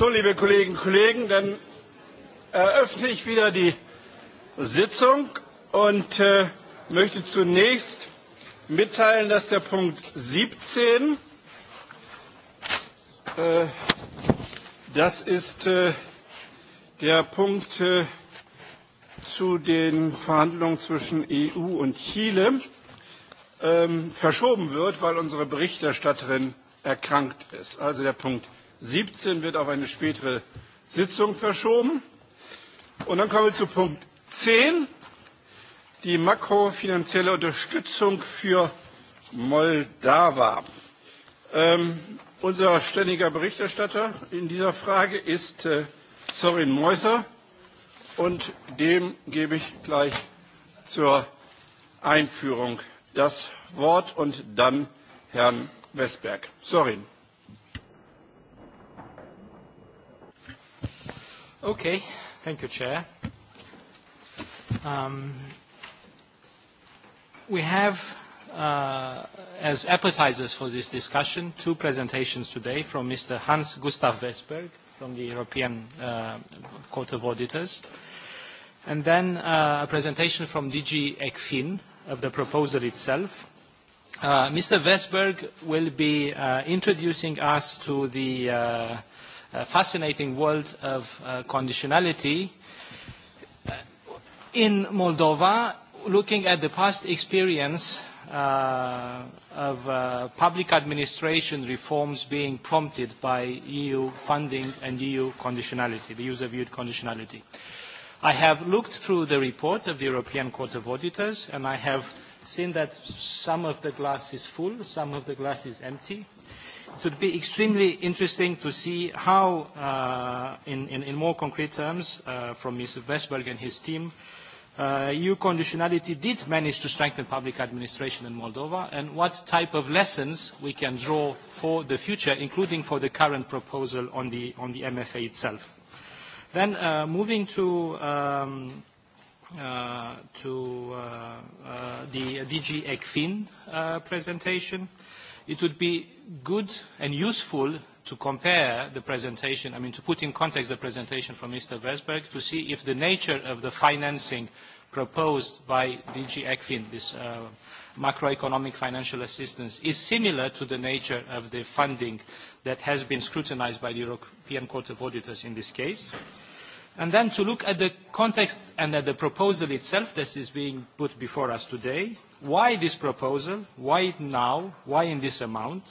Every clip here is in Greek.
So, liebe Kolleginnen und Kollegen, dann eröffne ich wieder die Sitzung und möchte zunächst mitteilen, dass der Punkt 17, das ist der Punkt zu den Verhandlungen zwischen EU und Chile, verschoben wird, weil unsere Berichterstatterin erkrankt ist. Also der Punkt 17 wird auf eine spätere Sitzung verschoben. Und dann kommen wir zu Punkt 10, die makrofinanzielle Unterstützung für Moldau. Unser ständiger Berichterstatter in dieser Frage ist Sorin Meuser und dem gebe ich gleich zur Einführung das Wort und dann Herrn Westberg. Sorin. Okay. Thank you, Chair. We have, as appetizers for this discussion, two presentations today from Mr. Hans Gustav Wesberg from the European Court of Auditors, and then a presentation from DG ECFIN of the proposal itself. Mr. Westberg will be introducing us to the fascinating world of conditionality. In Moldova, looking at the past experience of public administration reforms being prompted by EU funding and EU conditionality, the user-viewed conditionality. I have looked through the report of the European Court of Auditors, and I have seen that some of the glass is full, some of the glass is empty it would be extremely interesting to see how, in more concrete terms, from Mr. Westberg and his team, EU conditionality did manage to strengthen public administration in Moldova, and what type of lessons we can draw for the future, including for the current proposal on the MFA itself. Then, moving to the DG ECFIN presentation, it would be good and useful to compare the presentation, I mean to put in context the presentation from Mr. Vesberg to see if the nature of the financing proposed by DG ECFIN, this macroeconomic financial assistance, is similar to the nature of the funding that has been scrutinized by the European Court of Auditors in this case. And then to look at the context and at the proposal itself that is being put before us today. Why this proposal? Why now? Why in this amount?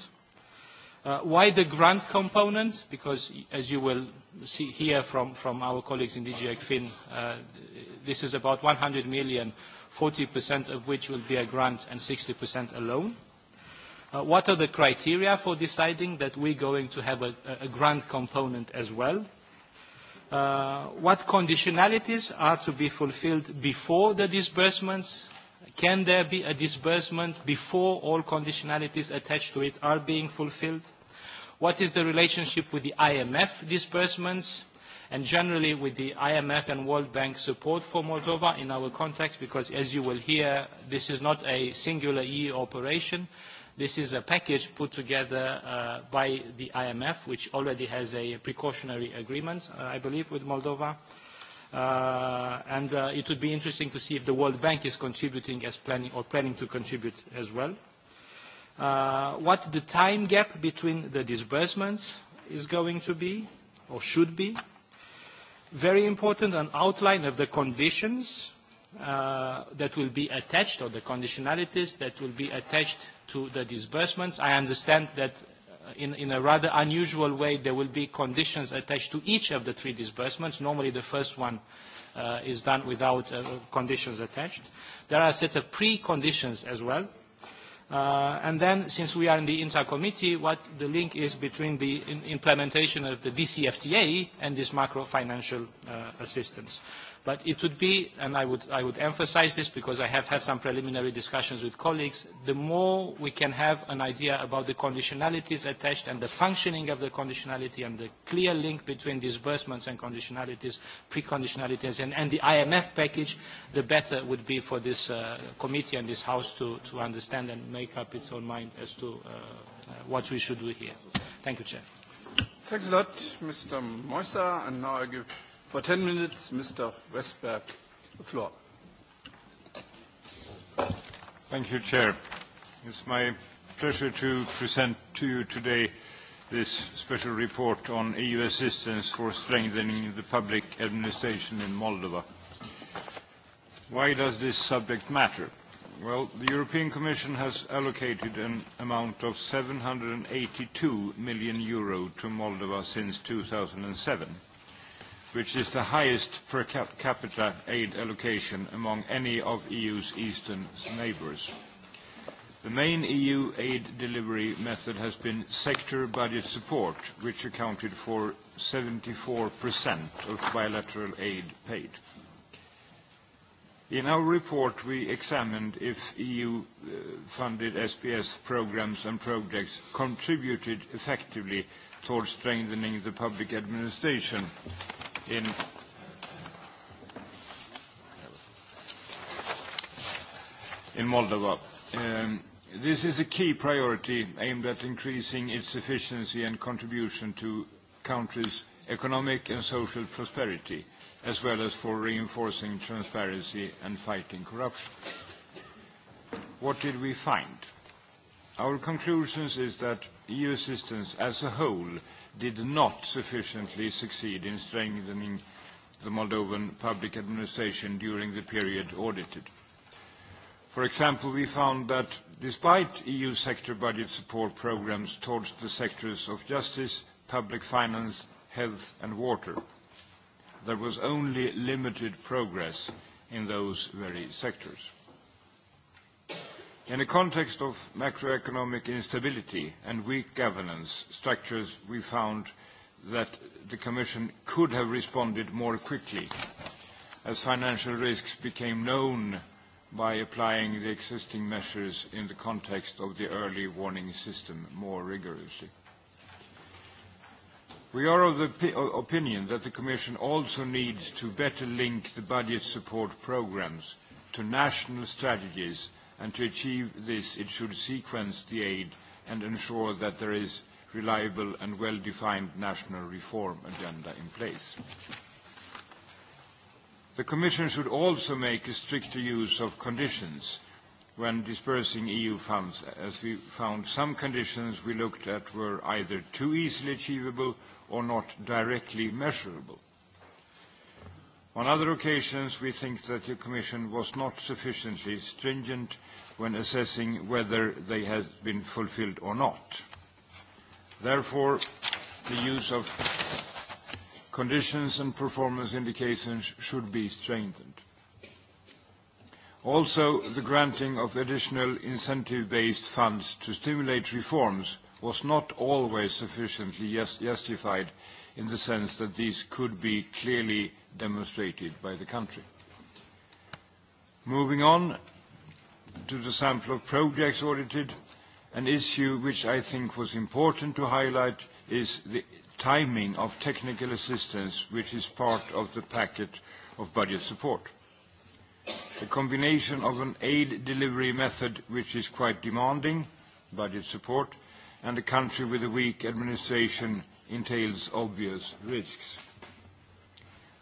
Why the grant component? Because, as you will see here from our colleagues in DG ECFIN, this is about 100 million, 40% of which will be a grant and 60% a loan. What are the criteria for deciding that we're going to have a grant component as well? What conditionalities are to be fulfilled before the disbursements Can there be a disbursement before all conditionalities attached to it are being fulfilled? What is the relationship with the IMF disbursements and generally with the IMF and World Bank support for Moldova in our context? Because as you will hear, this is not a singular EU operation. This is a package put together by the IMF, which already has a precautionary agreement, I believe, with Moldova and it would be interesting to see if the World Bank is contributing as planning or planning to contribute as well. What the time gap between the disbursements is going to be or should be. Very important, an outline of the conditions that will be attached or the conditionalities that will be attached to the disbursements. I understand that in a rather unusual way, there will be conditions attached to each of the three disbursements. Normally, the first one is done without conditions attached. There are a set of preconditions as well. And then, since we are in the intercommittee, committee, what the link is between the implementation of the DCFTA and this macro-financial assistance. But it would be, and I would, I would emphasize this because I have had some preliminary discussions with colleagues, the more we can have an idea about the conditionalities attached and the functioning of the conditionality and the clear link between disbursements and conditionalities, preconditionalities, and, and the IMF package, the better it would be for this committee and this House to, to understand and make up its own mind as to what we should do here. Thank you, Chair. Thanks a lot, Mr. Moisa, And now I give For 10 minutes, Mr. Westberg, the floor. Thank you, Chair. It's my pleasure to present to you today this special report on EU assistance for strengthening the public administration in Moldova. Why does this subject matter? Well, the European Commission has allocated an amount of 782 million euro to Moldova since 2007 which is the highest per capita aid allocation among any of EU's eastern neighbours. The main EU aid delivery method has been sector budget support, which accounted for 74% of bilateral aid paid. In our report, we examined if EU-funded SPS programs and projects contributed effectively towards strengthening the public administration in Moldova. This is a key priority aimed at increasing its efficiency and contribution to countries' economic and social prosperity, as well as for reinforcing transparency and fighting corruption. What did we find? Our conclusions is that EU assistance as a whole did not sufficiently succeed in strengthening the Moldovan public administration during the period audited. For example, we found that despite EU sector budget support programs towards the sectors of justice, public finance, health and water, there was only limited progress in those very sectors. In the context of macroeconomic instability and weak governance structures, we found that the Commission could have responded more quickly as financial risks became known by applying the existing measures in the context of the early warning system more rigorously. We are of the opinion that the Commission also needs to better link the budget support programs to national strategies and to achieve this it should sequence the aid and ensure that there is reliable and well-defined national reform agenda in place. The Commission should also make a stricter use of conditions when dispersing EU funds, as we found some conditions we looked at were either too easily achievable or not directly measurable. On other occasions, we think that the Commission was not sufficiently stringent when assessing whether they have been fulfilled or not. Therefore, the use of conditions and performance indications should be strengthened. Also, the granting of additional incentive-based funds to stimulate reforms was not always sufficiently justified in the sense that these could be clearly demonstrated by the country. Moving on, to the sample of projects audited. An issue which I think was important to highlight is the timing of technical assistance, which is part of the packet of budget support. The combination of an aid delivery method, which is quite demanding, budget support, and a country with a weak administration entails obvious risks.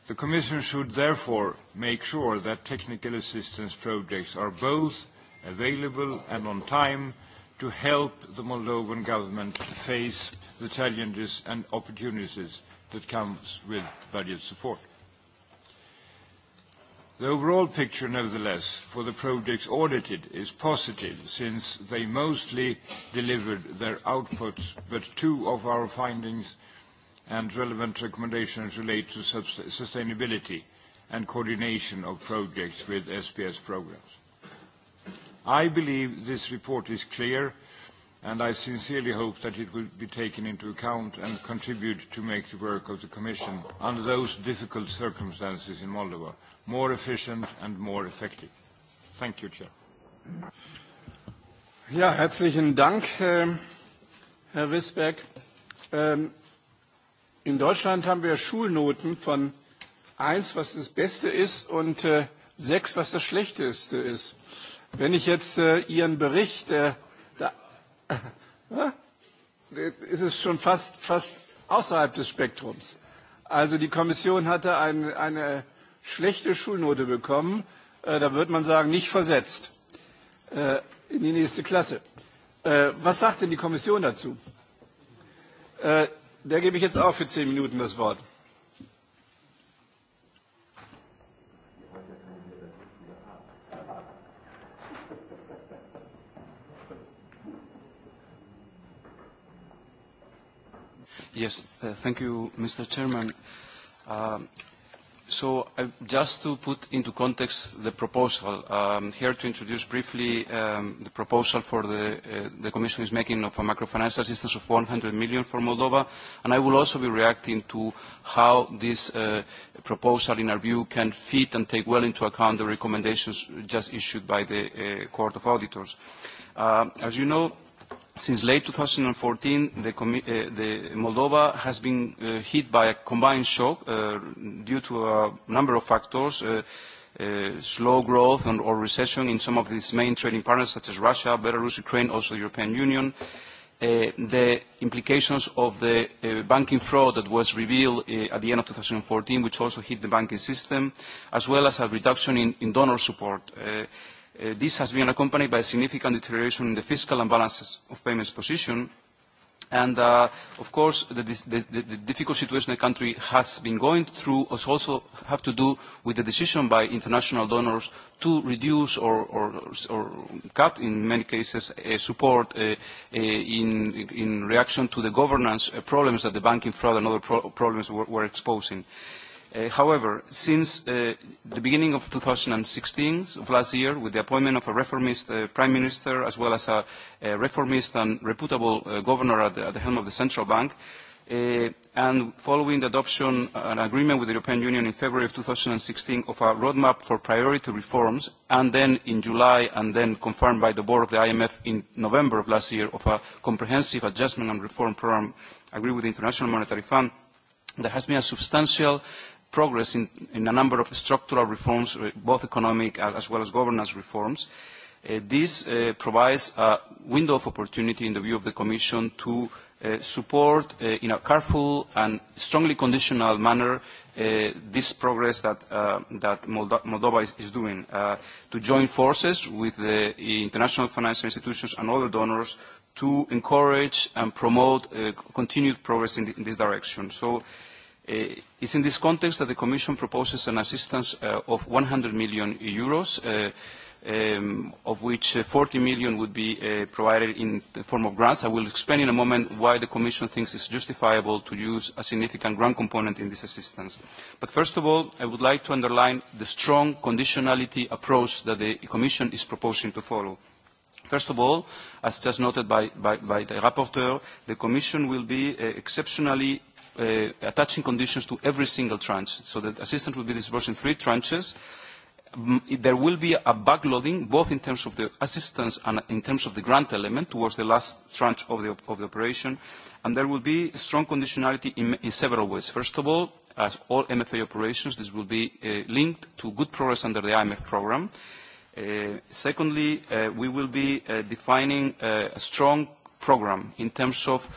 The Commission should therefore make sure that technical assistance projects are both available and on time to help the Moldovan government face the challenges and opportunities that come with budget support. The overall picture, nevertheless, for the projects audited is positive since they mostly delivered their outputs, but two of our findings and relevant recommendations relate to sustainability and coordination of projects with SPS programs. I believe this report is clear, and I sincerely hope that it will be taken into account and contribute to make the work of the Commission under those difficult circumstances in Moldova more efficient and more effective. Thank you, Chair. Ja, herzlichen Dank, Herr Wisberg. In Deutschland haben wir Schulnoten von 1, was das Beste ist, und 6, was das Schlechteste ist. Wenn ich jetzt Ihren Bericht, ist es schon fast, außerhalb des Spektrums. Also die Kommission hatte eine schlechte Schulnote bekommen. Da würde man sagen, nicht versetzt in die nächste Klasse. Was sagt denn die Kommission dazu? Da gebe ich jetzt auch für zehn Minuten das Wort. Yes, thank you, Mr. Chairman. So just to put into context the proposal, I'm here to introduce briefly the proposal for the the Commission is making of a macrofinancial assistance of 100 million for Moldova, and I will also be reacting to how this proposal, in our view, can fit and take well into account the recommendations just issued by the Court of Auditors. As you know, Since late 2014, the Moldova has been hit by a combined shock due to a number of factors, slow growth or recession in some of its main trading partners such as Russia, Belarus, Ukraine, also the European Union. The implications of the banking fraud that was revealed at the end of 2014, which also hit the banking system, as well as a reduction in donor support. This has been accompanied by a significant deterioration in the fiscal and balances of payments position. And, of course, the difficult situation the country has been going through also have to do with the decision by international donors to reduce or cut, in many cases, support in reaction to the governance problems that the banking fraud and other problems were exposing. However, since the beginning of 2016, of last year, with the appointment of a reformist prime minister as well as a reformist and reputable governor at the helm of the central bank, and following the adoption an agreement with the European Union in February of 2016 of a roadmap for priority reforms, and then in July and then confirmed by the board of the IMF in November of last year of a comprehensive adjustment and reform program agreed with the International Monetary Fund, there has been a substantial progress in a number of structural reforms, both economic as well as governance reforms. This provides a window of opportunity in the view of the Commission to support in a careful and strongly conditional manner this progress that Moldova is doing, to join forces with the international financial institutions and other donors to encourage and promote continued progress in this direction. So is in this context that the Commission proposes an assistance of 100 million euros, of which 40 million would be provided in the form of grants. I will explain in a moment why the Commission thinks it's justifiable to use a significant grant component in this assistance. But first of all, I would like to underline the strong conditionality approach that the Commission is proposing to follow. First of all, as just noted by the rapporteur, the Commission will be exceptionally attaching conditions to every single tranche. So the assistance will be disbursed in three tranches. There will be a backloading, both in terms of the assistance and in terms of the grant element, towards the last tranche of the operation. And there will be strong conditionality in several ways. First of all, as all MFA operations, this will be linked to good progress under the IMF program. Secondly, we will be defining a strong program in terms of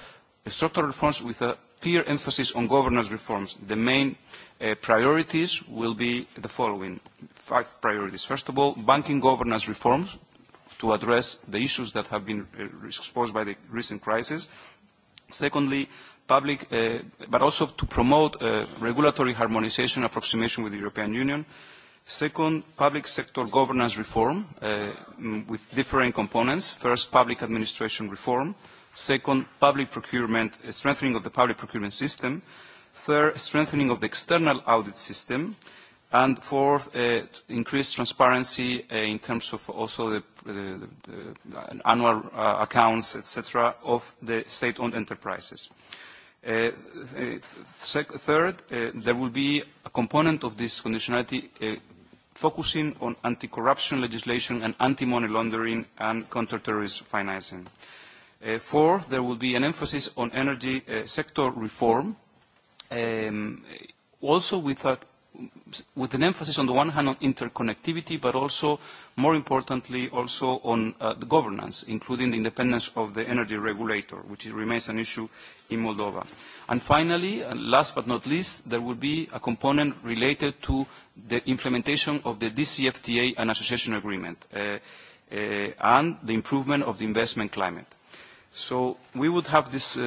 structural reforms with a peer emphasis on governance reforms. The main priorities will be the following. Five priorities. First of all, banking governance reforms to address the issues that have been exposed by the recent crisis. Secondly, public, but also to promote regulatory harmonization approximation with the European Union. Second, public sector governance reform with different components. First, public administration reform. Second, public procurement, strengthening of the public procurement system. Third, strengthening of the external audit system. And fourth, increased transparency in terms of also the annual accounts, etc., of the state-owned enterprises. Third, there will be a component of this conditionality focusing on anti-corruption legislation and anti-money laundering and counter-terrorist financing. Fourth, there will be an emphasis on energy sector reform, also with with an emphasis on the one hand on interconnectivity, but also, more importantly, also on the governance, including the independence of the energy regulator, which remains an issue in Moldova. And finally, last but not least, there will be a component related to the implementation of the DCFTA and association agreement and the improvement of the investment climate. So we would have this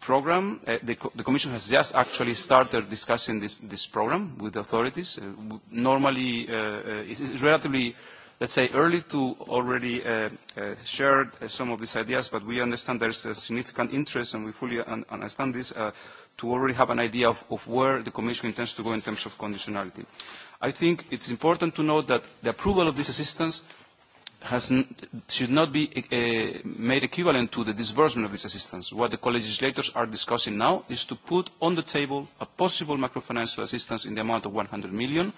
program. The Commission has just actually started discussing this program with the authorities. Normally, is relatively, let's say, early to already share some of these ideas, but we understand there's a significant interest, and we fully understand this, to already have an idea of where the Commission intends to go in terms of conditionality. I think it's important to note that the approval of this assistance should not be made equivalent to the disbursement of this assistance. What the co-legislators are discussing now is to put on the table a possible macrofinancial assistance in the amount of 100 million,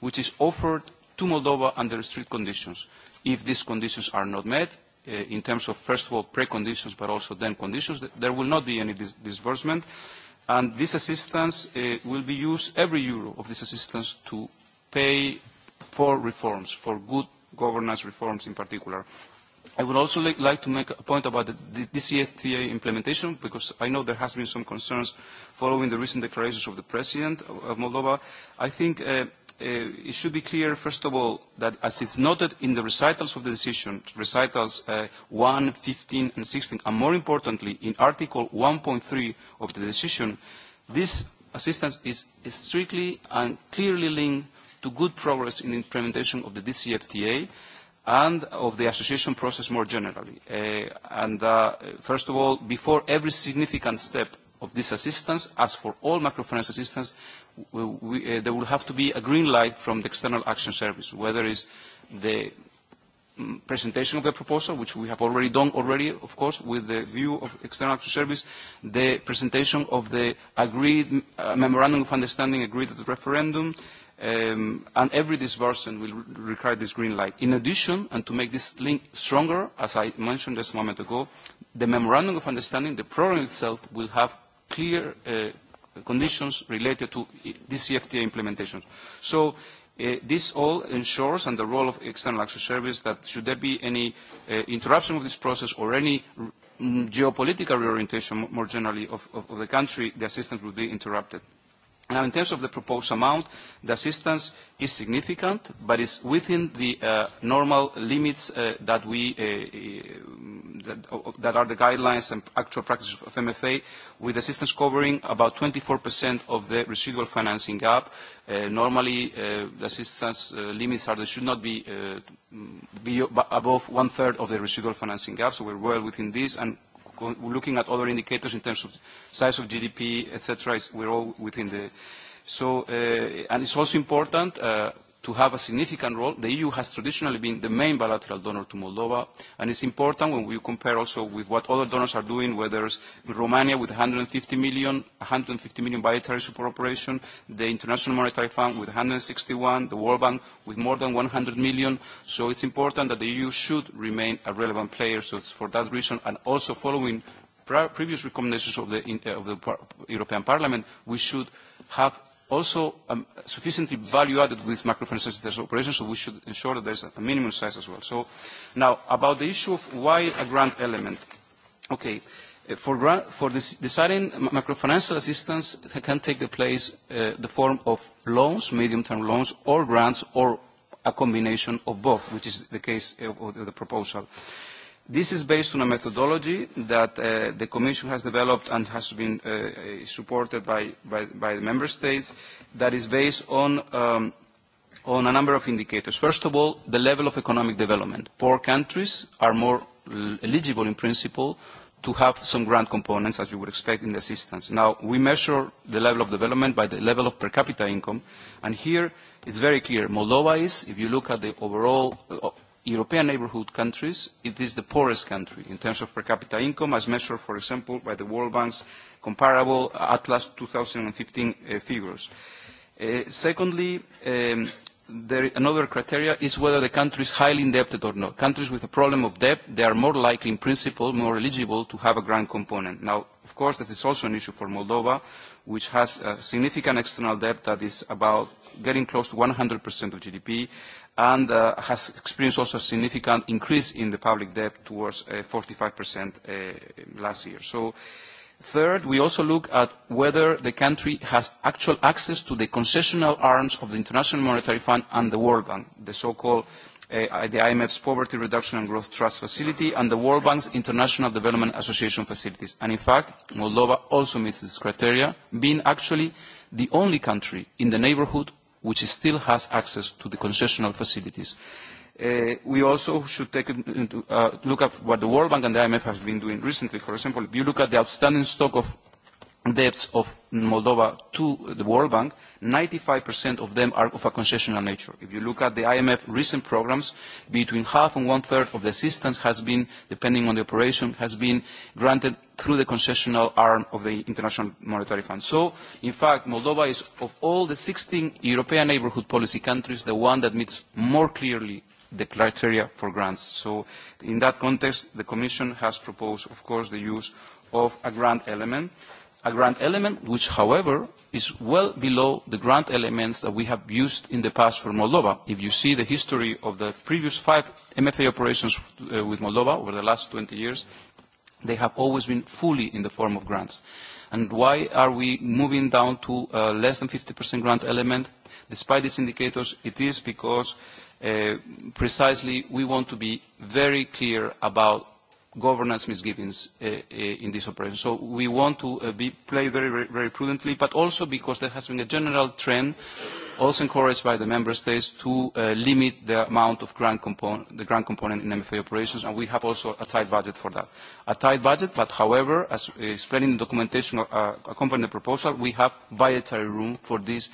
which is offered to Moldova under strict conditions. If these conditions are not met, in terms of first of all preconditions but also then conditions, there will not be any disbursement. And this assistance will be used, every euro of this assistance, to pay for reforms, for good governance reforms in particular. I would also like to make a point about the DCFTA implementation, because I know there has been some concerns following the recent declarations of the President of Moldova. I think it should be clear, first of all, that as is noted in the recitals of the decision, recitals 1, 15, and 16, and more importantly, in Article 1.3 of the decision, this assistance is strictly and clearly linked to good progress in the implementation of the DCFTA and of the association process more generally. And first of all, before every significant step of this assistance, as for all macrofinance assistance, there will have to be a green light from the External Action Service, whether is the presentation of the proposal, which we have already done already, of course, with the view of External Action Service, the presentation of the agreed memorandum of understanding agreed at the referendum, and every disbursement will require this green light. In addition, and to make this link stronger, as I mentioned just a moment ago, the memorandum of understanding, the program itself, will have clear conditions related to this CFTA implementation. So this all ensures, and the role of External Action Service, that should there be any interruption of this process or any geopolitical reorientation more generally of the country, the assistance will be interrupted. Now, in terms of the proposed amount, the assistance is significant, but is within the normal limits that we that are the guidelines and actual practice of MFA, with assistance covering about 24% of the residual financing gap. Normally, the assistance limits are they should not be above one third of the residual financing gap, so we're well within this and looking at other indicators in terms of size of GDP, etc., we're all within the. So, and it's also important to have a significant role. The EU has traditionally been the main bilateral donor to Moldova, and it's important when we compare also with what other donors are doing, whether it's Romania with 150 million, 150 million bilateral support operation, the International Monetary Fund with 161, the World Bank with more than 100 million. So it's important that the EU should remain a relevant player. So for that reason, and also following previous recommendations of the European Parliament, we should have also sufficiently value-added with assistance operations, so we should ensure that there is a minimum size as well. So now, about the issue of why a grant element. Okay, for for deciding macrofinancial assistance can take the place the form of loans, medium-term loans, or grants, or a combination of both, which is the case of the proposal. This is based on a methodology that the Commission has developed and has been supported by the Member States that is based on a number of indicators. First of all, the level of economic development. Poor countries are more eligible in principle to have some grant components, as you would expect in the assistance. Now, we measure the level of development by the level of per capita income, and here it's very clear. Moldova is, if you look at the overall European neighbourhood countries, it is the poorest country in terms of per capita income, as measured, for example, by the World Bank's comparable Atlas 2015 figures. Secondly, another criteria is whether the country is highly indebted or not. Countries with a problem of debt, they are more likely in principle, more eligible to have a grant component. Now, of course, this is also an issue for Moldova, which has a significant external debt that is about getting close to 100% of GDP and has experienced also a significant increase in the public debt towards 45% last year. So Third, we also look at whether the country has actual access to the concessional arms of the International Monetary Fund and the World Bank, the so-called the IMF's Poverty Reduction and Growth Trust Facility and the World Bank's International Development Association facilities. And in fact, Moldova also meets this criteria, being actually the only country in the neighborhood which still has access to the concessional facilities. We also should take a look at what the World Bank and the IMF have been doing recently. For example, if you look at the outstanding stock of debts of Moldova to the World Bank, 95% of them are of a concessional nature. If you look at the IMF recent programs, between half and one-third of the assistance has been, depending on the operation, has been granted through the concessional arm of the International Monetary Fund. So, in fact, Moldova is, of all the 16 European Neighbourhood policy countries, the one that meets more clearly the criteria for grants. So, in that context, the Commission has proposed, of course, the use of a grant element a grant element, which, however, is well below the grant elements that we have used in the past for Moldova. If you see the history of the previous five MFA operations with Moldova over the last 20 years, they have always been fully in the form of grants. And why are we moving down to a less than 50% grant element? Despite these indicators, it is because precisely we want to be very clear about governance misgivings in this operation. So we want to play very, very prudently, but also because there has been a general trend, also encouraged by the member states, to limit the amount of grant the grant component in MFA operations, and we have also a tight budget for that. A tight budget, but however, as explained in the documentation accompanying the proposal, we have budgetary room for this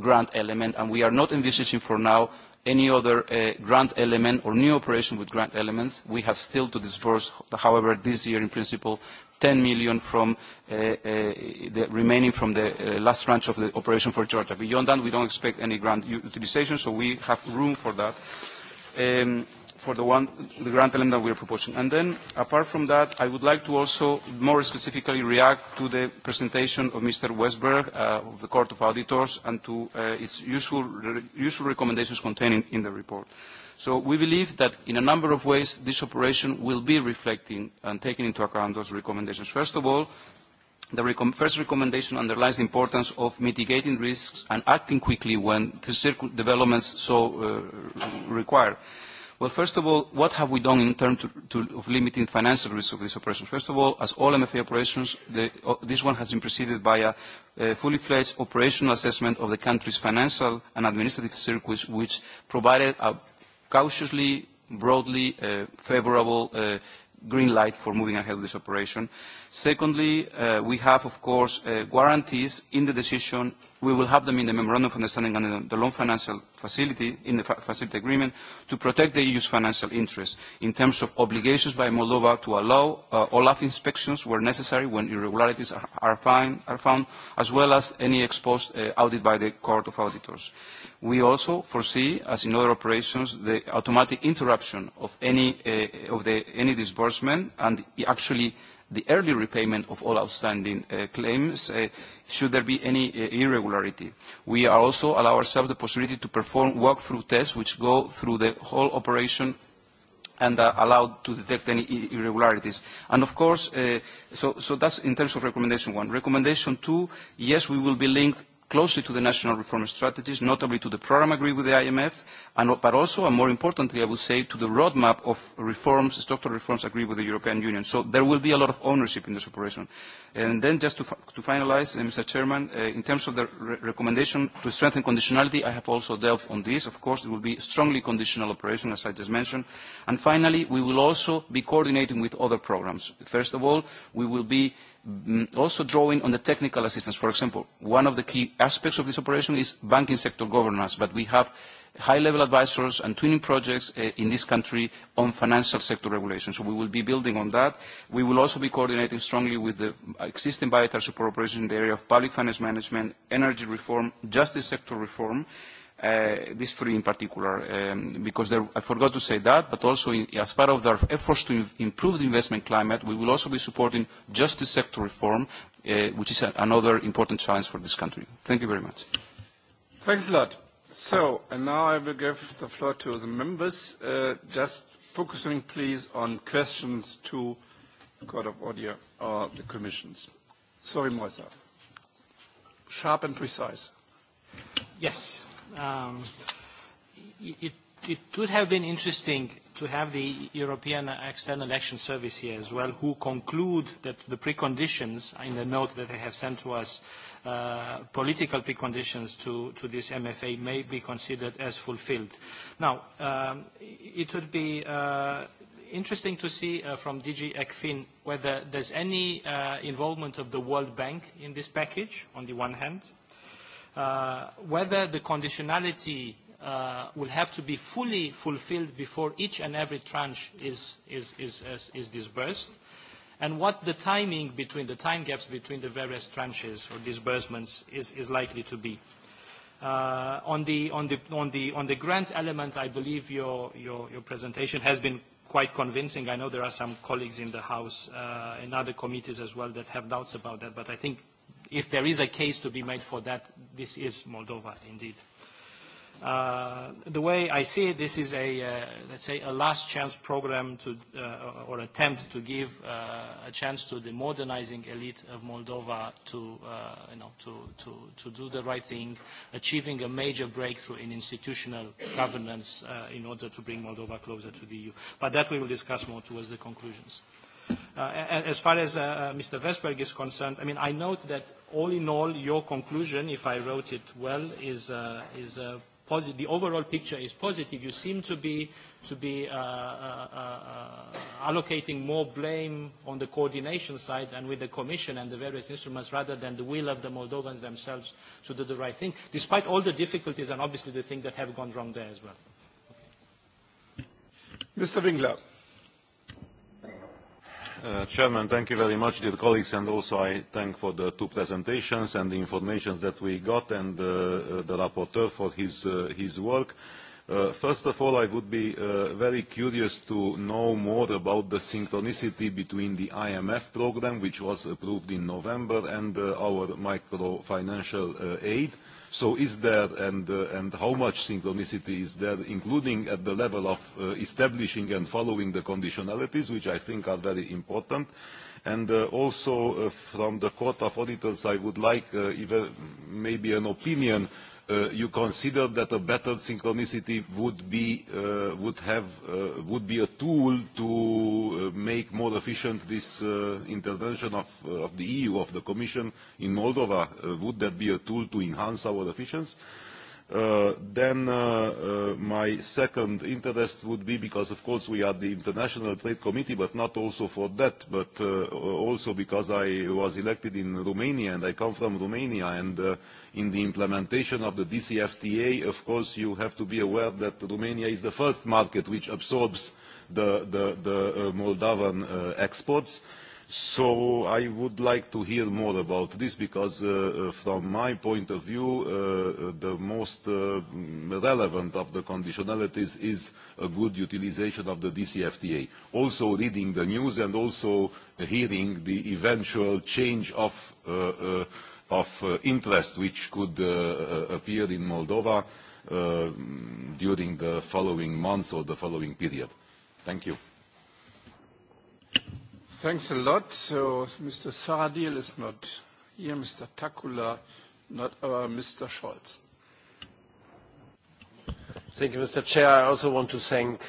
grant element, and we are not envisaging for now any other grant element or new operation with grant elements. We have still to disburse, however, this year in principle, 10 million from the remaining from the last tranche of the operation for Georgia. Beyond that, we don't expect any grant utilization, so we have room for that for the grant element that we are proposing. And then, apart from that, I would like to also more specifically react to the presentation of Mr. Westberg of the Court of Auditors and to its useful recommendations contained in the report. So we believe that in a number of ways this operation will be reflecting and taking into account those recommendations. First of all, The first recommendation underlines the importance of mitigating risks and acting quickly when the developments so require. Well, first of all, what have we done in terms of limiting financial risks of this operation? First of all, as all MFA operations, this one has been preceded by a fully-fledged operational assessment of the country's financial and administrative circuits, which provided a cautiously, broadly favourable green light for moving ahead with this operation. Secondly, we have, of course, guarantees in the decision. We will have them in the memorandum of understanding and the loan financial facility, in the facility agreement, to protect the EU's financial interests in terms of obligations by Moldova to allow OLAF inspections where necessary when irregularities are found, as well as any exposed audit by the Court of Auditors. We also foresee, as in other operations, the automatic interruption of any disbursement and actually the early repayment of all outstanding claims should there be any irregularity. We also allow ourselves the possibility to perform walkthrough through tests which go through the whole operation and are allowed to detect any irregularities. And of course, so that's in terms of recommendation one. Recommendation two, yes, we will be linked closely to the national reform strategies, notably to the programme agreed with the IMF, but also, and more importantly, I would say, to the roadmap of reforms, structural reforms agreed with the European Union. So there will be a lot of ownership in this operation. And then just to finalise, Mr. Chairman, in terms of the recommendation to strengthen conditionality, I have also dealt on this. Of course, it will be a strongly conditional operation, as I just mentioned. And finally, we will also be coordinating with other programmes. First of all, we will be also drawing on the technical assistance. For example, one of the key aspects of this operation is banking sector governance, but we have high-level advisors and twinning projects in this country on financial sector regulation. So we will be building on that. We will also be coordinating strongly with the existing bilateral support operations in the area of public finance management, energy reform, justice sector reform, these three in particular, because I forgot to say that, but also as part of our efforts to improve the investment climate, we will also be supporting justice sector reform, which is another important challenge for this country. Thank you very much. Thanks a lot. So, and now I will give the floor to the members. Just focusing, please, on questions to the Court of Audio or the Commissions. Sorry, Moisa. Sharp and precise. Yes. It would have been interesting to have the European External Action Service here as well, who conclude that the preconditions in the note that they have sent to us, political preconditions to this MFA may be considered as fulfilled. Now, it would be interesting to see from DG ECFIN whether there's any involvement of the World Bank in this package, on the one hand, whether the conditionality will have to be fully fulfilled before each and every tranche is disbursed, and what the timing between the time gaps between the various tranches or disbursements is likely to be. On the grant element, I believe your presentation has been quite convincing. I know there are some colleagues in the House and other committees as well that have doubts about that, but I think if there is a case to be made for that, this is Moldova indeed. The way I see it, this is a, let's say, a last chance program to, or attempt to give a chance to the modernizing elite of Moldova to, you know, to, to, to do the right thing, achieving a major breakthrough in institutional governance in order to bring Moldova closer to the EU. But that we will discuss more towards the conclusions. As far as Mr. Vesberg is concerned, I mean, I note that all in all, your conclusion, if I wrote it well, is is positive. The overall picture is positive. You seem to be to be allocating more blame on the coordination side and with the Commission and the various instruments rather than the will of the Moldovans themselves to do the right thing, despite all the difficulties and obviously the things that have gone wrong there as well. Mr. Winkler. Chairman, thank you very much, dear colleagues, and also I thank for the two presentations and the information that we got and the rapporteur for his work. First of all, I would be very curious to know more about the synchronicity between the IMF program, which was approved in November, and our microfinancial aid. So is there and how much synchronicity is there, including at the level of establishing and following the conditionalities, which I think are very important. And also from the Court of Auditors, I would like maybe an opinion you consider that a better synchronicity would be a tool to make more efficient this intervention of the EU of the Commission in Moldova would that be a tool to enhance our efficiency Then my second interest would be, because of course we are the International Trade Committee, but not also for that, but also because I was elected in Romania and I come from Romania, and in the implementation of the DCFTA, of course you have to be aware that Romania is the first market which absorbs the Moldovan exports. So I would like to hear more about this because from my point of view the most relevant of the conditionalities is a good utilization of the DCFTA. Also reading the news and also hearing the eventual change of interest which could appear in Moldova during the following months or the following period. Thank you. Thanks a lot. So Mr. Saradil is not here, Mr. Takula, not uh, Mr. Scholz. Thank you, Mr. Chair. I also want to thank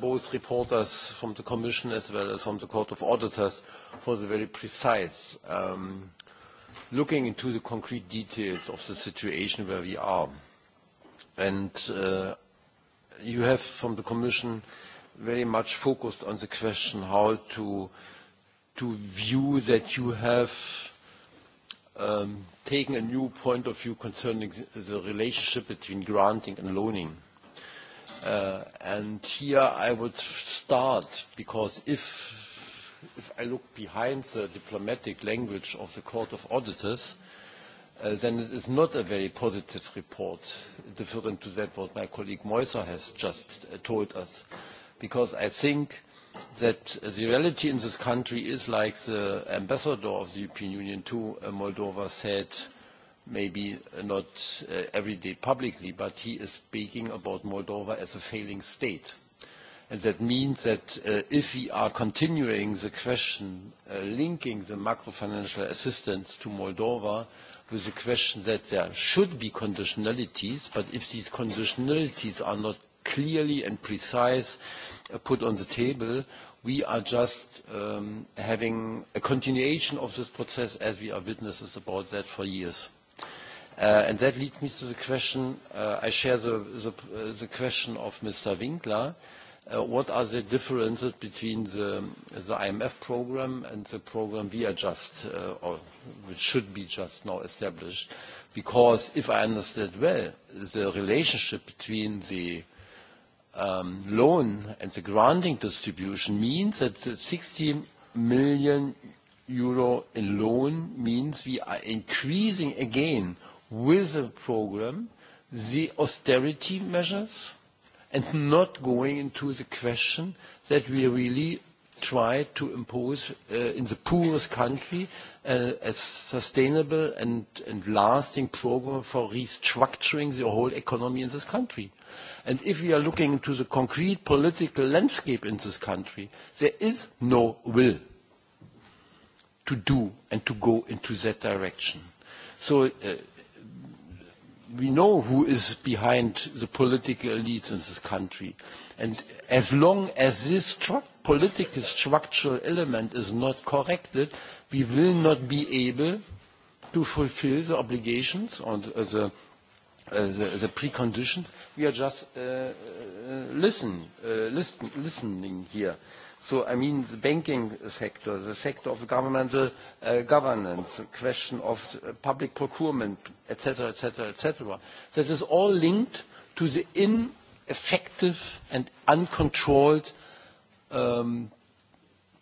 both reporters from the Commission as well as from the Court of Auditors for the very precise looking into the concrete details of the situation where we are. And you have, from the Commission, very much focused on the question how to to view that you have taken a new point of view concerning the relationship between granting and loaning. And here I would start, because if I look behind the diplomatic language of the Court of Auditors, then it is not a very positive report, different to that what my colleague Moiser has just told us, because I think that the reality in this country is like the ambassador of the European Union to Moldova said, maybe not every day publicly, but he is speaking about Moldova as a failing state. And that means that if we are continuing the question linking the macro-financial assistance to Moldova with the question that there should be conditionalities, but if these conditionalities are not clearly and precise, put on the table. We are just having a continuation of this process as we are witnesses about that for years. And that leads me to the question, I share the question of Mr. Winkler, what are the differences between the IMF program and the program we are just, or which should be just now established? Because if I understood well, the relationship between the loan and the granting distribution means that the 60 million euro in loan means we are increasing again with the program the austerity measures and not going into the question that we really try to impose in the poorest country a sustainable and lasting program for restructuring the whole economy in this country. And if we are looking into the concrete political landscape in this country, there is no will to do and to go into that direction. So we know who is behind the political elites in this country. And as long as this political structural element is not corrected, we will not be able to fulfill the obligations uh, the the precondition. We are just listening here. So, I mean, the banking sector, the sector of governmental governance, the question of public procurement, etc., etc., etc. That is all linked to the ineffective and uncontrolled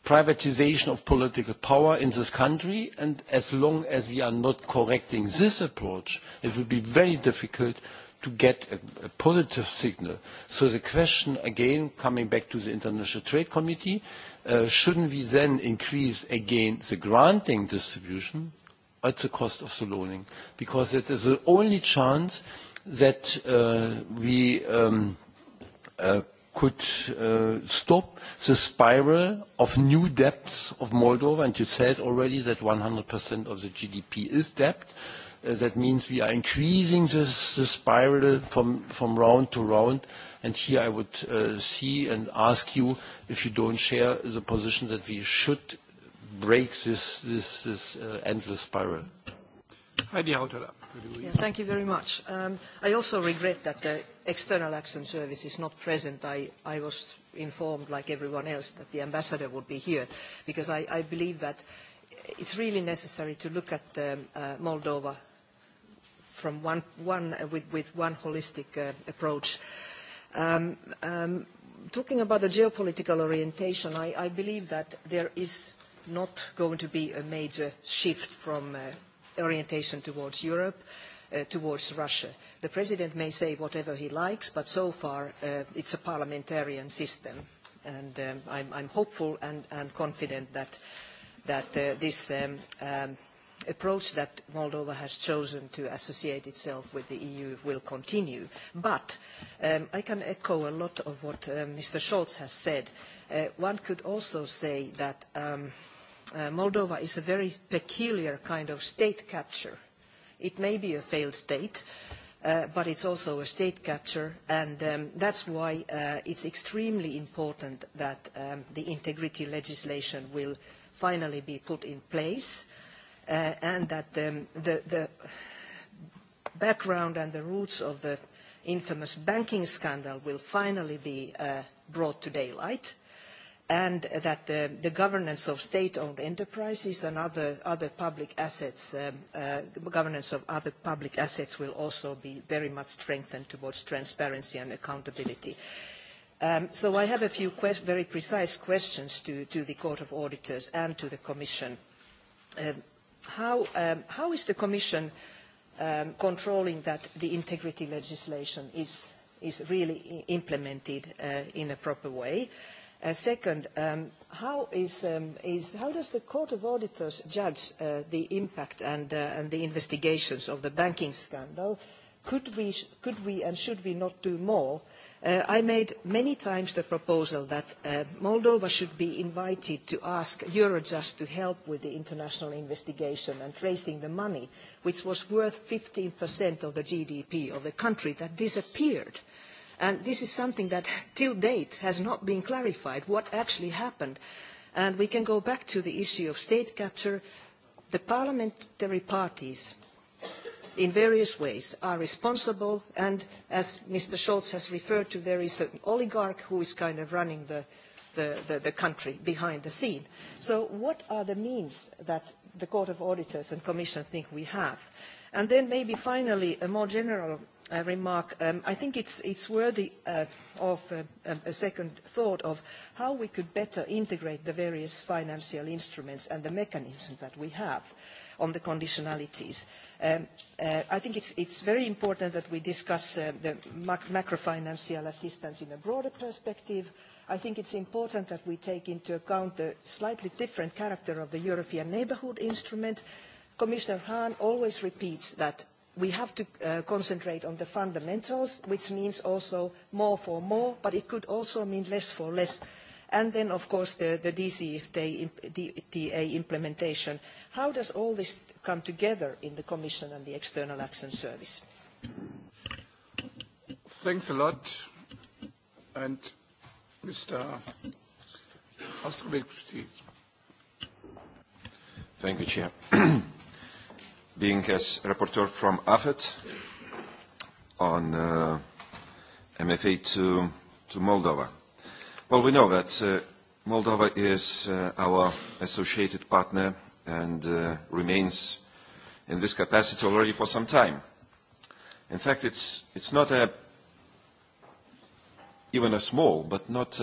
privatization of political power in this country, and as long as we are not correcting this approach, it will be very difficult to get a positive signal. So the question, again, coming back to the International Trade Committee, shouldn't we then increase again the granting distribution at the cost of the loaning? Because it is the only chance that we could stop the spiral of new debts of Moldova. And you said already that 100% of the GDP is debt. That means we are increasing this spiral from round to round. And here I would see and ask you if you don't share the position that we should break this endless spiral. Thank you very much. I also regret that the External Action Service is not present. I was informed, like everyone else, that the ambassador would be here, because I believe that it's really necessary to look at Moldova from one with one holistic approach. Talking about the geopolitical orientation, I believe that there is not going to be a major shift from orientation towards Europe, towards Russia. The President may say whatever he likes, but so far it's a parliamentarian system. And I'm hopeful and confident that this approach that Moldova has chosen to associate itself with the EU will continue. But I can echo a lot of what Mr. Scholz has said. One could also say that Moldova is a very peculiar kind of state capture. It may be a failed state, but it's also a state capture, and that's why it's extremely important that the integrity legislation will finally be put in place and that the background and the roots of the infamous banking scandal will finally be brought to daylight and that the governance of state-owned enterprises and other public assets, governance of other public assets will also be very much strengthened towards transparency and accountability. So I have a few very precise questions to the Court of Auditors and to the Commission. How is the Commission controlling that the integrity legislation is really implemented in a proper way? Second, how does the Court of Auditors judge the impact and the investigations of the banking scandal? Could we and should we not do more? I made many times the proposal that Moldova should be invited to ask Eurojust to help with the international investigation and tracing the money, which was worth 15% of the GDP of the country that disappeared and this is something that till date has not been clarified what actually happened and we can go back to the issue of state capture the parliamentary parties in various ways are responsible and as mr scholz has referred to there is an oligarch who is kind of running the the country behind the scene. So what are the means that the Court of Auditors and Commission think we have? And then maybe finally a more general remark. I think it's worthy of a second thought of how we could better integrate the various financial instruments and the mechanisms that we have on the conditionalities. I think it's very important that we discuss the macrofinancial assistance in a broader perspective. I think it's important that we take into account the slightly different character of the European Neighbourhood Instrument. Commissioner Hahn always repeats that we have to concentrate on the fundamentals which means also more for more but it could also mean less for less and then of course the dcfta implementation. how does all this come together in the commission and the external action service? thanks a lot and mr thank you chair being as rapporteur from AFET on MFA to Moldova. Well, we know that Moldova is our associated partner and remains in this capacity already for some time. In fact, it's it's not a even a small but not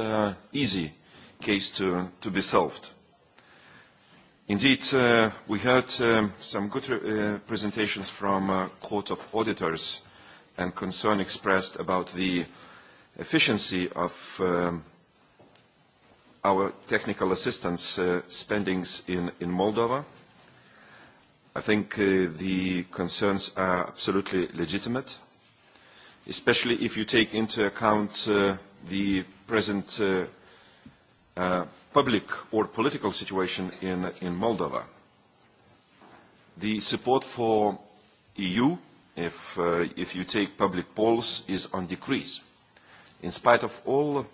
easy case to to be solved. Indeed, we heard some good presentations from Court of Auditors and concern expressed about the efficiency of our technical assistance spendings in Moldova. I think the concerns are absolutely legitimate, especially if you take into account the present public or political situation in Moldova. The support for EU, if you take public polls, is on decrease. In spite of all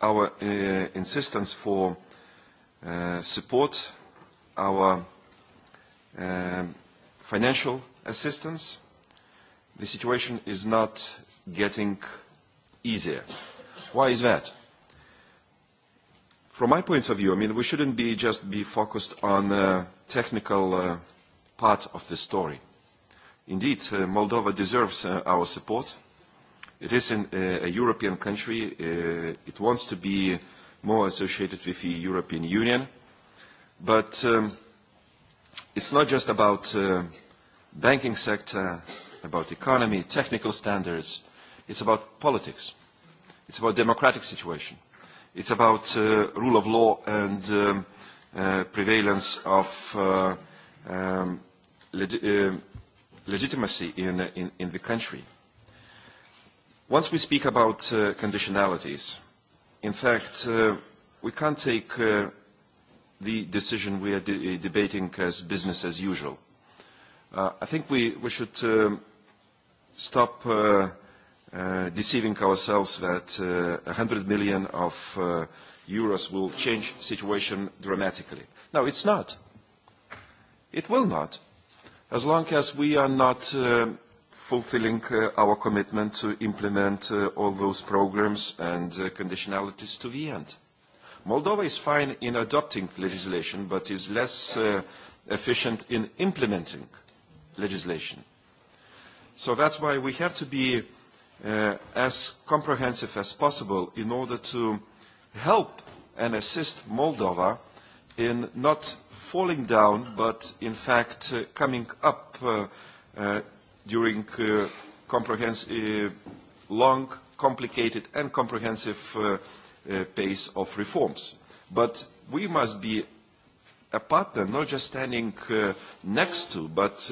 our insistence for support, our financial assistance, the situation is not getting easier. Why is that? From my point of view, I mean, we shouldn't be just be focused on the technical part of the story. Indeed, Moldova deserves our support. It is a European country. It wants to be more associated with the European Union. But it's not just about banking sector, about economy, technical standards. It's about politics. It's about democratic situation. It's about rule of law and prevalence of legitimacy in the country. Once we speak about conditionalities, in fact, we can't take the decision we are debating as business as usual. I think we should stop deceiving ourselves that 100 million of euros will change the situation dramatically. No, it's not. It will not. As long as we are not fulfilling our commitment to implement all those programs and conditionalities to the end. Moldova is fine in adopting legislation, but is less efficient in implementing legislation. So that's why we have to be as comprehensive as possible in order to help and assist Moldova in not falling down but in fact coming up during comprehensive long complicated and comprehensive pace of reforms but we must be a partner not just standing next to but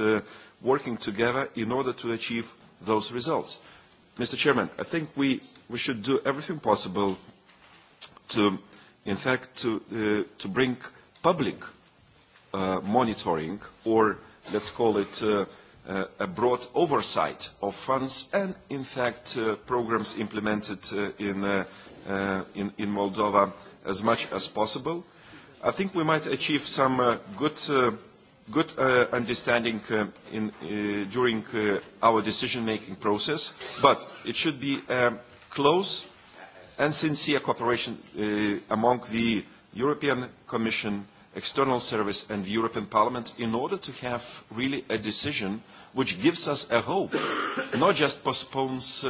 working together in order to achieve those results Mr. Chairman, I think we we should do everything possible to, in fact, to to bring public monitoring or let's call it a broad oversight of funds and, in fact, programs implemented in in Moldova as much as possible. I think we might achieve some good good understanding during our decision-making process, but it should be close and sincere cooperation among the European Commission, External Service and the European Parliament in order to have really a decision which gives us a hope, not just postpones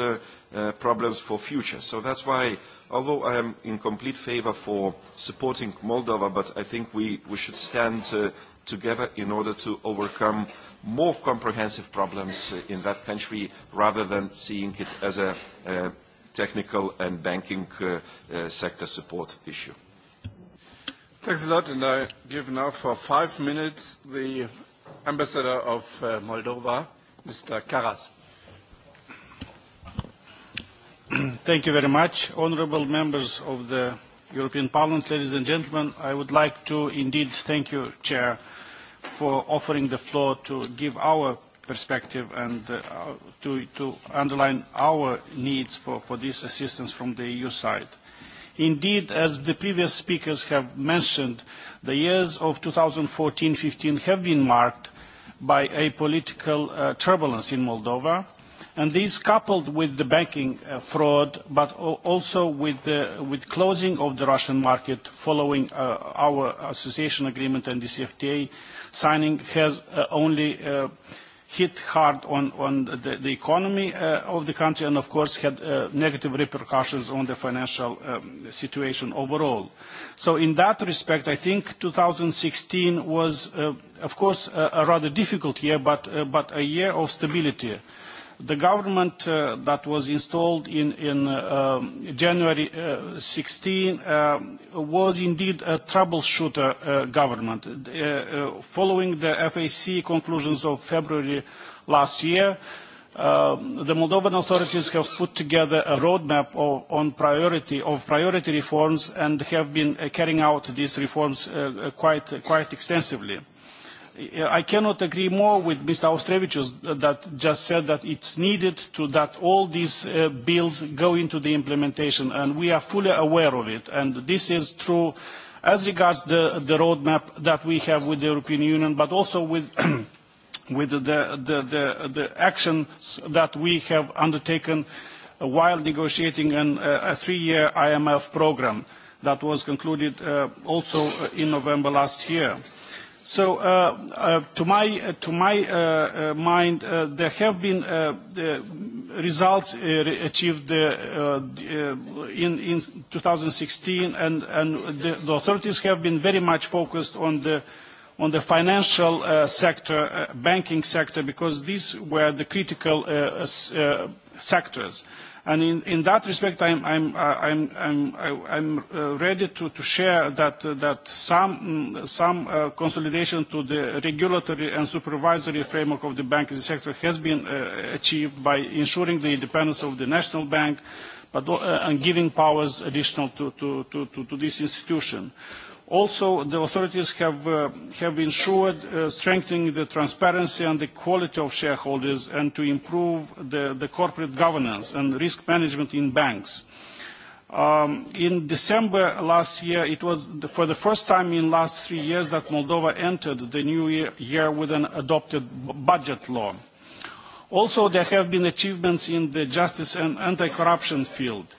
problems for future. So that's why, although I am in complete favor for supporting Moldova, but I think we should stand together in order to overcome more comprehensive problems in that country rather than seeing it as a technical and banking sector support issue. Thanks a lot. And I give now for five minutes the Ambassador of Moldova, Mr. Karas. Thank you very much. Honorable members of the European Parliament, ladies and gentlemen, I would like to indeed thank you, Chair, for offering the floor to give our perspective and to underline our needs for this assistance from the EU side. Indeed, as the previous speakers have mentioned, the years of 2014-15 have been marked by a political turbulence in Moldova, and this coupled with the banking fraud, but also with the closing of the Russian market following our association agreement and the CFTA, signing has only hit hard on the economy of the country and, of course, had negative repercussions on the financial situation overall. So in that respect, I think 2016 was, of course, a rather difficult year, but a year of stability The government that was installed in January 16 was indeed a troubleshooter government. Following the FAC conclusions of February last year, the Moldovan authorities have put together a roadmap on priority of priority reforms and have been carrying out these reforms quite extensively. I cannot agree more with Mr. Austrevicius that just said that it's needed that all these bills go into the implementation, and we are fully aware of it. And this is true as regards the roadmap that we have with the European Union, but also with the actions that we have undertaken while negotiating a three-year IMF program that was concluded also in November last year. So to my to my mind, there have been results achieved in 2016, and the authorities have been very much focused on the on the financial sector, banking sector, because these were the critical sectors. And in that respect, I am ready to share that some consolidation to the regulatory and supervisory framework of the banking sector has been achieved by ensuring the independence of the National Bank and giving powers additional to this institution. Also, the authorities have ensured strengthening the transparency and the quality of shareholders and to improve the corporate governance and risk management in banks. In December last year, it was for the first time in the last three years that Moldova entered the new year with an adopted budget law. Also, there have been achievements in the justice and anti-corruption field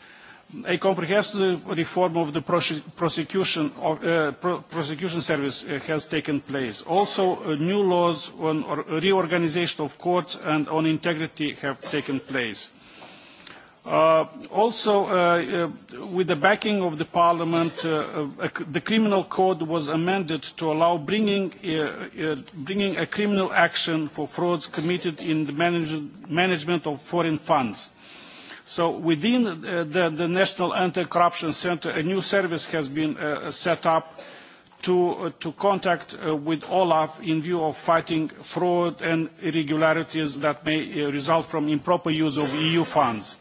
a comprehensive reform of the prosecution prosecution service has taken place. Also, new laws on reorganisation of courts and on integrity have taken place. Also, with the backing of the Parliament, the Criminal Code was amended to allow bringing a criminal action for frauds committed in the management of foreign funds. So within the National Anti-Corruption Center, a new service has been set up to contact with Olaf in view of fighting fraud and irregularities that may result from improper use of EU funds.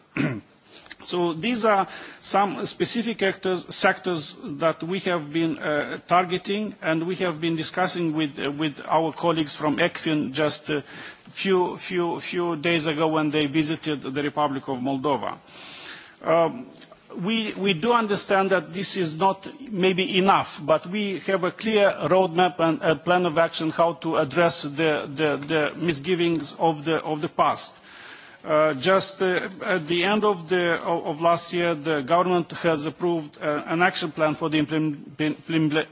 So these are some specific sectors that we have been targeting and we have been discussing with our colleagues from ECFIN just few few few days ago when they visited the Republic of Moldova. We we do understand that this is not maybe enough, but we have a clear roadmap and a plan of action how to address the the misgivings of the of the past. Just at the end of last year, the government has approved an action plan for the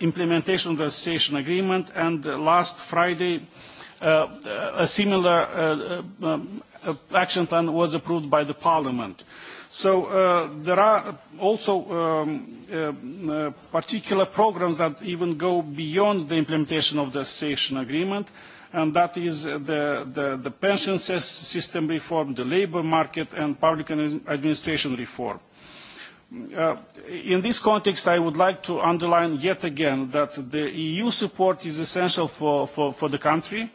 implementation of the association agreement, and last Friday a similar action plan was approved by the Parliament. So there are also particular programs that even go beyond the implementation of the association agreement, and that is the pension system reform, the labor market and public administration reform. In this context, I would like to underline yet again that the EU support is essential for the country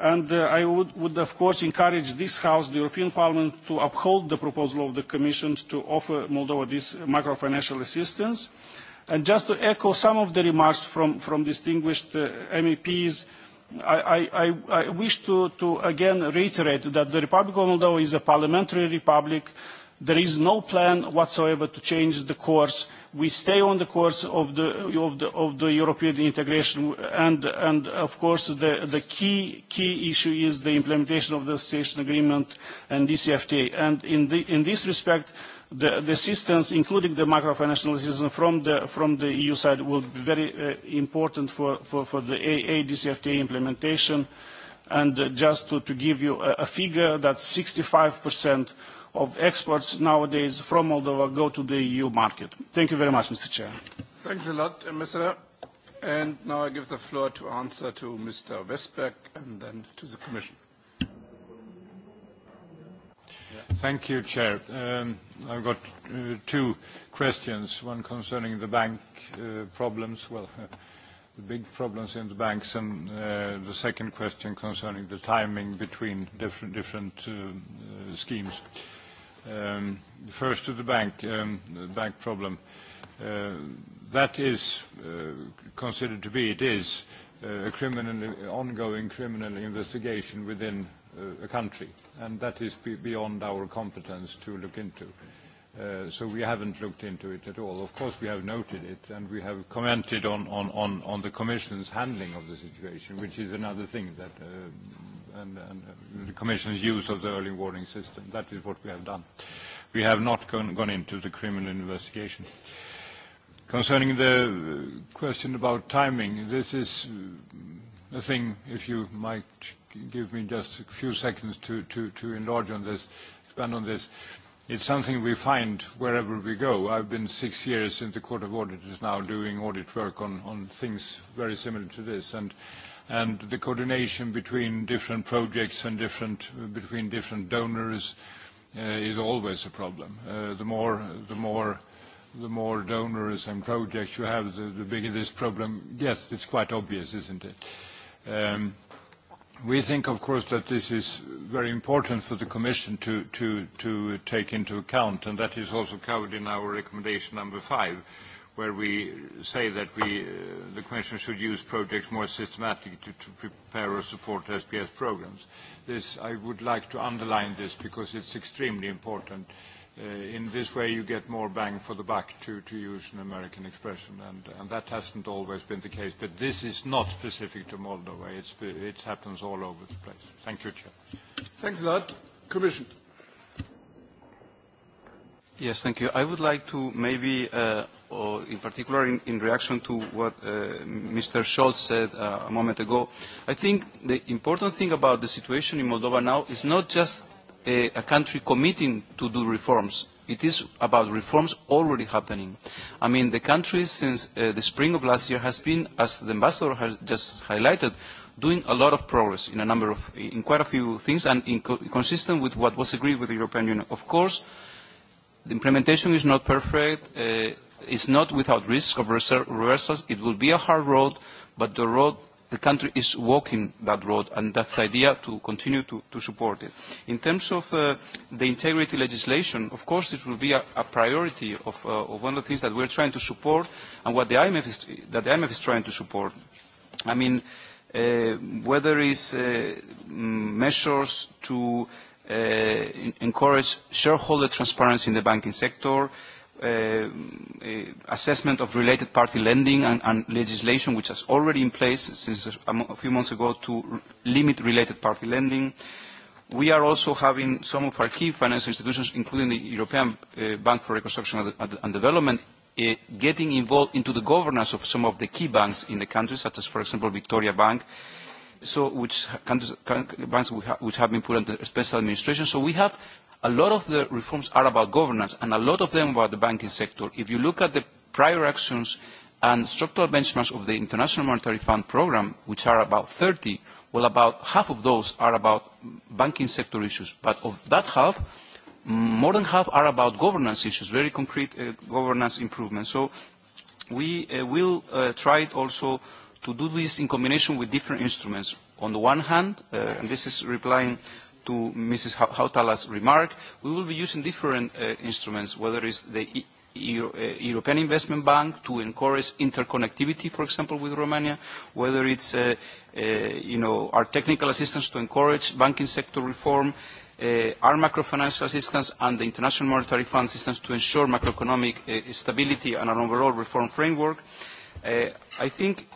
and I would, of course, encourage this House, the European Parliament, to uphold the proposal of the Commission to offer Moldova this financial assistance. And just to echo some of the remarks from distinguished MEPs, I wish to again reiterate that the Republic of Moldova is a parliamentary republic. There is no plan whatsoever to change the course we stay on the course of the European integration and of course the key issue is the implementation of the Association Agreement and DCFTA. And in this respect the assistance, including the macrofinancial assistance from the EU side, will be very important for the DCFTA implementation. And just to give you a figure, that 65% of exports nowadays from Moldova go to the EU market. Thank you very much, Mr. Chair. Thanks a lot, Ambassador. And now I give the floor to answer to Mr. Westberg and then to the Commission. Thank you, Chair. I've got two questions, one concerning the bank problems, well, the big problems in the banks, and the second question concerning the timing between different schemes. First to the bank bank problem. That is considered to be, it is, a criminal, ongoing criminal investigation within a country, and that is beyond our competence to look into. So we haven't looked into it at all. Of course, we have noted it, and we have commented on the Commission's handling of the situation, which is another thing that and the Commission's use of the early warning system. That is what we have done. We have not gone into the criminal investigation. Concerning the question about timing, this is a thing, if you might give me just a few seconds to enlarge on this, expand on this. It's something we find wherever we go. I've been six years in the Court of Auditors now doing audit work on things very similar to this, and and the coordination between different projects and different between different donors is always a problem. The more donors and projects you have, the the bigger this problem yes, It's quite obvious, isn't it? We think, of course, that this is very important for the Commission to take into account, and that is also covered in our recommendation number five where we say that we, the Commission should use projects more systematically to, prepare or support SPS programs. This, I would like to underline this because it's extremely important. in this way you get more bang for the buck, to, to use an American expression, and, and that hasn't always been the case. But this is not specific to Moldova. It's, it happens all over the place. Thank you, Chair. Thanks a lot. Commission. Yes, thank you. I would like to maybe in particular in reaction to what Mr. Scholz said a moment ago, I think the important thing about the situation in Moldova now is not just a country committing to do reforms. It is about reforms already happening. I mean, the country since the spring of last year has been, as the ambassador has just highlighted, doing a lot of progress in a number of, in quite a few things and consistent with what was agreed with the European Union. Of course, the implementation is not perfect is not without risk of reversals. It will be a hard road, but the road the country is walking that road, and that's the idea to continue to support it. In terms of the integrity legislation, of course, it will be a priority of one of the things that we're trying to support and what the IMF is that the IMF is trying to support. I mean, whether it's measures to encourage shareholder transparency in the banking sector assessment of related party lending and legislation which is already in place since a few months ago to limit related party lending. We are also having some of our key financial institutions, including the European Bank for Reconstruction and Development, getting involved into the governance of some of the key banks in the country, such as, for example, Victoria Bank, which banks which have been put under special administration. So we have A lot of the reforms are about governance and a lot of them about the banking sector. If you look at the prior actions and structural benchmarks of the International Monetary Fund program, which are about 30, well, about half of those are about banking sector issues. But of that half, more than half are about governance issues, very concrete governance improvements. So we will try also to do this in combination with different instruments. On the one hand, and this is replying to Mrs. Hautala's remark, we will be using different instruments, whether it's the European Investment Bank to encourage interconnectivity, for example, with Romania, whether it's our technical assistance to encourage banking sector reform, our macrofinancial assistance and the International Monetary Fund assistance to ensure macroeconomic stability and an overall reform framework. I think,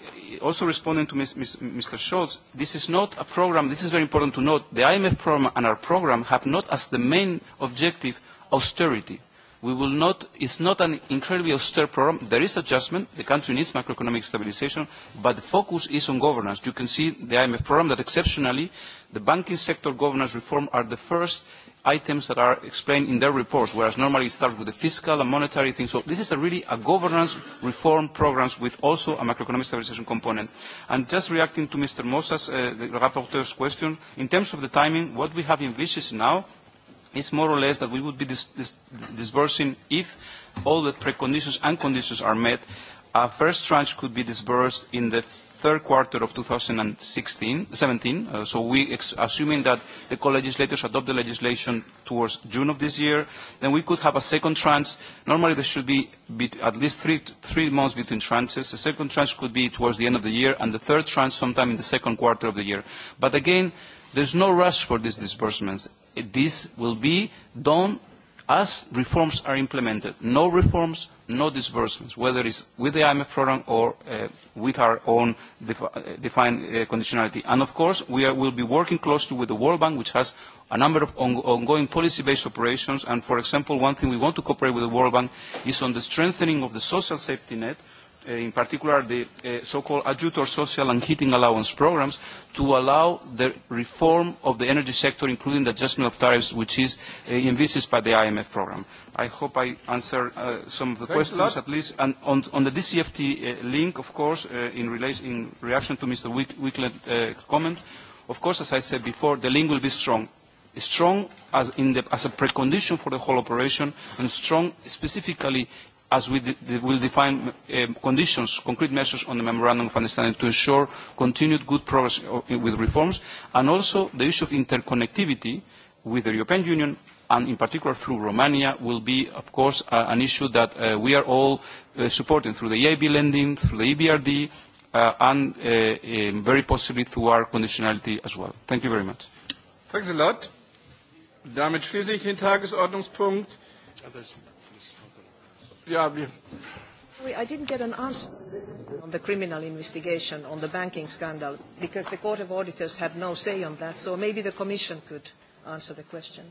also responding to Mr. Scholz, this is not a program, this is very important to note, the IMF program and our program have not as the main objective austerity. We will not, it's not an incredibly austere program. There is adjustment. The country needs macroeconomic stabilisation, but the focus is on governance. You can see the IMF programme that exceptionally, the banking sector governance reform are the first items that are explained in their reports, whereas normally it starts with the fiscal and monetary things. So this is really a governance reform program with also a macroeconomic stabilization component. And just reacting to Mr. Mosas, the rapporteur's question, in terms of the timing, what we have in envisaged now is more or less that we would be disbursing if all the preconditions and conditions are met. A first tranche could be disbursed in the third quarter of 2017. So we assuming that the co-legislators adopt the legislation towards June of this year, then we could have a second tranche. Normally there should be at least three months between tranches. The second tranche could be towards the end of the year, and the third tranche sometime in the second quarter of the year. But again, there's no rush for these disbursements. This will be done as reforms are implemented. No reforms no disbursements, whether it's with the IMF program or with our own defined conditionality. And of course, we will be working closely with the World Bank, which has a number of ongoing policy-based operations. And for example, one thing we want to cooperate with the World Bank is on the strengthening of the social safety net in particular the so-called adjutor social and heating allowance programs, to allow the reform of the energy sector, including the adjustment of tariffs, which is envisaged by the IMF program. I hope I answered some of the questions, at least. And on the DCFT link, of course, in reaction to Mr. Wickland's comments, of course, as I said before, the link will be strong strong as a precondition for the whole operation and strong specifically as we will define conditions, concrete measures on the Memorandum of Understanding to ensure continued good progress with reforms, and also the issue of interconnectivity with the European Union, and in particular through Romania, will be, of course, an issue that we are all supporting through the EIB lending, through the EBRD, and very possibly through our conditionality as well. Thank you very much. Thanks a lot. Damit schließe ich den Tagesordnungspunkt. I didn't get an answer on the criminal investigation on the banking scandal because the Court of Auditors had no say on that, so maybe the Commission could answer the question.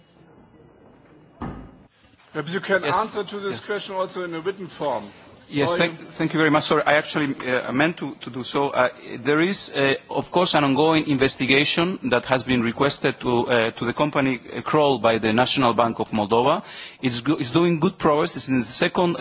Perhaps you can answer to this question also in a written form. Yes, thank you very much. Sorry, I actually meant to do so. There is, of course, an ongoing investigation that has been requested to the company Kroll by the National Bank of Moldova. It's doing good progress. It's in the second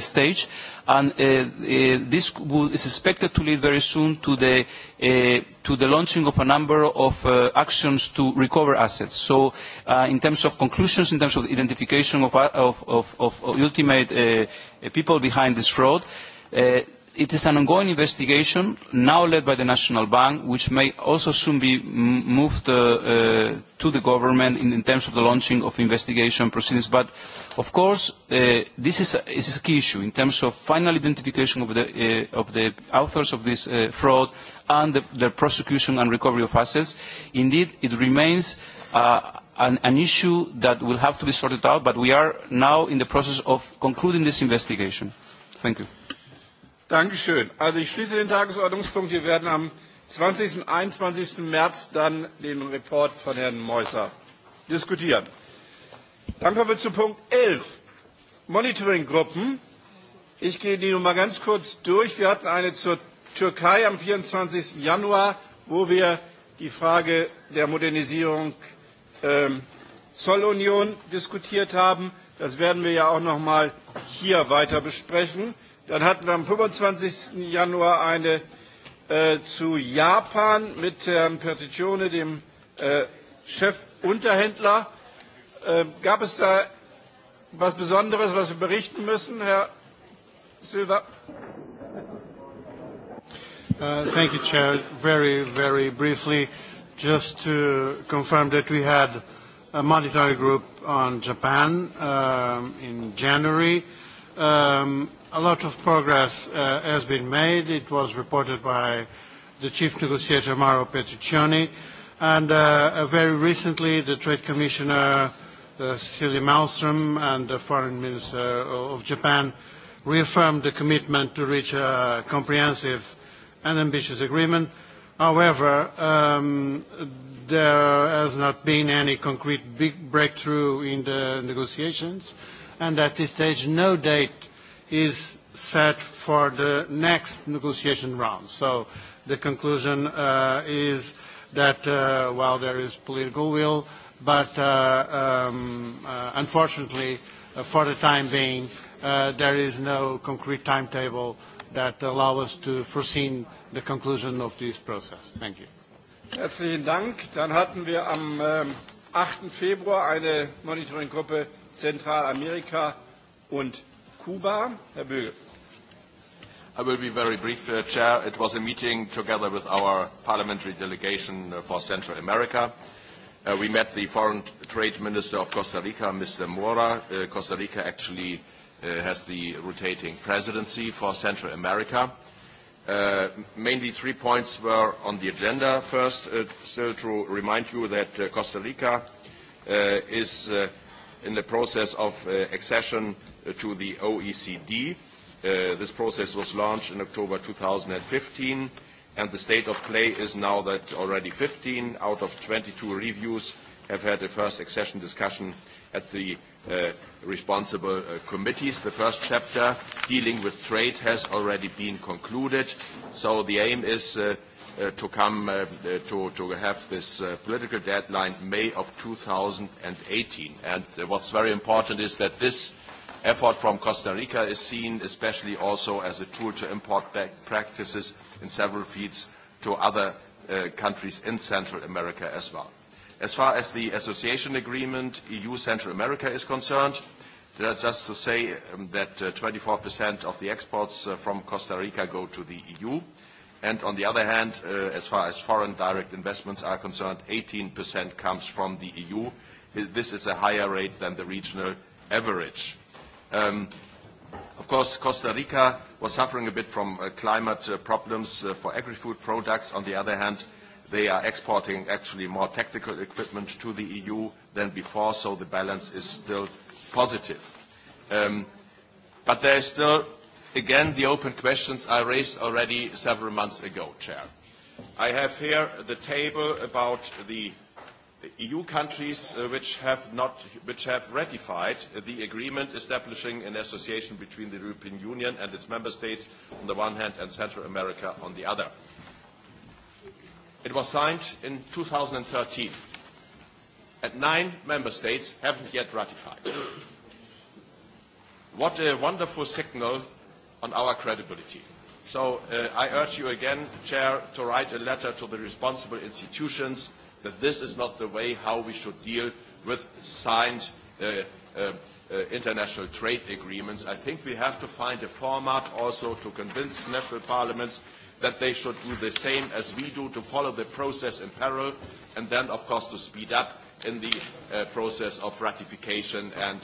stage and this is expected to lead very soon to the to the launching of a number of actions to recover assets. So in terms of conclusions, in terms of identification of ultimate people behind this fraud, It is an ongoing investigation now led by the National Bank, which may also soon be moved to the government in terms of the launching of investigation proceedings. But, of course, this is a key issue in terms of final identification of the authors of this fraud and the prosecution and recovery of assets. Indeed, it remains an issue that will have to be sorted out, but we are now in the process of concluding this investigation. Thank you. Dankeschön. Also ich schließe den Tagesordnungspunkt. Wir werden am 20. und 21. März dann den Report von Herrn Meusser diskutieren. Dann kommen wir zu Punkt 11. Monitoringgruppen. Ich gehe die nur mal ganz kurz durch. Wir hatten eine zur Türkei am 24. Januar, wo wir die Frage der Modernisierung Zollunion diskutiert haben. Das werden wir ja auch noch mal hier weiter besprechen. Dann hatten wir am 25. Januar eine zu Japan mit Herrn Perticione, dem Chefunterhändler. Gab es da was Besonderes, was wir berichten müssen, Herr Silva? Thank you, Chair. Very, very briefly, just to confirm that we had a monetary group on Japan um, in January. Um, a lot of progress has been made. It was reported by the chief negotiator Mauro Petriccioni and very recently the Trade Commissioner Cecilia Malmström and the Foreign Minister of Japan reaffirmed the commitment to reach a comprehensive and ambitious agreement. However, there has not been any concrete big breakthrough in the negotiations, and at this stage no date is set for the next negotiation round. So the conclusion is that while there is political will, but unfortunately, for the time being, there is no concrete timetable that allows us to foresee the conclusion of this process. Thank you. Herzlichen Dank. Dann hatten wir am 8. Februar eine Monitoringgruppe Zentralamerika und Cuba, Herr Böge. I will be very brief, Chair. It was a meeting together with our parliamentary delegation for Central America. We met the Foreign Trade Minister of Costa Rica, Mr. Mora. Costa Rica actually has the rotating presidency for Central America. Mainly three points were on the agenda. First, still to remind you that Costa Rica is in the process of accession to the OECD. This process was launched in October 2015, and the state of play is now that already 15 out of 22 reviews have had a first accession discussion at the responsible committees. The first chapter, dealing with trade, has already been concluded. So the aim is to come to have this political deadline May of 2018. And what's very important is that this effort from Costa Rica is seen especially also as a tool to import practices in several fields to other countries in Central America as well. As far as the association agreement EU-Central America is concerned, just to say that 24% of the exports from Costa Rica go to the EU. And on the other hand, as far as foreign direct investments are concerned, 18% comes from the EU. This is a higher rate than the regional average. Of course, Costa Rica was suffering a bit from climate problems for agri-food products. On the other hand, they are exporting actually more technical equipment to the EU than before, so the balance is still positive. But there is still, again, the open questions I raised already several months ago, Chair. I have here the table about the EU countries which have ratified the agreement establishing an association between the European Union and its member states on the one hand and Central America on the other. It was signed in 2013 and nine member states haven't yet ratified. What a wonderful signal on our credibility. So I urge you again, Chair, to write a letter to the responsible institutions that this is not the way how we should deal with signed international trade agreements. I think we have to find a format also to convince national parliaments that they should do the same as we do to follow the process in parallel and then, of course, to speed up in the process of ratification and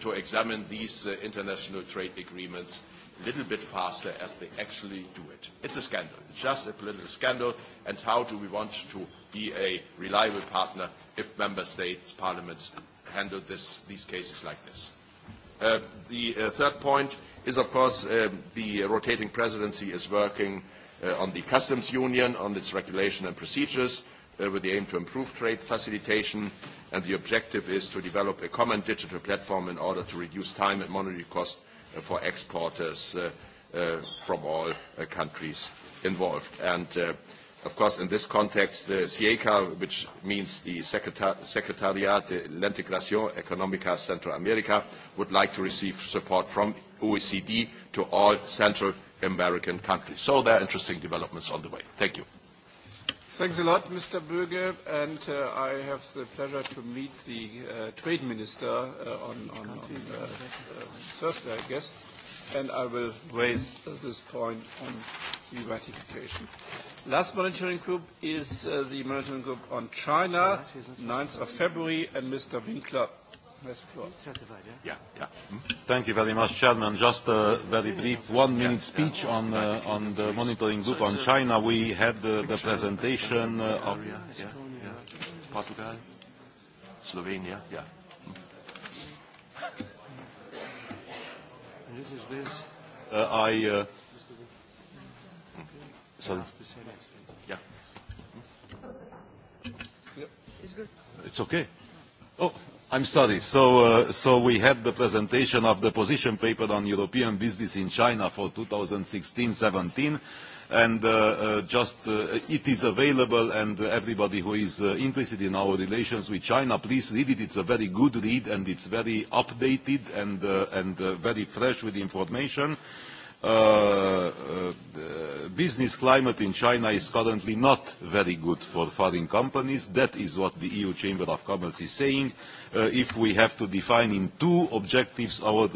to examine these international trade agreements little bit faster as they actually do it. It's a scandal. It's just a political scandal. And how do we want to be a reliable partner if member states, parliaments handle this, these cases like this? The third point is, of course, the rotating presidency is working on the customs union, on its regulation and procedures, with the aim to improve trade facilitation. And the objective is to develop a common digital platform in order to reduce time and monetary costs for exporters from all countries involved. And of course, in this context, CIECA, which means the Secretariat de Integración Económica Central America, would like to receive support from OECD to all Central American countries. So there are interesting developments on the way. Thank you. Thanks a lot, Mr. Böge, and I have the pleasure to meet the Trade Minister on on Thursday, I guess, and I will raise this point on the ratification. Last monitoring group is the monitoring group on China, 9th of February, and Mr. Winkler Yeah, yeah. Thank you very much, Chairman. Just a very brief one-minute speech on on the monitoring group on China. We had the presentation of Portugal, Slovenia, yeah. I. Sorry. Yeah. It's good. It's okay. Oh. I'm sorry. So, so we had the presentation of the position paper on European business in China for 2016-17, and just it is available. And everybody who is interested in our relations with China, please read it. It's a very good read, and it's very updated and and very fresh with information business climate in China is currently not very good for foreign companies. That is what the EU Chamber of Commerce is saying. If we have to define in two objectives our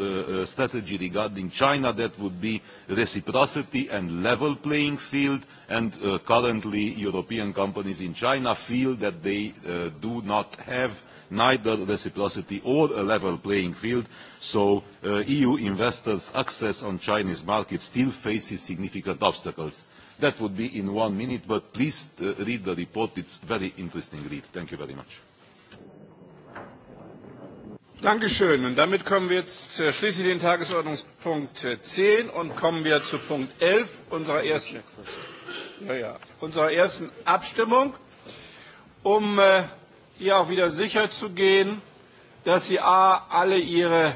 strategy regarding China, that would be reciprocity and level playing field. And currently, European companies in China feel that they do not have neither reciprocity or a level playing field, so EU investors' access on Chinese markets still faces significant obstacles. That would be in one minute, but please read the report. It's a very interesting read. Thank you very much. Dankeschön. Und damit kommen wir jetzt, schließe den Tagesordnungspunkt 10 und kommen wir zu Punkt 11 unserer ersten, ja, ja, unserer ersten Abstimmung um hier auch wieder sicherzugehen, dass Sie a. alle Ihre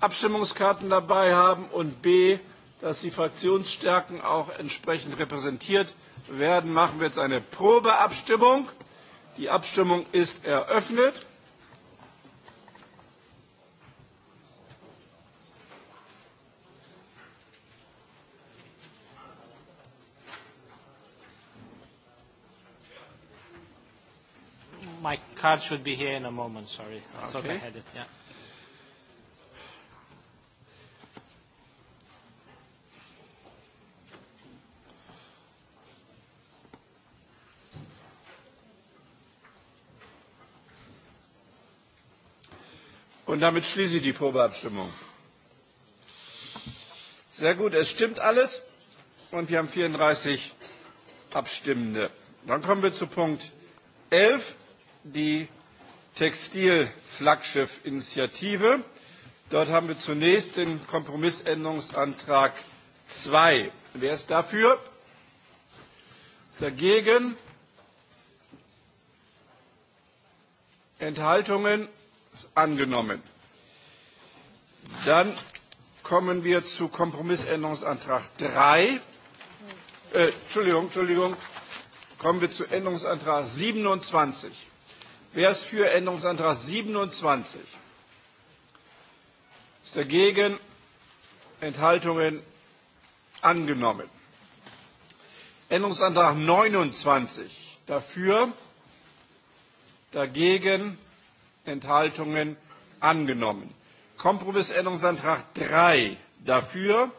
Abstimmungskarten dabei haben und b. dass die Fraktionsstärken auch entsprechend repräsentiert werden, machen wir jetzt eine Probeabstimmung. Die Abstimmung ist eröffnet. card should be here in a moment. Sorry, I thought I had it. Yeah. Und damit schließe ich die Probeabstimmung. Sehr gut, es stimmt alles und wir haben 34 Abstimmende. Dann kommen wir zu Punkt 11 die Textil-Flaggschiff-Initiative. Dort haben wir zunächst den Kompromissänderungsantrag 2. Wer ist dafür? Ist dagegen? Enthaltungen? Ist angenommen. Dann kommen wir zu Kompromissänderungsantrag 3. Entschuldigung, Entschuldigung. Kommen wir zu Änderungsantrag 27. Wer ist für Änderungsantrag 27? Ist dagegen? Enthaltungen angenommen. Änderungsantrag 29. Dafür? Dagegen? Enthaltungen angenommen. Kompromissänderungsantrag 3. Dafür?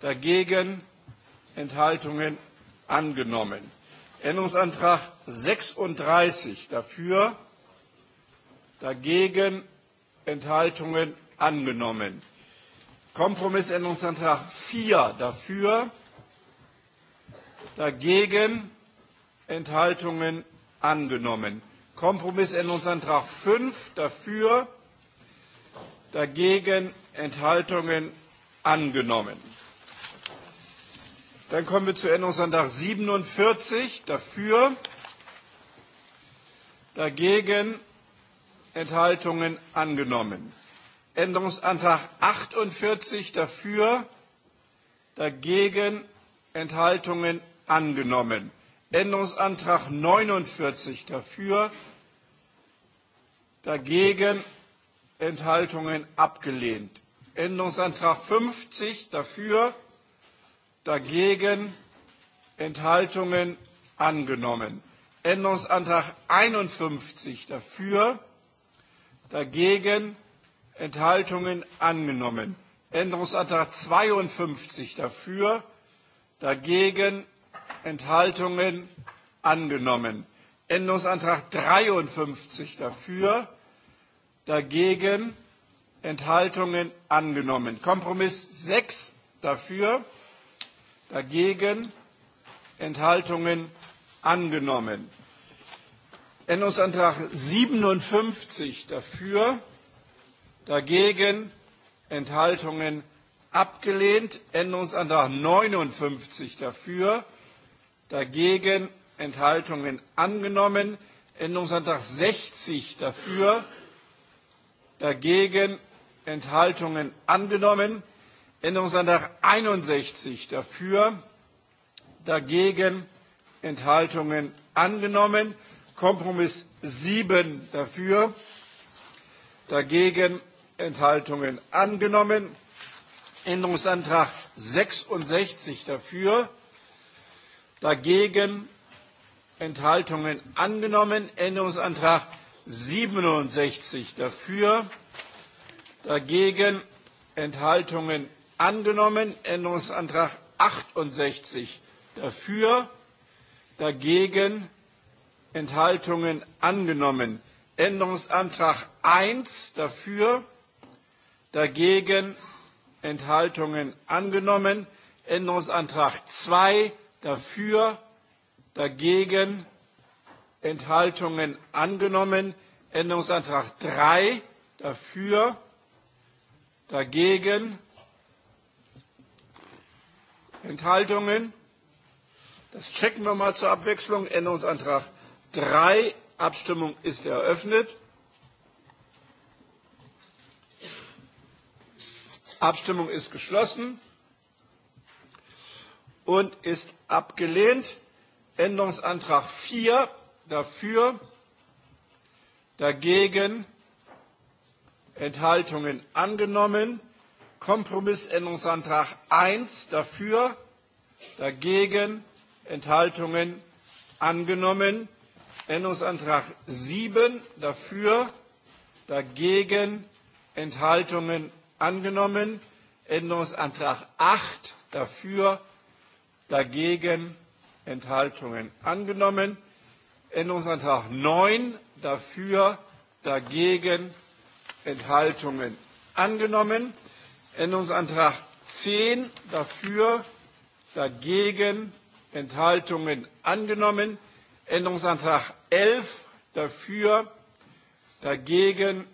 Dagegen? Enthaltungen angenommen. Änderungsantrag 36 dafür, dagegen Enthaltungen angenommen. Kompromissänderungsantrag 4 dafür, dagegen Enthaltungen angenommen. Kompromissänderungsantrag 5 dafür, dagegen Enthaltungen angenommen. Dann kommen wir zu Änderungsantrag 47. Dafür, dagegen, Enthaltungen angenommen. Änderungsantrag 48 dafür, dagegen, Enthaltungen angenommen. Änderungsantrag 49 dafür, dagegen, Enthaltungen abgelehnt. Änderungsantrag 50 dafür, dagegen Enthaltungen angenommen. Änderungsantrag 51 dafür, dagegen Enthaltungen angenommen. Änderungsantrag 52 dafür, dagegen Enthaltungen angenommen. Änderungsantrag 53 dafür, dagegen Enthaltungen angenommen. Kompromiss 6 dafür, dagegen, Enthaltungen angenommen. Änderungsantrag 57 dafür, dagegen, Enthaltungen abgelehnt. Änderungsantrag 59 dafür, dagegen, Enthaltungen angenommen. Änderungsantrag 60 dafür, dagegen, Enthaltungen angenommen. Änderungsantrag 61 dafür, dagegen Enthaltungen angenommen. Kompromiss 7 dafür, dagegen Enthaltungen angenommen. Änderungsantrag 66 dafür, dagegen Enthaltungen angenommen. Änderungsantrag 67 dafür, dagegen Enthaltungen angenommen. Änderungsantrag 68 dafür, dagegen Enthaltungen angenommen. Änderungsantrag 1 dafür, dagegen Enthaltungen angenommen. Änderungsantrag 2 dafür, dagegen Enthaltungen angenommen. Änderungsantrag 3 dafür, dagegen Enthaltungen? Das checken wir mal zur Abwechslung. Änderungsantrag 3. Abstimmung ist eröffnet. Abstimmung ist geschlossen und ist abgelehnt. Änderungsantrag 4 dafür, dagegen Enthaltungen angenommen. Kompromissänderungsantrag 1 dafür, dagegen, Enthaltungen angenommen. Änderungsantrag 7 dafür, dagegen, Enthaltungen angenommen. Änderungsantrag 8 dafür, dagegen, Enthaltungen angenommen. Änderungsantrag 9 dafür, dagegen, Enthaltungen angenommen. Änderungsantrag 10 dafür, dagegen, Enthaltungen angenommen. Änderungsantrag 11 dafür, dagegen,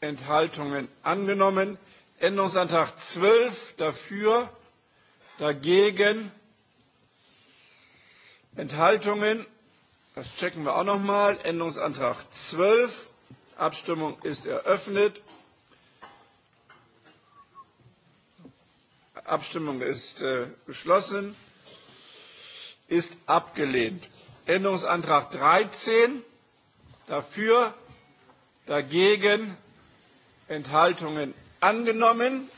Enthaltungen angenommen. Änderungsantrag 12 dafür, dagegen, Enthaltungen. Das checken wir auch nochmal. Änderungsantrag 12. Abstimmung ist eröffnet. Abstimmung ist geschlossen. Ist abgelehnt. Änderungsantrag 13. Dafür. Dagegen. Enthaltungen angenommen.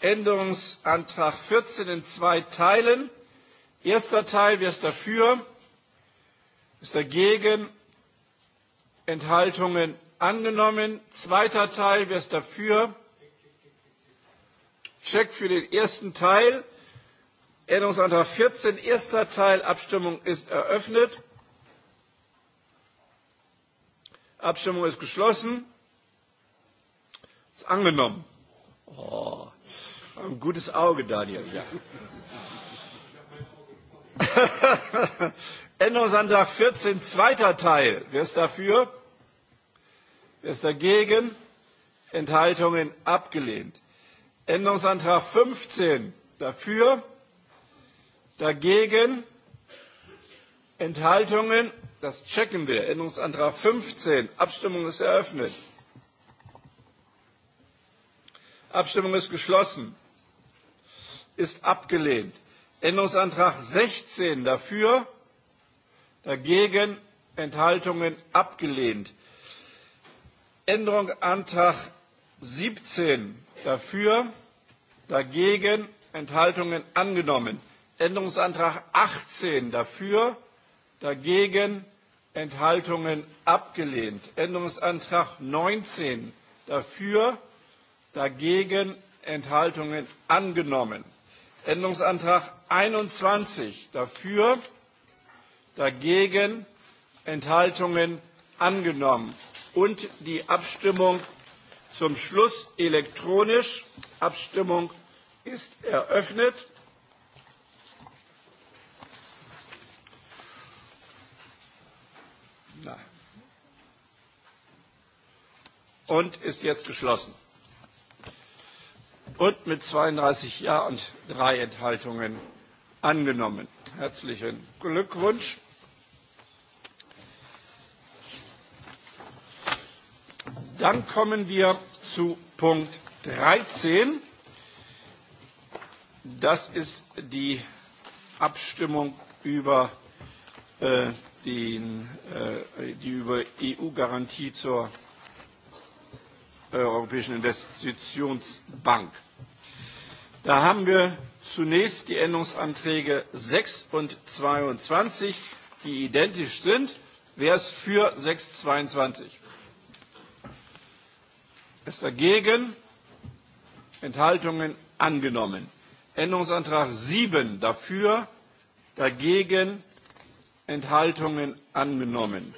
Änderungsantrag 14 in zwei Teilen. Erster Teil. Wer ist dafür? Ist dagegen? Enthaltungen angenommen. Zweiter Teil. Wer ist dafür? Check für den ersten Teil. Änderungsantrag 14, erster Teil. Abstimmung ist eröffnet. Abstimmung ist geschlossen. Ist angenommen. ein gutes Auge, Daniel. Ja. Änderungsantrag 14, zweiter Teil. Wer ist dafür? Wer ist dagegen? Enthaltungen abgelehnt. Änderungsantrag 15 dafür, dagegen, Enthaltungen, das checken wir. Änderungsantrag 15, Abstimmung ist eröffnet. Abstimmung ist geschlossen. Ist abgelehnt. Änderungsantrag 16 dafür, dagegen, Enthaltungen abgelehnt. Änderungsantrag 17 dafür, dagegen, Enthaltungen angenommen. Änderungsantrag 18 dafür, dagegen, Enthaltungen abgelehnt. Änderungsantrag 19 dafür, dagegen, Enthaltungen angenommen. Änderungsantrag 21 dafür, dagegen, Enthaltungen angenommen. Und die Abstimmung Zum Schluss elektronisch. Abstimmung ist eröffnet. Und ist jetzt geschlossen. Und mit 32 Ja und drei Enthaltungen angenommen. Herzlichen Glückwunsch. Dann kommen wir zu Punkt 13. Das ist die Abstimmung über die über EU-Garantie zur Europäischen Investitionsbank. Da haben wir zunächst die Änderungsanträge 6 und 22, die identisch sind. Wer ist für 622? ist dagegen? Enthaltungen angenommen. Änderungsantrag 7 dafür, dagegen Enthaltungen angenommen.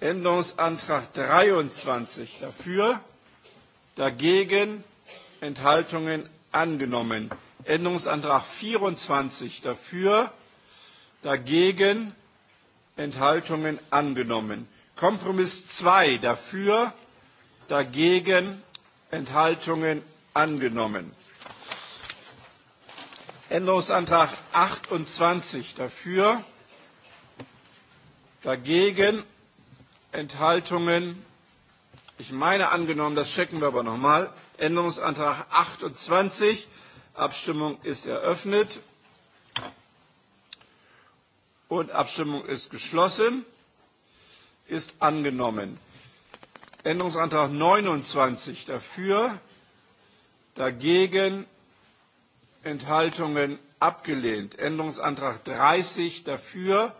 Änderungsantrag 23 dafür, dagegen Enthaltungen angenommen. Änderungsantrag 24 dafür, dagegen Enthaltungen angenommen. Kompromiss 2 dafür, dagegen Enthaltungen angenommen. Änderungsantrag 28 dafür, dagegen Enthaltungen. Ich meine angenommen, das checken wir aber nochmal. Änderungsantrag 28. Abstimmung ist eröffnet. Und Abstimmung ist geschlossen. Ist angenommen. Änderungsantrag 29 dafür, dagegen Enthaltungen abgelehnt. Änderungsantrag 30 dafür,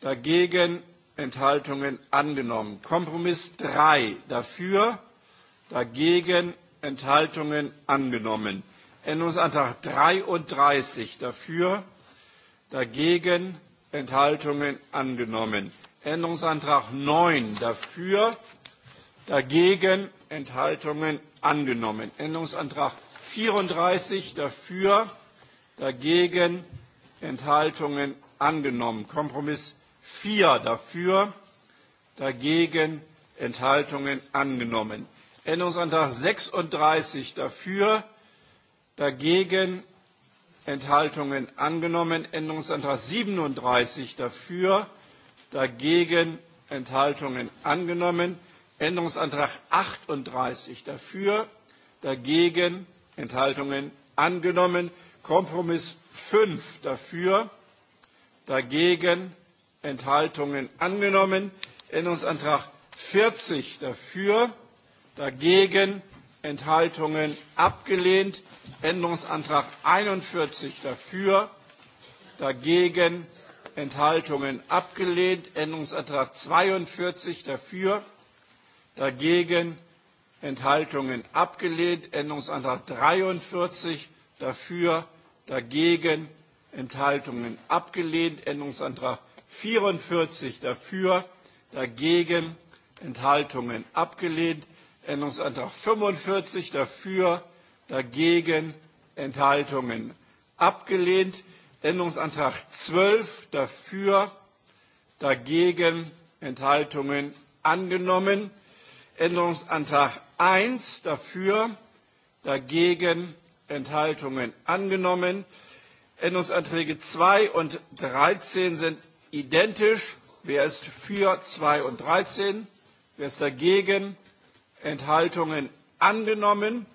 dagegen Enthaltungen angenommen. Kompromiss 3 dafür, dagegen Enthaltungen angenommen. Änderungsantrag 33 dafür, dagegen Enthaltungen angenommen. Änderungsantrag 9 dafür, dagegen Enthaltungen angenommen. Änderungsantrag 34 dafür, dagegen Enthaltungen angenommen. Kompromiss 4 dafür, dagegen Enthaltungen angenommen. Änderungsantrag 36 dafür, dagegen Enthaltungen angenommen. Änderungsantrag 37 dafür, dagegen Enthaltungen angenommen. Änderungsantrag 38 dafür, dagegen, Enthaltungen angenommen. Kompromiss 5 dafür, dagegen, Enthaltungen angenommen. Änderungsantrag 40 dafür, dagegen, Enthaltungen abgelehnt. Änderungsantrag 41 dafür, dagegen, Enthaltungen abgelehnt. Änderungsantrag 42 dafür, dagegen Enthaltungen abgelehnt. Änderungsantrag 43 dafür, dagegen Enthaltungen abgelehnt. Änderungsantrag 44 dafür, dagegen Enthaltungen abgelehnt. Änderungsantrag 45 dafür, dagegen Enthaltungen abgelehnt. Änderungsantrag 12 dafür, dagegen Enthaltungen angenommen. Änderungsantrag 1 dafür, dagegen Enthaltungen angenommen. Änderungsanträge 2 und 13 sind identisch. Wer ist für 2 und 13? Wer ist dagegen? Enthaltungen angenommen.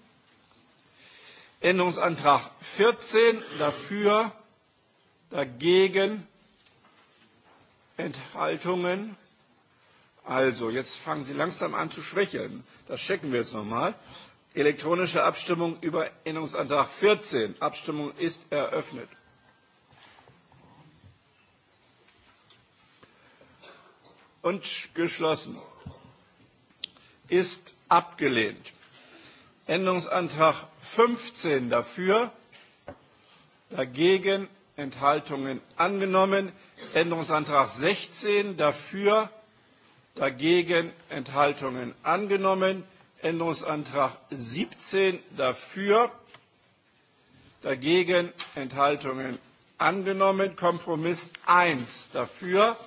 Änderungsantrag 14 dafür, dagegen Enthaltungen Also, jetzt fangen Sie langsam an zu schwächeln. Das checken wir jetzt nochmal. Elektronische Abstimmung über Änderungsantrag 14. Abstimmung ist eröffnet. Und geschlossen. Ist abgelehnt. Änderungsantrag 15 dafür, dagegen Enthaltungen angenommen. Änderungsantrag 16 dafür, dagegen Enthaltungen angenommen. Änderungsantrag 17 dafür, dagegen Enthaltungen angenommen. Kompromiss 1 dafür,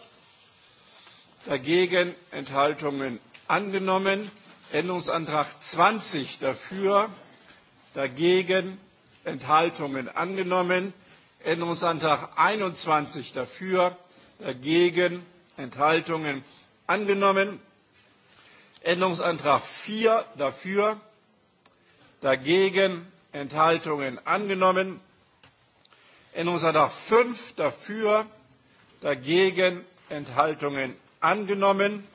dagegen Enthaltungen angenommen. Änderungsantrag 20 dafür, dagegen Enthaltungen angenommen. Änderungsantrag 21 dafür, dagegen Enthaltungen angenommen. Änderungsantrag 4 dafür, dagegen Enthaltungen angenommen. Änderungsantrag 5 dafür, dagegen Enthaltungen angenommen.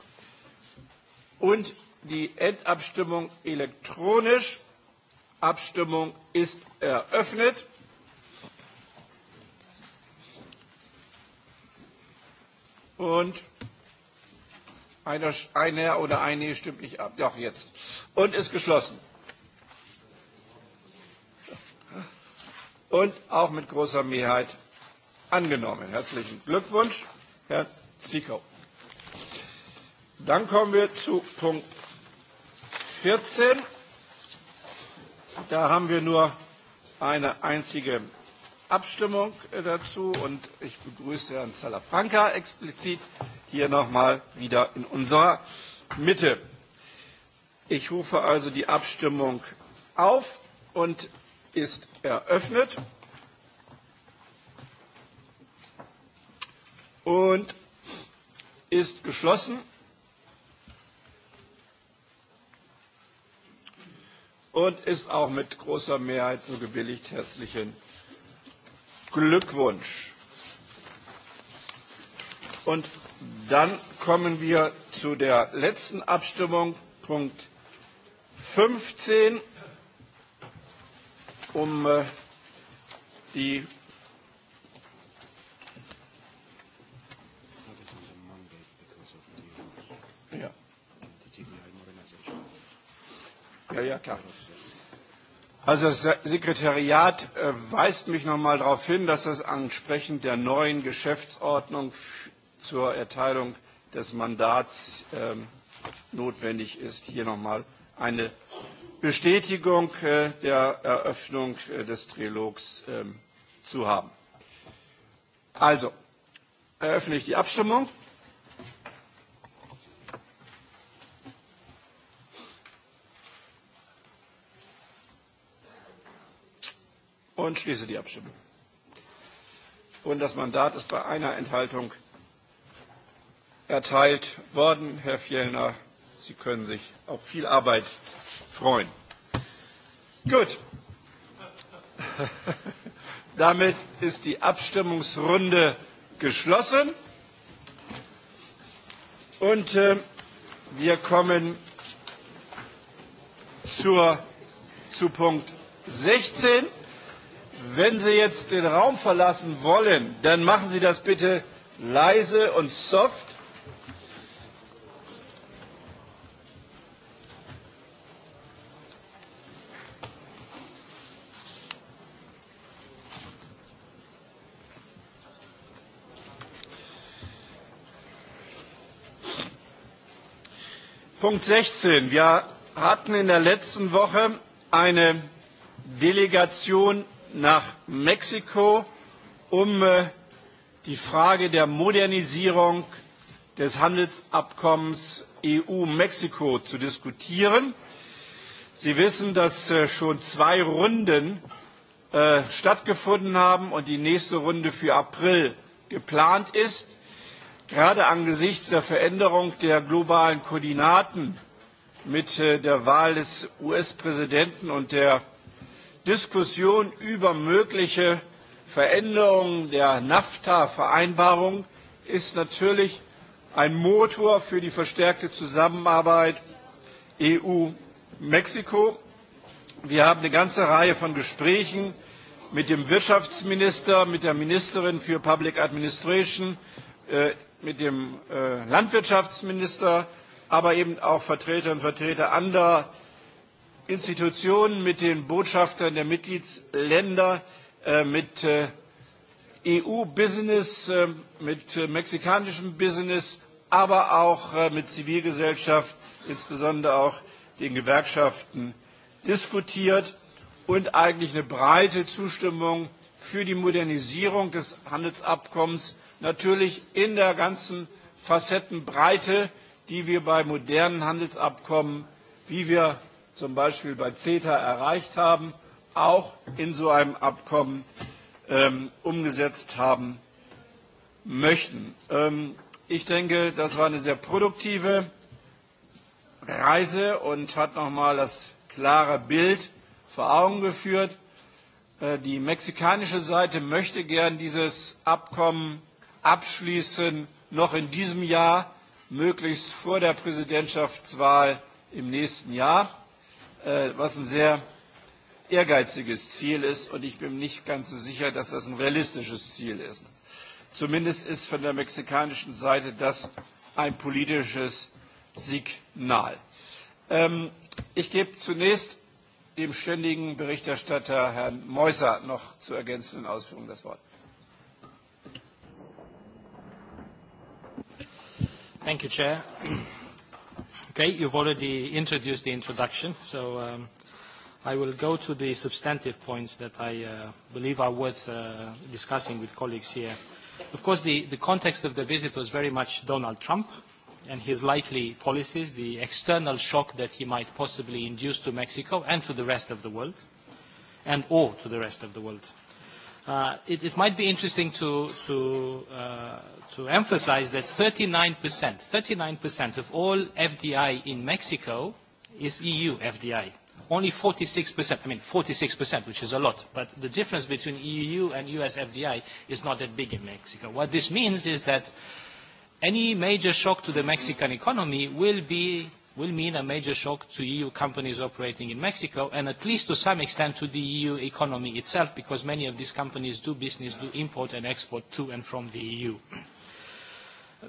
Und die Endabstimmung elektronisch. Abstimmung ist eröffnet. Und Einer, einer oder einige stimmt nicht ab. Doch, jetzt. Und ist geschlossen. Und auch mit großer Mehrheit angenommen. Herzlichen Glückwunsch, Herr Zickau. Dann kommen wir zu Punkt 14. Da haben wir nur eine einzige Abstimmung dazu und ich begrüße Herrn Salafranca explizit hier nochmal wieder in unserer Mitte. Ich rufe also die Abstimmung auf und ist eröffnet. Und ist geschlossen. Und ist auch mit großer Mehrheit so gebilligt. Herzlichen Glückwunsch. Und dann kommen wir zu der letzten Abstimmung, Punkt 15, um die Ja, ja, klar. Also das Sekretariat weist mich noch darauf hin, dass das entsprechend der neuen Geschäftsordnung zur Erteilung des Mandats notwendig ist. Hier noch mal eine Bestätigung der Eröffnung des Trilogs zu haben. Also eröffne ich die Abstimmung. und schließe die Abstimmung. Und das Mandat ist bei einer Enthaltung erteilt worden. Herr Fjellner, Sie können sich auf viel Arbeit freuen. Gut. Damit ist die Abstimmungsrunde geschlossen. Und wir kommen zur, zu Punkt 16. Wenn Sie jetzt den Raum verlassen wollen, dann machen Sie das bitte leise und soft. Punkt 16. Wir hatten in der letzten Woche eine Delegation nach Mexiko, um die Frage der Modernisierung des Handelsabkommens EU-Mexiko zu diskutieren. Sie wissen, dass schon zwei Runden stattgefunden haben und die nächste Runde für April geplant ist. Gerade angesichts der Veränderung der globalen Koordinaten mit der Wahl des US-Präsidenten und der Diskussion über mögliche Veränderungen der NAFTA-Vereinbarung ist natürlich ein Motor für die verstärkte Zusammenarbeit EU-Mexiko. Wir haben eine ganze Reihe von Gesprächen mit dem Wirtschaftsminister, mit der Ministerin für Public Administration, mit dem Landwirtschaftsminister, aber eben auch Vertreterinnen und Vertreter anderer Institutionen, mit den Botschaftern der Mitgliedsländer, mit EU-Business, mit mexikanischem Business, aber auch mit Zivilgesellschaft, insbesondere auch den Gewerkschaften diskutiert und eigentlich eine breite Zustimmung für die Modernisierung des Handelsabkommens natürlich in der ganzen Facettenbreite, die wir bei modernen Handelsabkommen, wie wir zum Beispiel bei CETA erreicht haben, auch in so einem Abkommen umgesetzt haben möchten. Ich denke, das war eine sehr produktive Reise und hat noch nochmal das klare Bild vor Augen geführt. Die mexikanische Seite möchte gern dieses Abkommen abschließen, noch in diesem Jahr, möglichst vor der Präsidentschaftswahl im nächsten Jahr was ein sehr ehrgeiziges Ziel ist. Und ich bin nicht ganz so sicher, dass das ein realistisches Ziel ist. Zumindest ist von der mexikanischen Seite das ein politisches Signal. Ich gebe zunächst dem ständigen Berichterstatter Herrn Meusser noch zu ergänzenden Ausführungen das Wort. Thank you, Chair. Okay, you've already introduced the introduction, so I will go to the substantive points that I believe are worth discussing with colleagues here. Of course, the context of the visit was very much Donald Trump and his likely policies, the external shock that he might possibly induce to Mexico and to the rest of the world, and or to the rest of the world. It it might be interesting to to emphasize that 39%, 39% of all FDI in Mexico is EU FDI. Only 46%, I mean 46%, which is a lot, but the difference between EU and US FDI is not that big in Mexico. What this means is that any major shock to the Mexican economy will be will mean a major shock to EU companies operating in Mexico and at least to some extent to the EU economy itself because many of these companies do business, do import and export to and from the EU.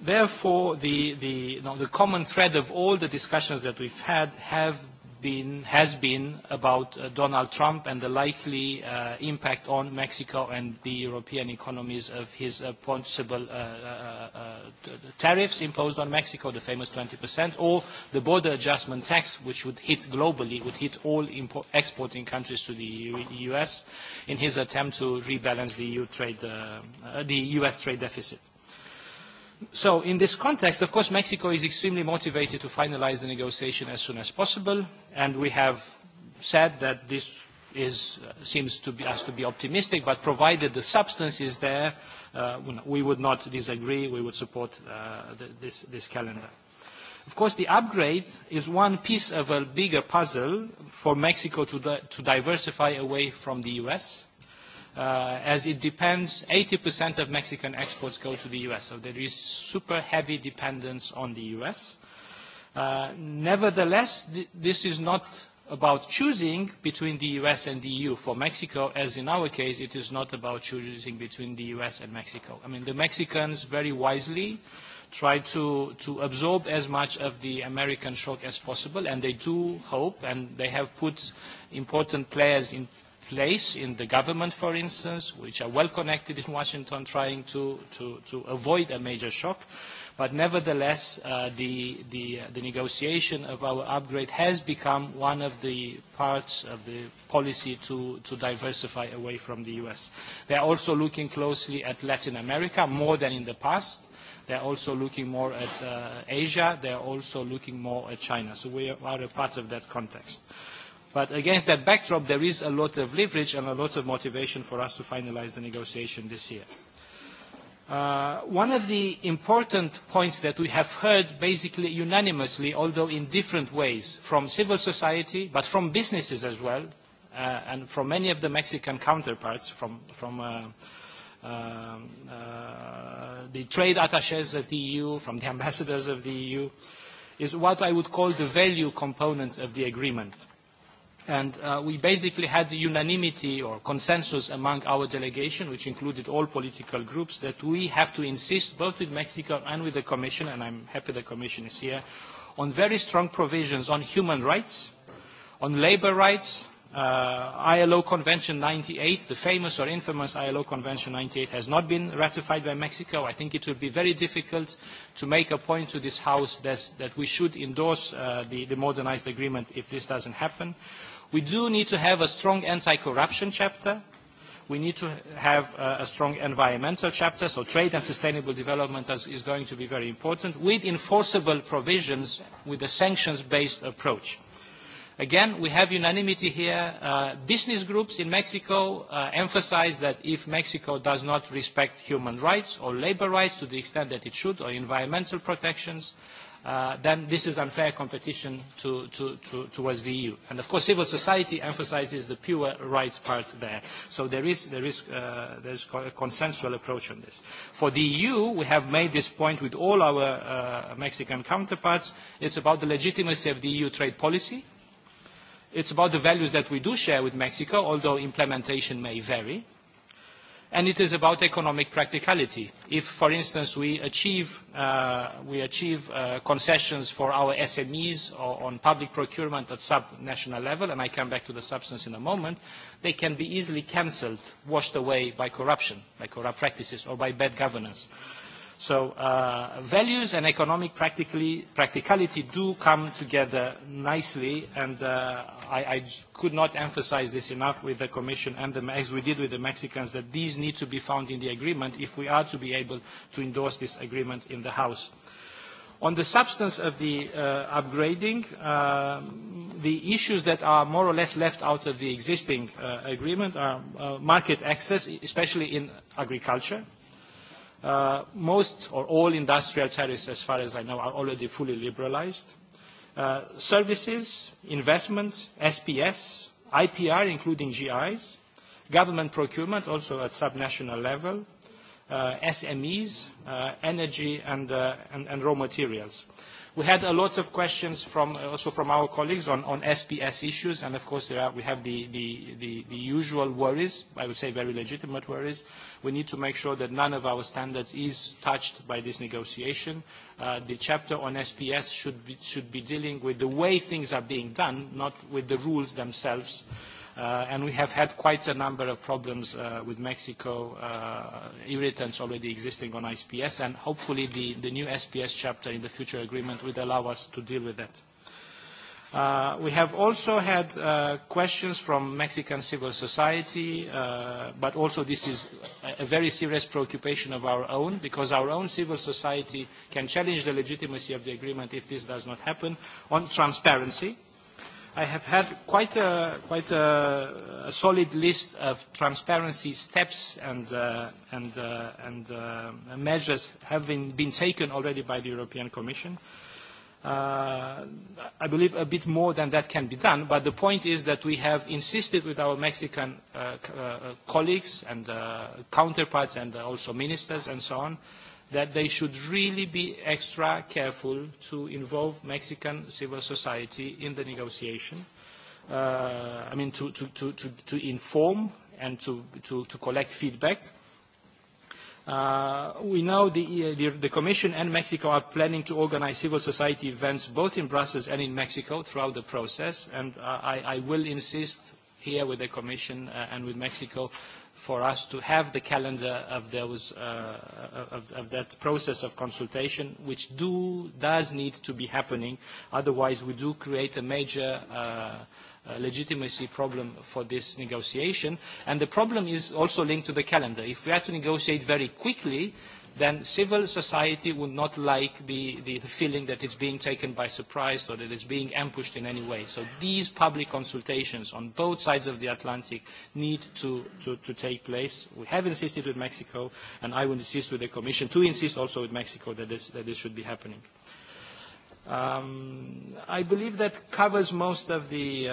Therefore, the, the, the common thread of all the discussions that we've had have been, has been about Donald Trump and the likely impact on Mexico and the European economies of his possible tariffs imposed on Mexico, the famous 20%, or the border adjustment tax, which would hit globally, would hit all exporting countries to the U.S. in his attempt to rebalance the U.S. trade deficit. So in this context, of course, Mexico is extremely motivated to finalize the negotiation as soon as possible, and we have said that this is seems to be us to be optimistic, but provided the substance is there, we would not disagree, we would support this this calendar. Of course, the upgrade is one piece of a bigger puzzle for Mexico to diversify away from the U.S as it depends, 80% of Mexican exports go to the U.S., so there is super heavy dependence on the U.S. Nevertheless, this is not about choosing between the U.S. and the EU. For Mexico, as in our case, it is not about choosing between the U.S. and Mexico. I mean, the Mexicans very wisely try to absorb as much of the American shock as possible, and they do hope, and they have put important players in place in the government, for instance, which are well connected in Washington, trying to avoid a major shock. But nevertheless, the negotiation of our upgrade has become one of the parts of the policy to diversify away from the U.S. They are also looking closely at Latin America, more than in the past. They are also looking more at Asia. They are also looking more at China. So we are a part of that context. But against that backdrop, there is a lot of leverage and a lot of motivation for us to finalize the negotiation this year. One of the important points that we have heard basically unanimously, although in different ways, from civil society, but from businesses as well, and from many of the Mexican counterparts, from the trade attaches of the EU, from the ambassadors of the EU, is what I would call the value components of the agreement And we basically had the unanimity or consensus among our delegation, which included all political groups, that we have to insist, both with Mexico and with the Commission, and I'm happy the Commission is here, on very strong provisions on human rights, on labor rights. ILO Convention 98, the famous or infamous ILO Convention 98, has not been ratified by Mexico. I think it would be very difficult to make a point to this House that we should endorse the modernized agreement if this doesn't happen. We do need to have a strong anti-corruption chapter. We need to have a strong environmental chapter, so trade and sustainable development is going to be very important, with enforceable provisions with a sanctions-based approach. Again, we have unanimity here. Business groups in Mexico emphasise that if Mexico does not respect human rights or labor rights to the extent that it should, or environmental protections, then this is unfair competition to towards the EU. And of course, civil society emphasizes the pure rights part there. So there is a consensual approach on this. For the EU, we have made this point with all our Mexican counterparts. It's about the legitimacy of the EU trade policy. It's about the values that we do share with Mexico, although implementation may vary and it is about economic practicality. If, for instance, we achieve concessions for our SMEs on public procurement at sub-national level, and I come back to the substance in a moment, they can be easily cancelled, washed away by corruption, by corrupt practices, or by bad governance. So values and economic practicality do come together nicely, and I could not emphasize this enough with the Commission and as we did with the Mexicans, that these need to be found in the agreement if we are to be able to endorse this agreement in the House. On the substance of the upgrading, the issues that are more or less left out of the existing agreement are market access, especially in agriculture Most or all industrial tariffs, as far as I know, are already fully liberalized. Services, investment, SPS, IPR, including GIs, government procurement, also at subnational level, SMEs, energy, and raw materials. We had a lot of questions from also from our colleagues on on SPS issues, and of course there we have the the the usual worries, I would say very legitimate worries. We need to make sure that none of our standards is touched by this negotiation. The chapter on SPS should should be dealing with the way things are being done, not with the rules themselves and we have had quite a number of problems with Mexico, irritants already existing on ISPS, and hopefully the new SPS chapter in the future agreement will allow us to deal with that. We have also had questions from Mexican civil society, but also this is a very serious preoccupation of our own, because our own civil society can challenge the legitimacy of the agreement if this does not happen, on transparency I have had quite a quite a solid list of transparency steps and and and measures have been taken already by the European Commission. I believe a bit more than that can be done, but the point is that we have insisted with our Mexican colleagues and counterparts and also ministers and so on that they should really be extra careful to involve Mexican civil society in the negotiation, I mean, to inform and to collect feedback. We know the Commission and Mexico are planning to organize civil society events both in Brussels and in Mexico throughout the process, and I will insist here with the Commission and with Mexico for us to have the calendar of those of that process of consultation, which does need to be happening. Otherwise, we do create a major legitimacy problem for this negotiation. And the problem is also linked to the calendar. If we are to negotiate very quickly, then civil society would not like the, feeling that it's being taken by surprise or that it is being ambushed in any way. So these public consultations on both sides of the Atlantic need to, to, to take place. We have insisted with Mexico, and I will insist with the Commission to insist also with Mexico that this should be happening. I believe that covers most of the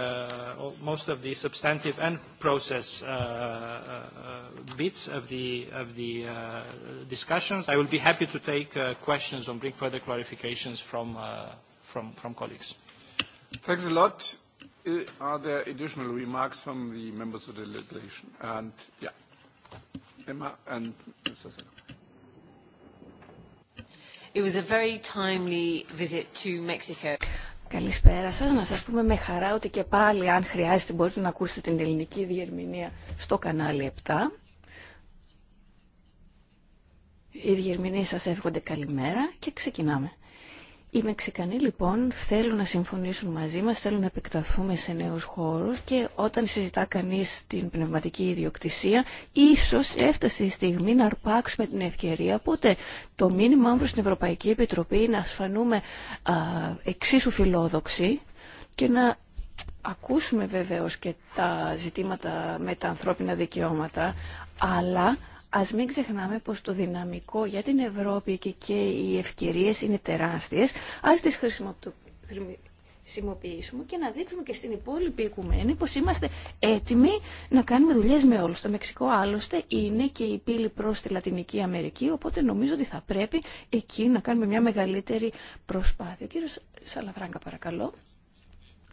most of the substantive and process bits of the of the discussions. I will be happy to take questions or bring further clarifications from from from colleagues. Thanks a lot. Are there additional remarks from the members of the delegation? And yeah, Emma and Καλησπέρα σας. Να σας πούμε με χαρά ότι και πάλι αν χρειάζεται μπορείτε να ακούσετε την ελληνική διερμηνία στο κανάλι 7. Οι διερμηνείς σας εύχονται καλημέρα και ξεκινάμε. Οι Μεξικανοί λοιπόν θέλουν να συμφωνήσουν μαζί μας, θέλουν να επεκταθούμε σε νέους χώρους και όταν συζητά κανείς την πνευματική ιδιοκτησία, ίσως έφτασε η στιγμή να αρπάξουμε την ευκαιρία, οπότε το μήνυμά μου στην Ευρωπαϊκή Επιτροπή να ασφανούμε α, εξίσου φιλόδοξοι και να ακούσουμε βεβαίως και τα ζητήματα με τα ανθρώπινα δικαιώματα, αλλά Ας μην ξεχνάμε πως το δυναμικό για την Ευρώπη και, και οι ευκαιρίες είναι τεράστιες. Ας τις χρησιμοποιήσουμε και να δείξουμε και στην υπόλοιπη οικουμένη πως είμαστε έτοιμοι να κάνουμε δουλειές με όλους. Το Μεξικό άλλωστε είναι και η πύλη προς τη Λατινική Αμερική, οπότε νομίζω ότι θα πρέπει εκεί να κάνουμε μια μεγαλύτερη προσπάθεια. Κύριο Σαλαβράγκα παρακαλώ.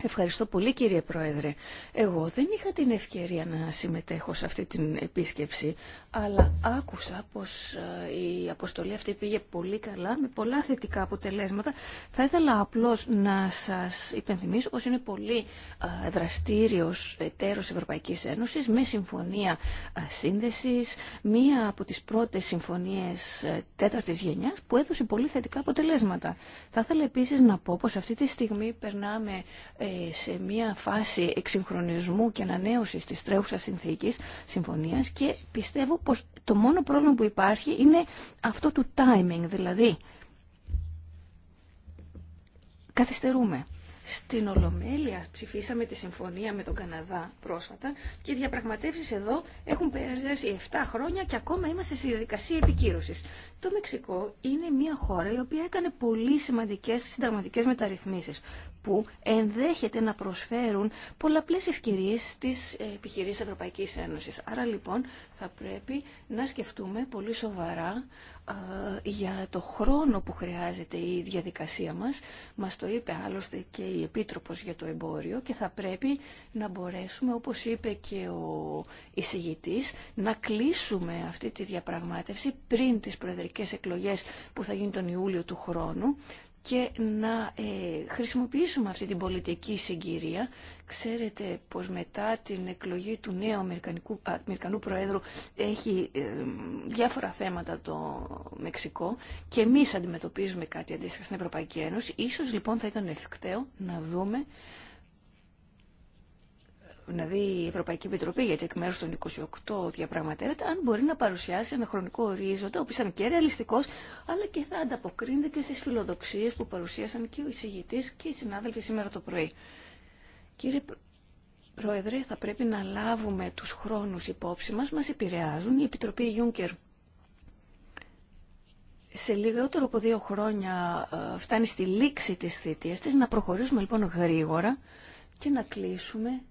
Ευχαριστώ πολύ κύριε Πρόεδρε. Εγώ δεν είχα την ευκαιρία να συμμετέχω σε αυτή την επίσκεψη, αλλά άκουσα πως ε, η αποστολή αυτή πήγε πολύ καλά, με πολλά θετικά αποτελέσματα. Θα ήθελα απλώς να σας υπενθυμίσω πως είναι πολύ ε, δραστήριος εταίρος Ευρωπαϊκής Ένωσης με συμφωνία ε, σύνδεσης, μία από τις πρώτες συμφωνίες τέταρτης γενιάς που έδωσε πολύ θετικά αποτελέσματα. Θα ήθελα επίσης να πω πως αυτή τη στιγμή περνάμε σε μία φάση εξυγχρονισμού και ανανέωσης της τρέχουσας συνθήκης συμφωνίας και πιστεύω πως το μόνο πρόβλημα που υπάρχει είναι αυτό του timing, δηλαδή καθυστερούμε. Στην Ολομέλεια ψηφίσαμε τη συμφωνία με τον Καναδά πρόσφατα και οι διαπραγματεύσει εδώ έχουν περάσει 7 χρόνια και ακόμα είμαστε στη διαδικασία επικύρωση. Το Μεξικό είναι μια χώρα η οποία έκανε πολύ σημαντικέ συνταγματικέ μεταρρυθμίσει που ενδέχεται να προσφέρουν πολλαπλές ευκαιρίες στις επιχειρήσεις Ευρωπαϊκής Ένωσης. Άρα λοιπόν θα πρέπει να σκεφτούμε πολύ σοβαρά για το χρόνο που χρειάζεται η διαδικασία μας. Μας το είπε άλλωστε και η Επίτροπος για το Εμπόριο και θα πρέπει να μπορέσουμε, όπως είπε και ο εισηγητής, να κλείσουμε αυτή τη διαπραγμάτευση πριν τις προεδρικές εκλογές που θα γίνουν τον Ιούλιο του χρόνου και να ε, χρησιμοποιήσουμε αυτή την πολιτική συγκυρία. Ξέρετε πως μετά την εκλογή του νέου Αμερικανικού, Αμερικανού Προέδρου έχει ε, διάφορα θέματα το Μεξικό και εμείς αντιμετωπίζουμε κάτι αντίστοιχα στην Ευρωπαϊκή Ένωση. Ίσως λοιπόν θα ήταν ευκταίο να δούμε να δει η Ευρωπαϊκή Επιτροπή, γιατί εκ μέρου των 28 διαπραγματεύεται, αν μπορεί να παρουσιάσει ένα χρονικό ορίζοντα, ο οποίο ήταν και ρεαλιστικό, αλλά και θα ανταποκρίνεται και στι φιλοδοξίε που παρουσίασαν και ο εισηγητή και οι συνάδελφοι σήμερα το πρωί. Κύριε Πρόεδρε, θα πρέπει να λάβουμε του χρόνου υπόψη μα, μα επηρεάζουν. Η Επιτροπή Juncker. σε λιγότερο από δύο χρόνια ε, φτάνει στη λήξη της θητείας της, να προχωρήσουμε λοιπόν γρήγορα και να κλείσουμε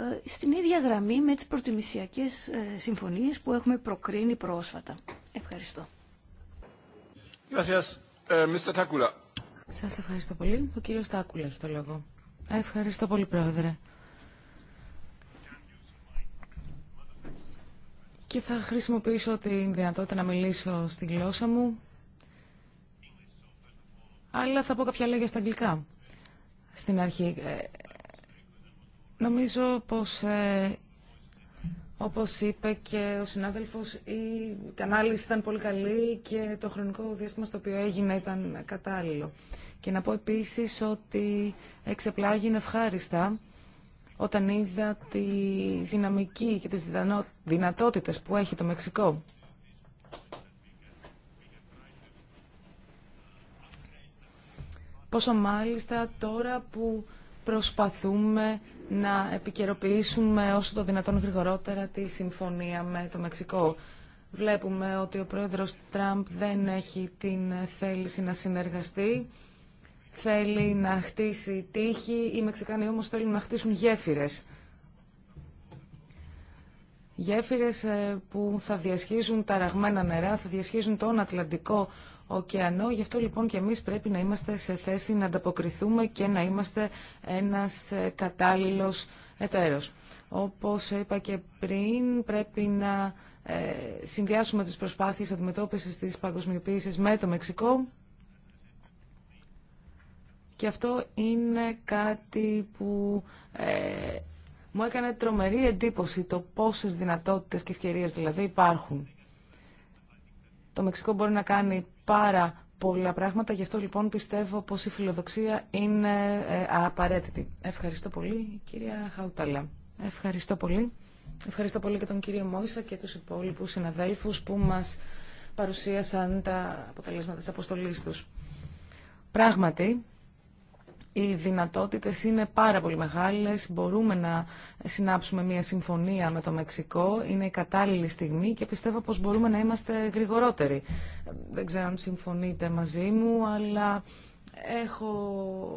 ε, στην ίδια γραμμή με τις προτιμησιακές ε, συμφωνίες που έχουμε προκρίνει πρόσφατα. Ευχαριστώ. Ε, Σας ευχαριστώ πολύ. Ο κύριος Τάκουλα έχει το λόγο. Ευχαριστώ πολύ, Πρόεδρε. Και θα χρησιμοποιήσω την δυνατότητα να μιλήσω στη γλώσσα μου, αλλά θα πω κάποια λόγια στα αγγλικά. Στην αρχή, Νομίζω πως, ε, όπως είπε και ο συνάδελφος, η κανάλιση ήταν πολύ καλή και το χρονικό διάστημα στο οποίο έγινε ήταν κατάλληλο. Και να πω επίσης ότι εξεπλάγει ευχάριστα όταν είδα τη δυναμική και τις δυνατότητες που έχει το Μεξικό. Πόσο μάλιστα τώρα που προσπαθούμε να επικαιροποιήσουμε όσο το δυνατόν γρηγορότερα τη συμφωνία με το Μεξικό. Βλέπουμε ότι ο πρόεδρος Τραμπ δεν έχει την θέληση να συνεργαστεί, θέλει να χτίσει τείχη, οι Μεξικάνοι όμως θέλουν να χτίσουν γέφυρες. Γέφυρες ε, που θα διασχίζουν τα ραγμένα νερά, θα διασχίζουν τον Ατλαντικό ωκεανό. Γι' αυτό λοιπόν και εμείς πρέπει να είμαστε σε θέση να ανταποκριθούμε και να είμαστε ένας ε, κατάλληλος εταίρος. Όπως είπα και πριν, πρέπει να ε, συνδυάσουμε τις προσπάθειες αντιμετώπισης της παγκοσμιοποίησης με το Μεξικό. Και αυτό είναι κάτι που ε, μου έκανε τρομερή εντύπωση το πόσες δυνατότητες και ευκαιρίες δηλαδή υπάρχουν. Το Μεξικό μπορεί να κάνει πάρα πολλά πράγματα. Γι' αυτό λοιπόν πιστεύω πως η φιλοδοξία είναι ε, απαραίτητη. Ευχαριστώ πολύ κυρία Χαουταλά. Ευχαριστώ πολύ. Ευχαριστώ πολύ και τον κύριο Μόησα και τους υπόλοιπους συναδέλφους που μας παρουσίασαν τα αποτελέσματα της αποστολής τους. Πράγματι, οι δυνατότητες είναι πάρα πολύ μεγάλες. Μπορούμε να συνάψουμε μια συμφωνία με το Μεξικό. Είναι η κατάλληλη στιγμή και πιστεύω πως μπορούμε να είμαστε γρηγορότεροι. Δεν ξέρω αν συμφωνείτε μαζί μου, αλλά Έχω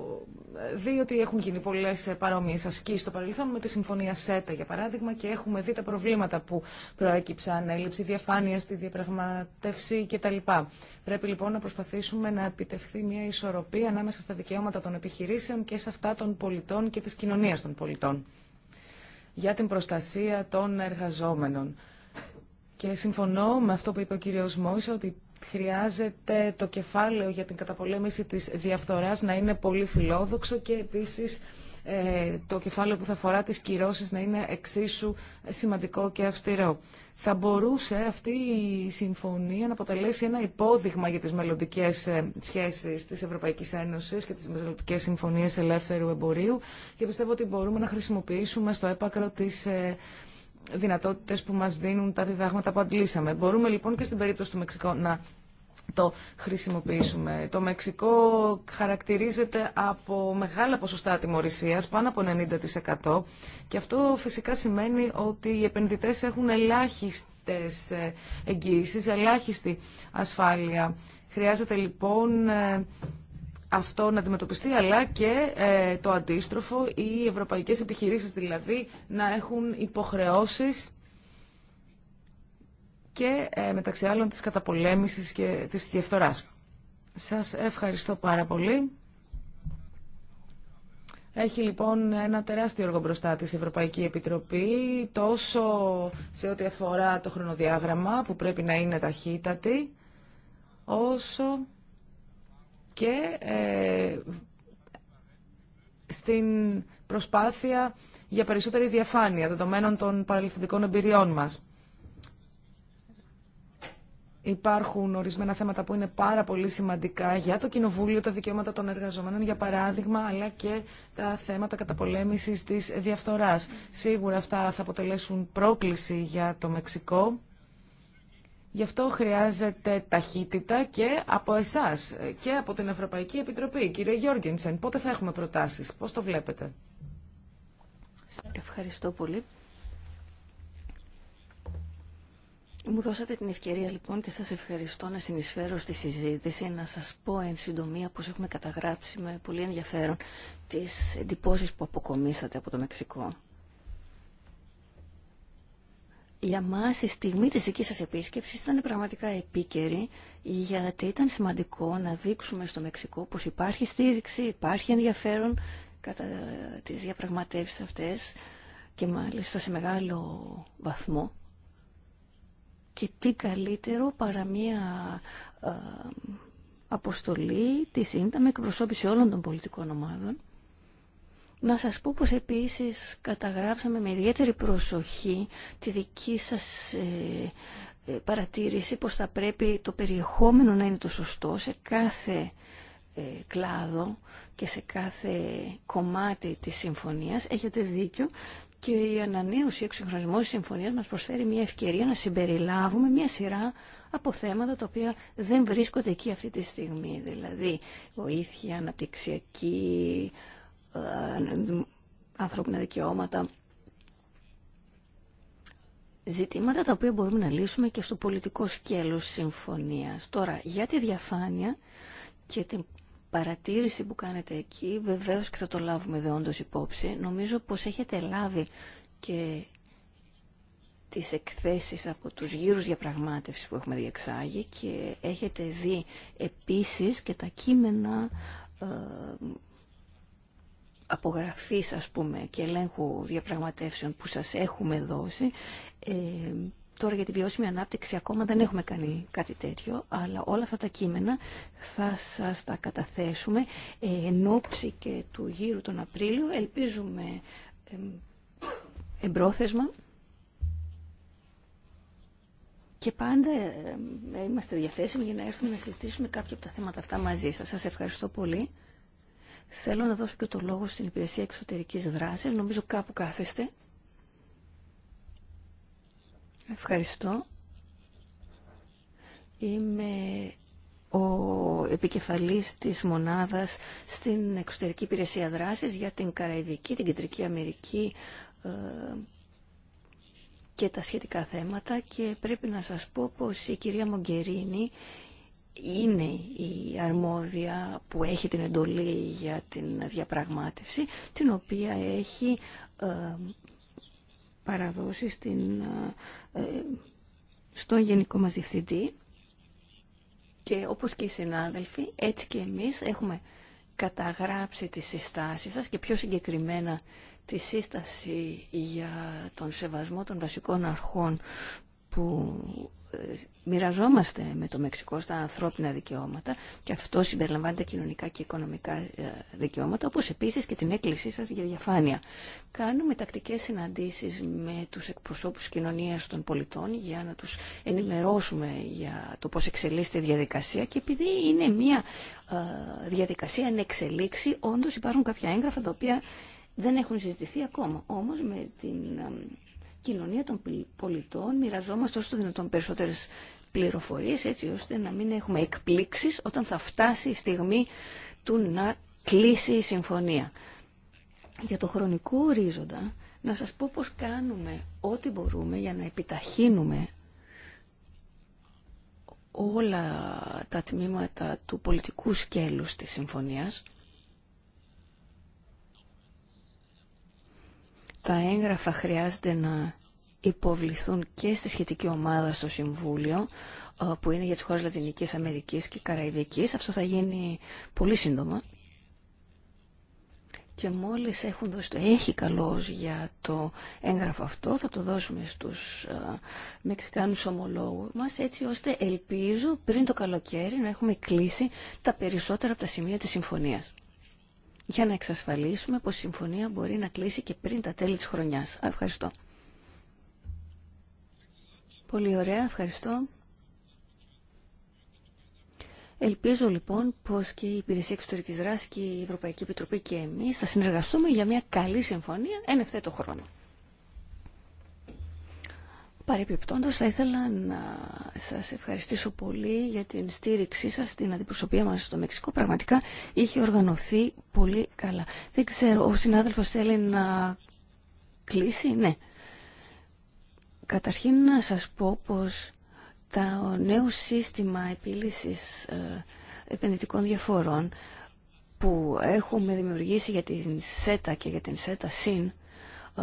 δει ότι έχουν γίνει πολλέ παρόμοιε ασκήσει στο παρελθόν με τη Συμφωνία ΣΕΤΑ, για παράδειγμα, και έχουμε δει τα προβλήματα που προέκυψαν, έλλειψη διαφάνεια στη διαπραγματεύση κτλ. Πρέπει λοιπόν να προσπαθήσουμε να επιτευχθεί μια ισορροπία ανάμεσα στα δικαιώματα των επιχειρήσεων και σε αυτά των πολιτών και τη κοινωνία των πολιτών για την προστασία των εργαζόμενων. Και συμφωνώ με αυτό που είπε ο κύριος Μόησα, ότι χρειάζεται το κεφάλαιο για την καταπολέμηση της διαφθοράς να είναι πολύ φιλόδοξο και επίσης ε, το κεφάλαιο που θα αφορά τις κυρώσεις να είναι εξίσου σημαντικό και αυστηρό. Θα μπορούσε αυτή η συμφωνία να αποτελέσει ένα υπόδειγμα για τις μελλοντικέ ε, σχέσεις της Ευρωπαϊκής Ένωσης και τις μελλοντικέ συμφωνίες ελεύθερου εμπορίου και πιστεύω ότι μπορούμε να χρησιμοποιήσουμε στο έπακρο τις ε, Δυνατότητε που μας δίνουν τα διδάγματα που αντλήσαμε. Μπορούμε λοιπόν και στην περίπτωση του Μεξικού να το χρησιμοποιήσουμε. Το Μεξικό χαρακτηρίζεται από μεγάλα ποσοστά τιμωρησίας, πάνω από 90% και αυτό φυσικά σημαίνει ότι οι επενδυτές έχουν ελάχιστες ε, εγγύησεις, ελάχιστη ασφάλεια. Χρειάζεται λοιπόν ε, αυτό να αντιμετωπιστεί, αλλά και ε, το αντίστροφο, οι ευρωπαϊκές επιχειρήσεις δηλαδή να έχουν υποχρεώσεις και ε, μεταξύ άλλων της καταπολέμησης και της διαφθοράς. Σας ευχαριστώ πάρα πολύ. Έχει λοιπόν ένα τεράστιο έργο μπροστά της Ευρωπαϊκή Επιτροπή, τόσο σε ό,τι αφορά το χρονοδιάγραμμα που πρέπει να είναι ταχύτατη, όσο και ε, στην προσπάθεια για περισσότερη διαφάνεια δεδομένων των παρελθυντικών εμπειριών μας. Υπάρχουν ορισμένα θέματα που είναι πάρα πολύ σημαντικά για το Κοινοβούλιο, τα δικαιώματα των εργαζομένων, για παράδειγμα, αλλά και τα θέματα καταπολέμησης της διαφθοράς. Σίγουρα αυτά θα αποτελέσουν πρόκληση για το Μεξικό Γι' αυτό χρειάζεται ταχύτητα και από εσά και από την Ευρωπαϊκή Επιτροπή. Κύριε Γιώργενσεν, πότε θα έχουμε προτάσεις, πώς το βλέπετε. Ευχαριστώ πολύ. Μου δώσατε την ευκαιρία λοιπόν και σας ευχαριστώ να συνεισφέρω στη συζήτηση, να σας πω εν συντομία πως έχουμε καταγράψει με πολύ ενδιαφέρον τις εντυπώσεις που αποκομίσατε από το Μεξικό για μας η στιγμή της δικής σας επίσκεψης ήταν πραγματικά επίκαιρη γιατί ήταν σημαντικό να δείξουμε στο Μεξικό πως υπάρχει στήριξη, υπάρχει ενδιαφέρον κατά τις διαπραγματεύσεις αυτές και μάλιστα σε μεγάλο βαθμό και τι καλύτερο παρά μία ε, αποστολή της ίντα με εκπροσώπηση όλων των πολιτικών ομάδων να σας πω πως επίσης καταγράψαμε με ιδιαίτερη προσοχή τη δική σας ε, ε, παρατήρηση πως θα πρέπει το περιεχόμενο να είναι το σωστό σε κάθε ε, κλάδο και σε κάθε κομμάτι της συμφωνίας. Έχετε δίκιο και η ανανέωση, η εξυγχρονισμό της συμφωνίας μας προσφέρει μια ευκαιρία να συμπεριλάβουμε μια σειρά από θέματα τα οποία δεν βρίσκονται εκεί αυτή τη στιγμή. Δηλαδή, βοήθεια, αναπτυξιακή, ανθρώπινα δικαιώματα, ζητήματα τα οποία μπορούμε να λύσουμε και στο πολιτικό σκέλος συμφωνίας. Τώρα, για τη διαφάνεια και την παρατήρηση που κάνετε εκεί, βεβαίως και θα το λάβουμε όντως υπόψη, νομίζω πως έχετε λάβει και τις εκθέσεις από τους γύρους διαπραγμάτευσης που έχουμε διεξάγει και έχετε δει επίσης και τα κείμενα ε, απογραφής ας πούμε και ελέγχου διαπραγματεύσεων που σας έχουμε δώσει ε, Τώρα για τη βιώσιμη ανάπτυξη ακόμα δεν έχουμε κάνει κάτι τέτοιο, αλλά όλα αυτά τα κείμενα θα σας τα καταθέσουμε ε, εν και του γύρου τον Απρίλιο. Ελπίζουμε ε, εμπρόθεσμα και πάντα ε, ε, είμαστε διαθέσιμοι για να έρθουμε να συζητήσουμε κάποια από τα θέματα αυτά μαζί σας. Σας ευχαριστώ πολύ. Θέλω να δώσω και το λόγο στην υπηρεσία εξωτερικής δράσης. Νομίζω κάπου κάθεστε. Ευχαριστώ. Είμαι ο επικεφαλής της μονάδας στην εξωτερική υπηρεσία δράσης για την Καραϊβική, την Κεντρική Αμερική ε, και τα σχετικά θέματα και πρέπει να σας πω πως η κυρία Μογκερίνη είναι η αρμόδια που έχει την εντολή για την διαπραγμάτευση, την οποία έχει ε, παραδώσει στην, ε, στον Γενικό μας Διευθυντή και όπως και οι συνάδελφοι, έτσι και εμείς έχουμε καταγράψει τις συστάσεις σας και πιο συγκεκριμένα τη σύσταση για τον σεβασμό των βασικών αρχών που ε, μοιραζόμαστε με το Μεξικό στα ανθρώπινα δικαιώματα και αυτό συμπεριλαμβάνει κοινωνικά και οικονομικά ε, δικαιώματα, όπως επίσης και την έκκλησή σας για διαφάνεια. Κάνουμε τακτικές συναντήσεις με τους εκπροσώπους κοινωνίας των πολιτών για να τους ενημερώσουμε για το πώς εξελίσσεται η διαδικασία και επειδή είναι μια ε, διαδικασία εν εξελίξει, όντως υπάρχουν κάποια έγγραφα τα οποία δεν έχουν συζητηθεί ακόμα. Όμως με την κοινωνία των πολιτών μοιραζόμαστε όσο το δυνατόν περισσότερες πληροφορίες έτσι ώστε να μην έχουμε εκπλήξεις όταν θα φτάσει η στιγμή του να κλείσει η συμφωνία. Για το χρονικό ορίζοντα να σας πω πως κάνουμε ό,τι μπορούμε για να επιταχύνουμε όλα τα τμήματα του πολιτικού σκέλους της συμφωνίας τα έγγραφα χρειάζεται να υποβληθούν και στη σχετική ομάδα στο Συμβούλιο ε, που είναι για τις χώρες Λατινικής Αμερικής και Καραϊβικής. Αυτό θα γίνει πολύ σύντομα. Και μόλις έχουν έχει καλός για το έγγραφο αυτό, θα το δώσουμε στους ε, Μεξικάνους ομολόγους μας, έτσι ώστε ελπίζω πριν το καλοκαίρι να έχουμε κλείσει τα περισσότερα από τα σημεία της συμφωνίας για να εξασφαλίσουμε πως η συμφωνία μπορεί να κλείσει και πριν τα τέλη της χρονιάς. Ευχαριστώ. Πολύ ωραία, ευχαριστώ. Ελπίζω λοιπόν πως και η Υπηρεσία Εξωτερικής Δράσης και η Ευρωπαϊκή Επιτροπή και εμείς θα συνεργαστούμε για μια καλή συμφωνία εν ευθέτω χρόνο. Παρεπιπτόντως θα ήθελα να σας ευχαριστήσω πολύ για την στήριξή σας στην αντιπροσωπεία μας στο Μεξικό. Πραγματικά είχε οργανωθεί πολύ καλά. Δεν ξέρω, ο συνάδελφος θέλει να κλείσει, ναι. Καταρχήν να σας πω πως το νέο σύστημα επίλυσης ε, επενδυτικών διαφορών που έχουμε δημιουργήσει για την ΣΕΤΑ και για την ΣΕΤΑ-ΣΥΝ ε,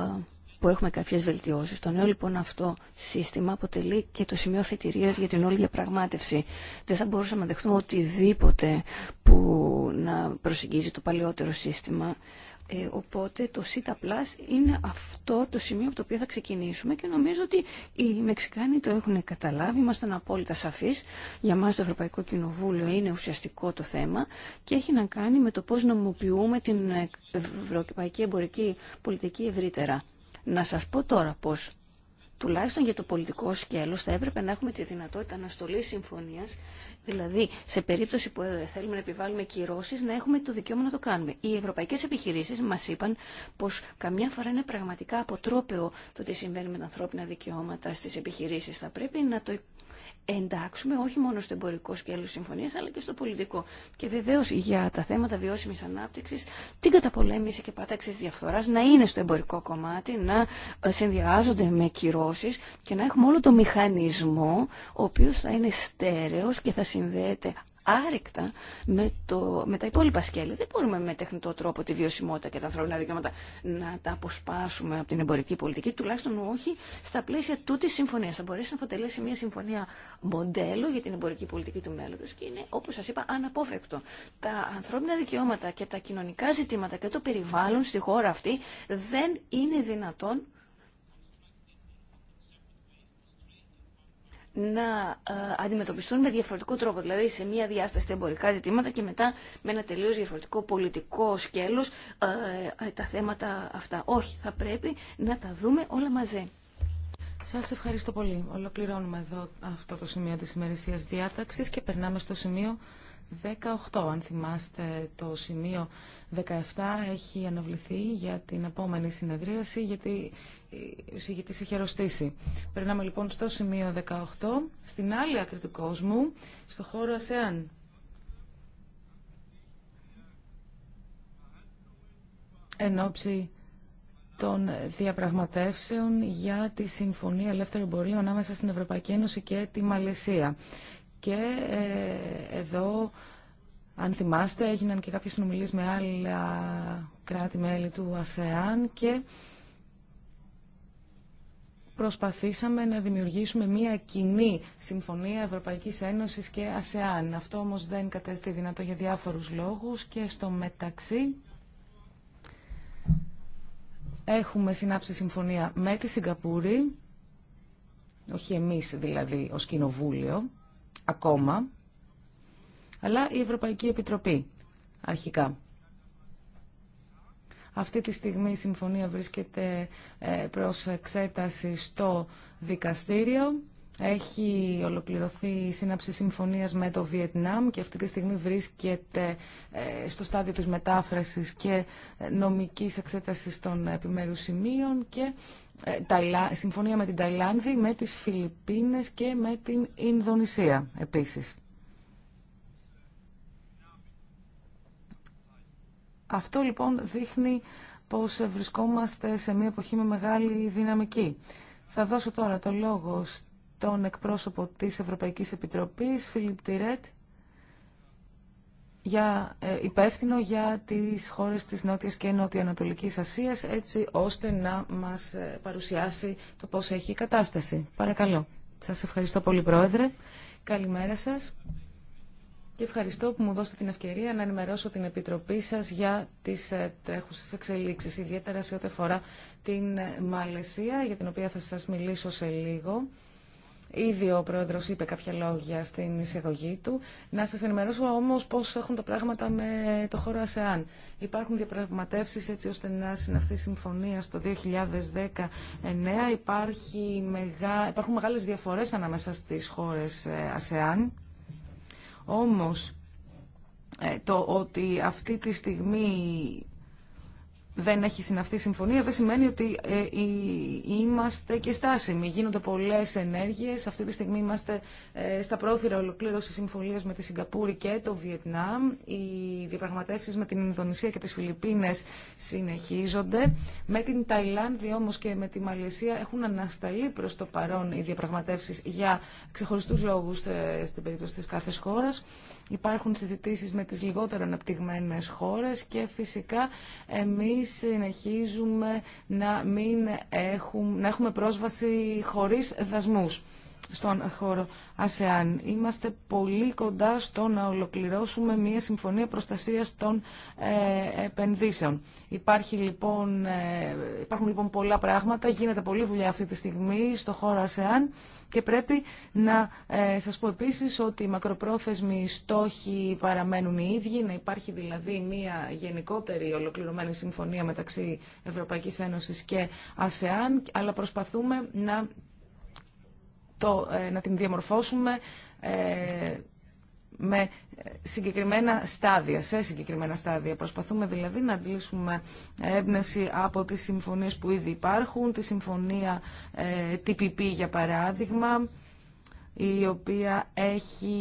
που έχουμε κάποιες βελτιώσεις. Το νέο λοιπόν αυτό σύστημα αποτελεί και το σημείο θετηρίας για την όλη διαπραγμάτευση. Δεν θα μπορούσαμε να δεχτούμε οτιδήποτε που να προσεγγίζει το παλαιότερο σύστημα. Ε, οπότε το CETA Plus είναι αυτό το σημείο από το οποίο θα ξεκινήσουμε και νομίζω ότι οι Μεξικάνοι το έχουν καταλάβει, ήμασταν απόλυτα σαφείς. Για μας το Ευρωπαϊκό Κοινοβούλιο είναι ουσιαστικό το θέμα και έχει να κάνει με το πώς νομοποιούμε την ευρωπαϊκή εμπορική πολιτική ευρύτερα. Να σας πω τώρα πως τουλάχιστον για το πολιτικό σκέλος θα έπρεπε να έχουμε τη δυνατότητα αναστολής συμφωνίας, δηλαδή σε περίπτωση που ε, θέλουμε να επιβάλλουμε κυρώσεις να έχουμε το δικαίωμα να το κάνουμε. Οι ευρωπαϊκές επιχειρήσεις μας είπαν πως καμιά φορά είναι πραγματικά αποτρόπαιο το τι συμβαίνει με τα ανθρώπινα δικαιώματα στις επιχειρήσεις. Θα πρέπει να το εντάξουμε όχι μόνο στο εμπορικό σκέλος συμφωνίας αλλά και στο πολιτικό. Και βεβαίως για τα θέματα βιώσιμης ανάπτυξης, την καταπολέμηση και πάταξη διαφθοράς να είναι στο εμπορικό κομμάτι, να ε, συνδυάζονται με κυρώσεις και να έχουμε όλο το μηχανισμό ο οποίος θα είναι στέρεος και θα συνδέεται άρρηκτα με, το, με τα υπόλοιπα σκέλη. Δεν μπορούμε με τεχνητό τρόπο τη βιωσιμότητα και τα ανθρώπινα δικαιώματα να τα αποσπάσουμε από την εμπορική πολιτική, τουλάχιστον όχι στα πλαίσια τούτη συμφωνία. Θα μπορέσει να αποτελέσει μια συμφωνία μοντέλο για την εμπορική πολιτική του μέλλοντο και είναι, όπω σα είπα, αναπόφευκτο. Τα ανθρώπινα δικαιώματα και τα κοινωνικά ζητήματα και το περιβάλλον στη χώρα αυτή δεν είναι δυνατόν να ε, αντιμετωπιστούν με διαφορετικό τρόπο. Δηλαδή σε μία διάσταση τα εμπορικά ζητήματα και μετά με ένα τελείως διαφορετικό πολιτικό σκέλος ε, ε, τα θέματα αυτά. Όχι, θα πρέπει να τα δούμε όλα μαζί. Σας ευχαριστώ πολύ. Ολοκληρώνουμε εδώ αυτό το σημείο της ημερησίας διάταξης και περνάμε στο σημείο 18. Αν θυμάστε το σημείο 17 έχει αναβληθεί για την επόμενη συνεδρίαση γιατί ο συγητής έχει αρρωστήσει. Περνάμε λοιπόν στο σημείο 18, στην άλλη άκρη του κόσμου, στο χώρο ΑΣΕΑΝ. Εν ώψη των διαπραγματεύσεων για τη Συμφωνία Ελεύθερου Εμπορίου ανάμεσα στην Ευρωπαϊκή Ένωση και τη Μαλαισία. Και ε, εδώ αν θυμάστε, έγιναν και κάποιες συνομιλίες με άλλα κράτη-μέλη του ΑΣΕΑΝ και προσπαθήσαμε να δημιουργήσουμε μια κοινή συμφωνία Ευρωπαϊκής Ένωσης και ΑΣΕΑΝ. Αυτό όμως δεν κατέστη δυνατό για διάφορους λόγους και στο μεταξύ έχουμε συνάψει συμφωνία με τη Σιγκαπούρη, όχι εμείς δηλαδή ως κοινοβούλιο, ακόμα, αλλά η Ευρωπαϊκή Επιτροπή αρχικά. Αυτή τη στιγμή η συμφωνία βρίσκεται ε, προς εξέταση στο δικαστήριο. Έχει ολοκληρωθεί η σύναψη συμφωνίας με το Βιετνάμ και αυτή τη στιγμή βρίσκεται ε, στο στάδιο της μετάφρασης και ε, νομικής εξέτασης των επιμέρους σημείων και συμφωνία με την Ταϊλάνδη, με τις Φιλιππίνες και με την Ινδονησία επίσης. Αυτό λοιπόν δείχνει πως βρισκόμαστε σε μια εποχή με μεγάλη δυναμική. Θα δώσω τώρα το λόγο στον εκπρόσωπο της Ευρωπαϊκής Επιτροπής, Φίλιπ Τιρέτ, για, ε, υπεύθυνο για τις χώρες της Νότιας και Νότια-Ανατολικής Ασίας, έτσι ώστε να μας ε, παρουσιάσει το πώς έχει η κατάσταση. Παρακαλώ. Σας ευχαριστώ πολύ, Πρόεδρε. Καλημέρα σας και ευχαριστώ που μου δώσετε την ευκαιρία να ενημερώσω την Επιτροπή σας για τις ε, τρέχουσες εξελίξεις, ιδιαίτερα σε ό,τι αφορά την ε, Μαλαισία, για την οποία θα σας μιλήσω σε λίγο. Ήδη ο Πρόεδρος είπε κάποια λόγια στην εισαγωγή του. Να σας ενημερώσω όμως πώς έχουν τα πράγματα με το χώρο ΑΣΕΑΝ. Υπάρχουν διαπραγματεύσεις έτσι ώστε να συναυθεί συμφωνία στο 2019. Υπάρχει μεγά... Υπάρχουν μεγάλες διαφορές ανάμεσα στις χώρες ε, ΑΣΕΑΝ. Όμως ε, το ότι αυτή τη στιγμή δεν έχει συναυθεί συμφωνία, δεν σημαίνει ότι ε, είμαστε και στάσιμοι. Γίνονται πολλές ενέργειες. Αυτή τη στιγμή είμαστε ε, στα πρόθυρα ολοκλήρωση συμφωνία με τη Σιγκαπούρη και το Βιετνάμ. Οι διαπραγματεύσει με την Ινδονησία και τι Φιλιππίνες συνεχίζονται. Με την Ταϊλάνδη όμω και με τη Μαλαισία έχουν ανασταλεί προ το παρόν οι διαπραγματεύσει για ξεχωριστούς λόγους ε, στην περίπτωση τη κάθε χώρα. Υπάρχουν συζητήσεις με τις λιγότερο αναπτυγμένες χώρες και φυσικά εμείς συνεχίζουμε να, μην έχουμε, να έχουμε πρόσβαση χωρίς δασμούς στον χώρο ΑΣΕΑΝ. Είμαστε πολύ κοντά στο να ολοκληρώσουμε μια συμφωνία προστασίας των ε, επενδύσεων. Υπάρχει, λοιπόν, ε, υπάρχουν λοιπόν πολλά πράγματα, γίνεται πολλή δουλειά αυτή τη στιγμή στο χώρο ΑΣΕΑΝ και πρέπει να ε, σας πω επίσης ότι οι μακροπρόθεσμοι στόχοι παραμένουν οι ίδιοι, να υπάρχει δηλαδή μια γενικότερη ολοκληρωμένη συμφωνία μεταξύ Ευρωπαϊκής Ένωσης και ΑΣΕΑΝ, αλλά προσπαθούμε να το, ε, να την διαμορφώσουμε ε, με συγκεκριμένα στάδια, σε συγκεκριμένα στάδια. Προσπαθούμε δηλαδή να αντλήσουμε έμπνευση από τις συμφωνίες που ήδη υπάρχουν, τη συμφωνία ε, TPP για παράδειγμα, η οποία έχει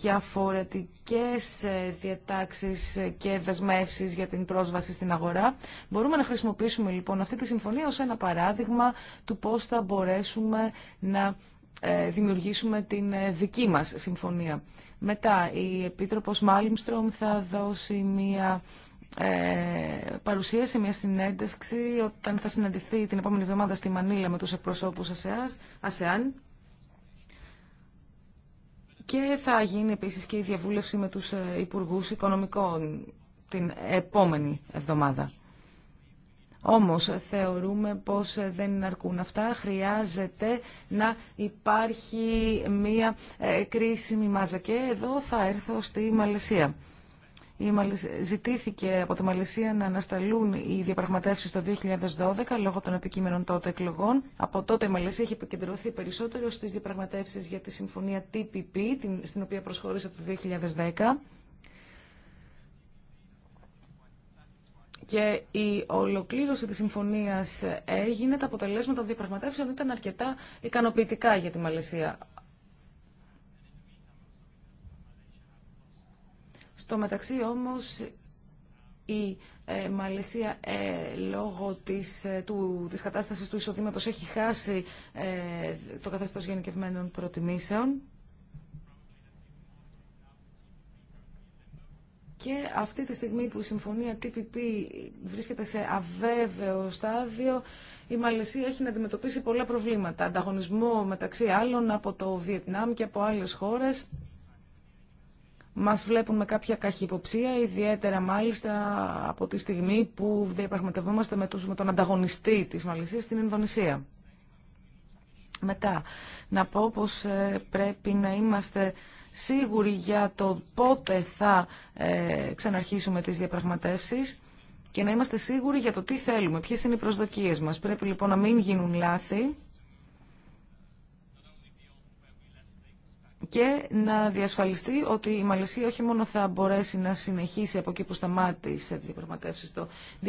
διαφορετικές διατάξεις και δεσμεύσεις για την πρόσβαση στην αγορά. Μπορούμε να χρησιμοποιήσουμε λοιπόν αυτή τη συμφωνία ως ένα παράδειγμα του πώς θα μπορέσουμε να ε, δημιουργήσουμε την ε, δική μας συμφωνία. Μετά, η Επίτροπος Μάλιμστρομ θα δώσει μία ε, παρουσίαση, μία συνέντευξη όταν θα συναντηθεί την επόμενη εβδομάδα στη Μανίλα με τους εκπροσώπους ΑΣΕΑΝ και θα γίνει επίσης και η διαβούλευση με τους Υπουργούς Οικονομικών την επόμενη εβδομάδα. Όμως θεωρούμε πως ε, δεν αρκούν αυτά. Χρειάζεται να υπάρχει μία ε, κρίσιμη μάζα. Και εδώ θα έρθω στη Μαλαισία. Η Ζητήθηκε από τη Μαλαισία να ανασταλούν οι διαπραγματεύσει το 2012 λόγω των επικείμενων τότε εκλογών. Από τότε η Μαλαισία έχει επικεντρωθεί περισσότερο στις διαπραγματεύσει για τη συμφωνία TPP, στην οποία προσχώρησε το 2010. και η ολοκλήρωση της συμφωνίας έγινε, τα αποτελέσματα των διαπραγματεύσεων ήταν αρκετά ικανοποιητικά για τη Μαλαισία. Στο μεταξύ όμως η ε, Μαλαισία ε, λόγω της, ε, του, της κατάστασης του εισοδήματος έχει χάσει ε, το καθεστώς γενικευμένων προτιμήσεων. Και αυτή τη στιγμή που η συμφωνία TPP βρίσκεται σε αβέβαιο στάδιο, η Μαλαισία έχει να αντιμετωπίσει πολλά προβλήματα. Ανταγωνισμό μεταξύ άλλων από το Βιετνάμ και από άλλες χώρες. Μας βλέπουν με κάποια καχυποψία, ιδιαίτερα μάλιστα από τη στιγμή που διαπραγματευόμαστε με, τον ανταγωνιστή της Μαλαισίας, την Ινδονησία. Μετά, να πω πως ε, πρέπει να είμαστε σίγουροι για το πότε θα ε, ξαναρχίσουμε τις διαπραγματεύσεις και να είμαστε σίγουροι για το τι θέλουμε, ποιες είναι οι προσδοκίες μας. Πρέπει λοιπόν να μην γίνουν λάθη και να διασφαλιστεί ότι η Μαλαισία όχι μόνο θα μπορέσει να συνεχίσει από εκεί που σταμάτησε τι διαπραγματεύσει το 2012,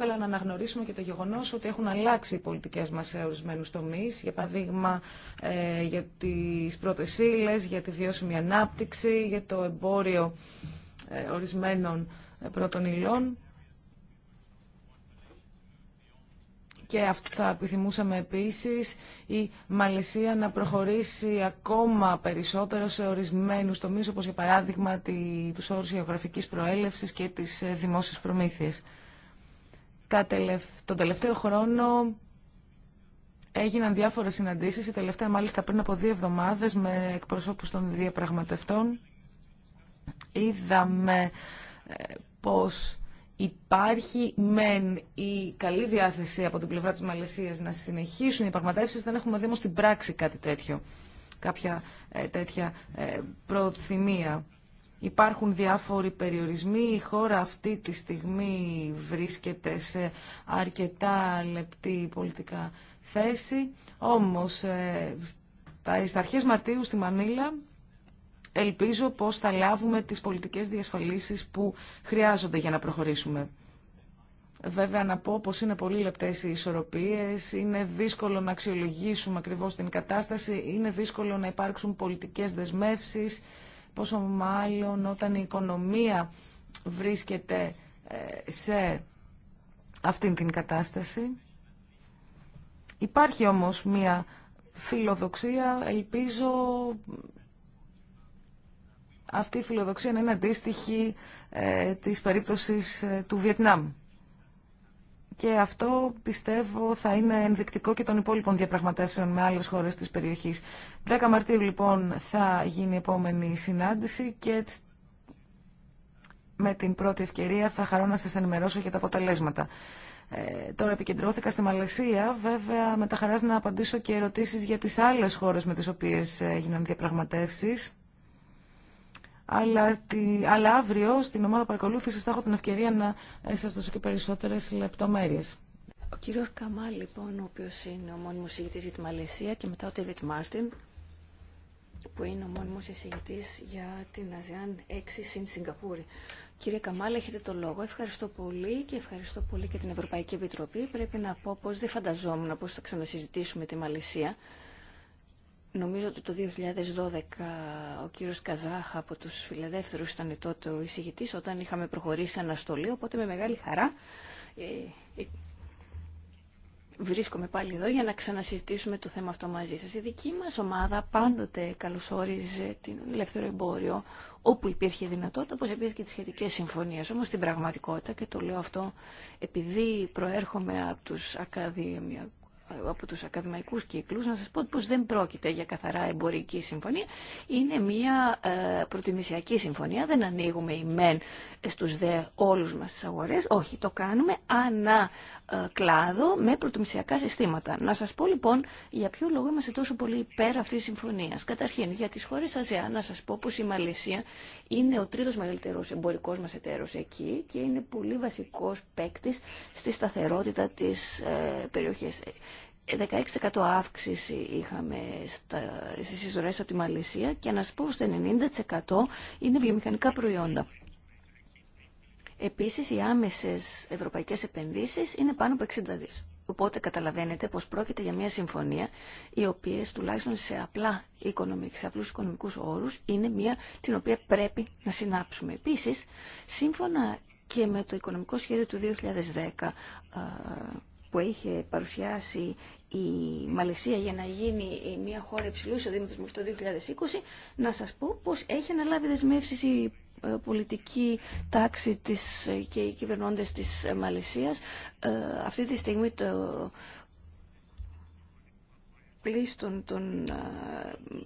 αλλά να αναγνωρίσουμε και το γεγονό ότι έχουν αλλάξει οι πολιτικές μα σε ορισμένου τομεί. για παράδειγμα ε, για τις πρώτε ύλε, για τη βιώσιμη ανάπτυξη, για το εμπόριο ε, ορισμένων ε, πρώτων υλών. Και θα επιθυμούσαμε επίσης η Μαλαισία να προχωρήσει ακόμα περισσότερο σε ορισμένους τομείς, όπως για παράδειγμα τη, τους όρους γεωγραφικής προέλευσης και της ε, δημόσιες προμήθειες. Τον τελευταίο χρόνο έγιναν διάφορες συναντήσεις, η τελευταία μάλιστα πριν από δύο εβδομάδες με εκπροσώπους των διαπραγματευτών. Είδαμε ε, πως Υπάρχει μεν η καλή διάθεση από την πλευρά της Μαλαισίας να συνεχίσουν οι πραγματεύσεις, δεν έχουμε δει την στην πράξη κάτι τέτοιο, κάποια ε, τέτοια ε, προθυμία. Υπάρχουν διάφοροι περιορισμοί, η χώρα αυτή τη στιγμή βρίσκεται σε αρκετά λεπτή πολιτικά θέση, όμως ε, στις αρχές Μαρτίου στη Μανίλα ελπίζω πως θα λάβουμε τις πολιτικές διασφαλίσεις που χρειάζονται για να προχωρήσουμε. Βέβαια να πω πως είναι πολύ λεπτές οι ισορροπίες, είναι δύσκολο να αξιολογήσουμε ακριβώς την κατάσταση, είναι δύσκολο να υπάρξουν πολιτικές δεσμεύσεις, πόσο μάλλον όταν η οικονομία βρίσκεται ε, σε αυτήν την κατάσταση. Υπάρχει όμως μία φιλοδοξία, ελπίζω αυτή η φιλοδοξία να είναι αντίστοιχη ε, της περίπτωσης ε, του Βιετνάμ. Και αυτό πιστεύω θα είναι ενδεικτικό και των υπόλοιπων διαπραγματεύσεων με άλλες χώρες της περιοχής. 10 Μαρτίου λοιπόν θα γίνει η επόμενη συνάντηση και με την πρώτη ευκαιρία θα χαρώ να σας ενημερώσω για τα αποτελέσματα. Ε, τώρα επικεντρώθηκα στη Μαλαισία, βέβαια με τα χαράς να απαντήσω και ερωτήσεις για τις άλλες χώρες με τις οποίες έγιναν διαπραγματεύσεις αλλά, τη, αλλά αύριο στην ομάδα παρακολούθησης θα έχω την ευκαιρία να σα δώσω και περισσότερες λεπτομέρειε. Ο κύριο Καμά, λοιπόν, ο οποίο είναι ο μόνιμο συγητής για τη Μαλαισία και μετά ο Τέβιτ Μάρτιν, που είναι ο μόνιμο εισηγητής για την ΑΖΕΑΝ 6 στην Σιγκαπούρη. Κύριε Καμάλ, έχετε το λόγο. Ευχαριστώ πολύ και ευχαριστώ πολύ και την Ευρωπαϊκή Επιτροπή. Πρέπει να πω πω δεν φανταζόμουν πώ θα ξανασυζητήσουμε τη Μαλαισία. Νομίζω ότι το 2012 ο κύριος Καζάχα από τους φιλελεύθερους ήταν τότε ο εισηγητής όταν είχαμε προχωρήσει αναστολή, οπότε με μεγάλη χαρά ε, ε, βρίσκομαι πάλι εδώ για να ξανασυζητήσουμε το θέμα αυτό μαζί σας. Η δική μας ομάδα πάντοτε καλωσόριζε την ελεύθερο εμπόριο όπου υπήρχε δυνατότητα, όπως επίσης και τις σχετικές συμφωνίες. Όμως στην πραγματικότητα, και το λέω αυτό επειδή προέρχομαι από τους ακαδημιακούς, από τους ακαδημαϊκούς κύκλους, να σας πω πως δεν πρόκειται για καθαρά εμπορική συμφωνία. Είναι μια ε, προτιμησιακή συμφωνία, δεν ανοίγουμε μεν στους δε όλους μας τις αγορές. Όχι, το κάνουμε ανά ε, κλάδο με προτιμησιακά συστήματα. Να σας πω λοιπόν για ποιο λόγο είμαστε τόσο πολύ υπέρ αυτής της συμφωνίας. Καταρχήν, για τις χώρες ΑΖΕΑ, να σας πω πως η Μαλαισία είναι ο τρίτος μεγαλύτερος εμπορικός μας εταίρος εκεί και είναι πολύ βασικός παίκτη στη σταθερότητα της ε, περιοχής. 16% αύξηση είχαμε στις εισορές από τη και να σας πω στο 90% είναι βιομηχανικά προϊόντα. Επίσης, οι άμεσες ευρωπαϊκές επενδύσεις είναι πάνω από 60 δις. Οπότε καταλαβαίνετε πως πρόκειται για μια συμφωνία η οποία, τουλάχιστον σε, απλά οικονομικ, σε απλούς οικονομικούς όρους είναι μια την οποία πρέπει να συνάψουμε. Επίσης, σύμφωνα και με το οικονομικό σχέδιο του 2010 που είχε παρουσιάσει η Μαλαισία για να γίνει μια χώρα υψηλού εισοδήματος μέχρι το 2020, να σας πω πως έχει αναλάβει δεσμεύσεις η ε, πολιτική τάξη της, ε, και οι κυβερνώντες της Μαλαισίας. Ε, αυτή τη στιγμή το πλήστον των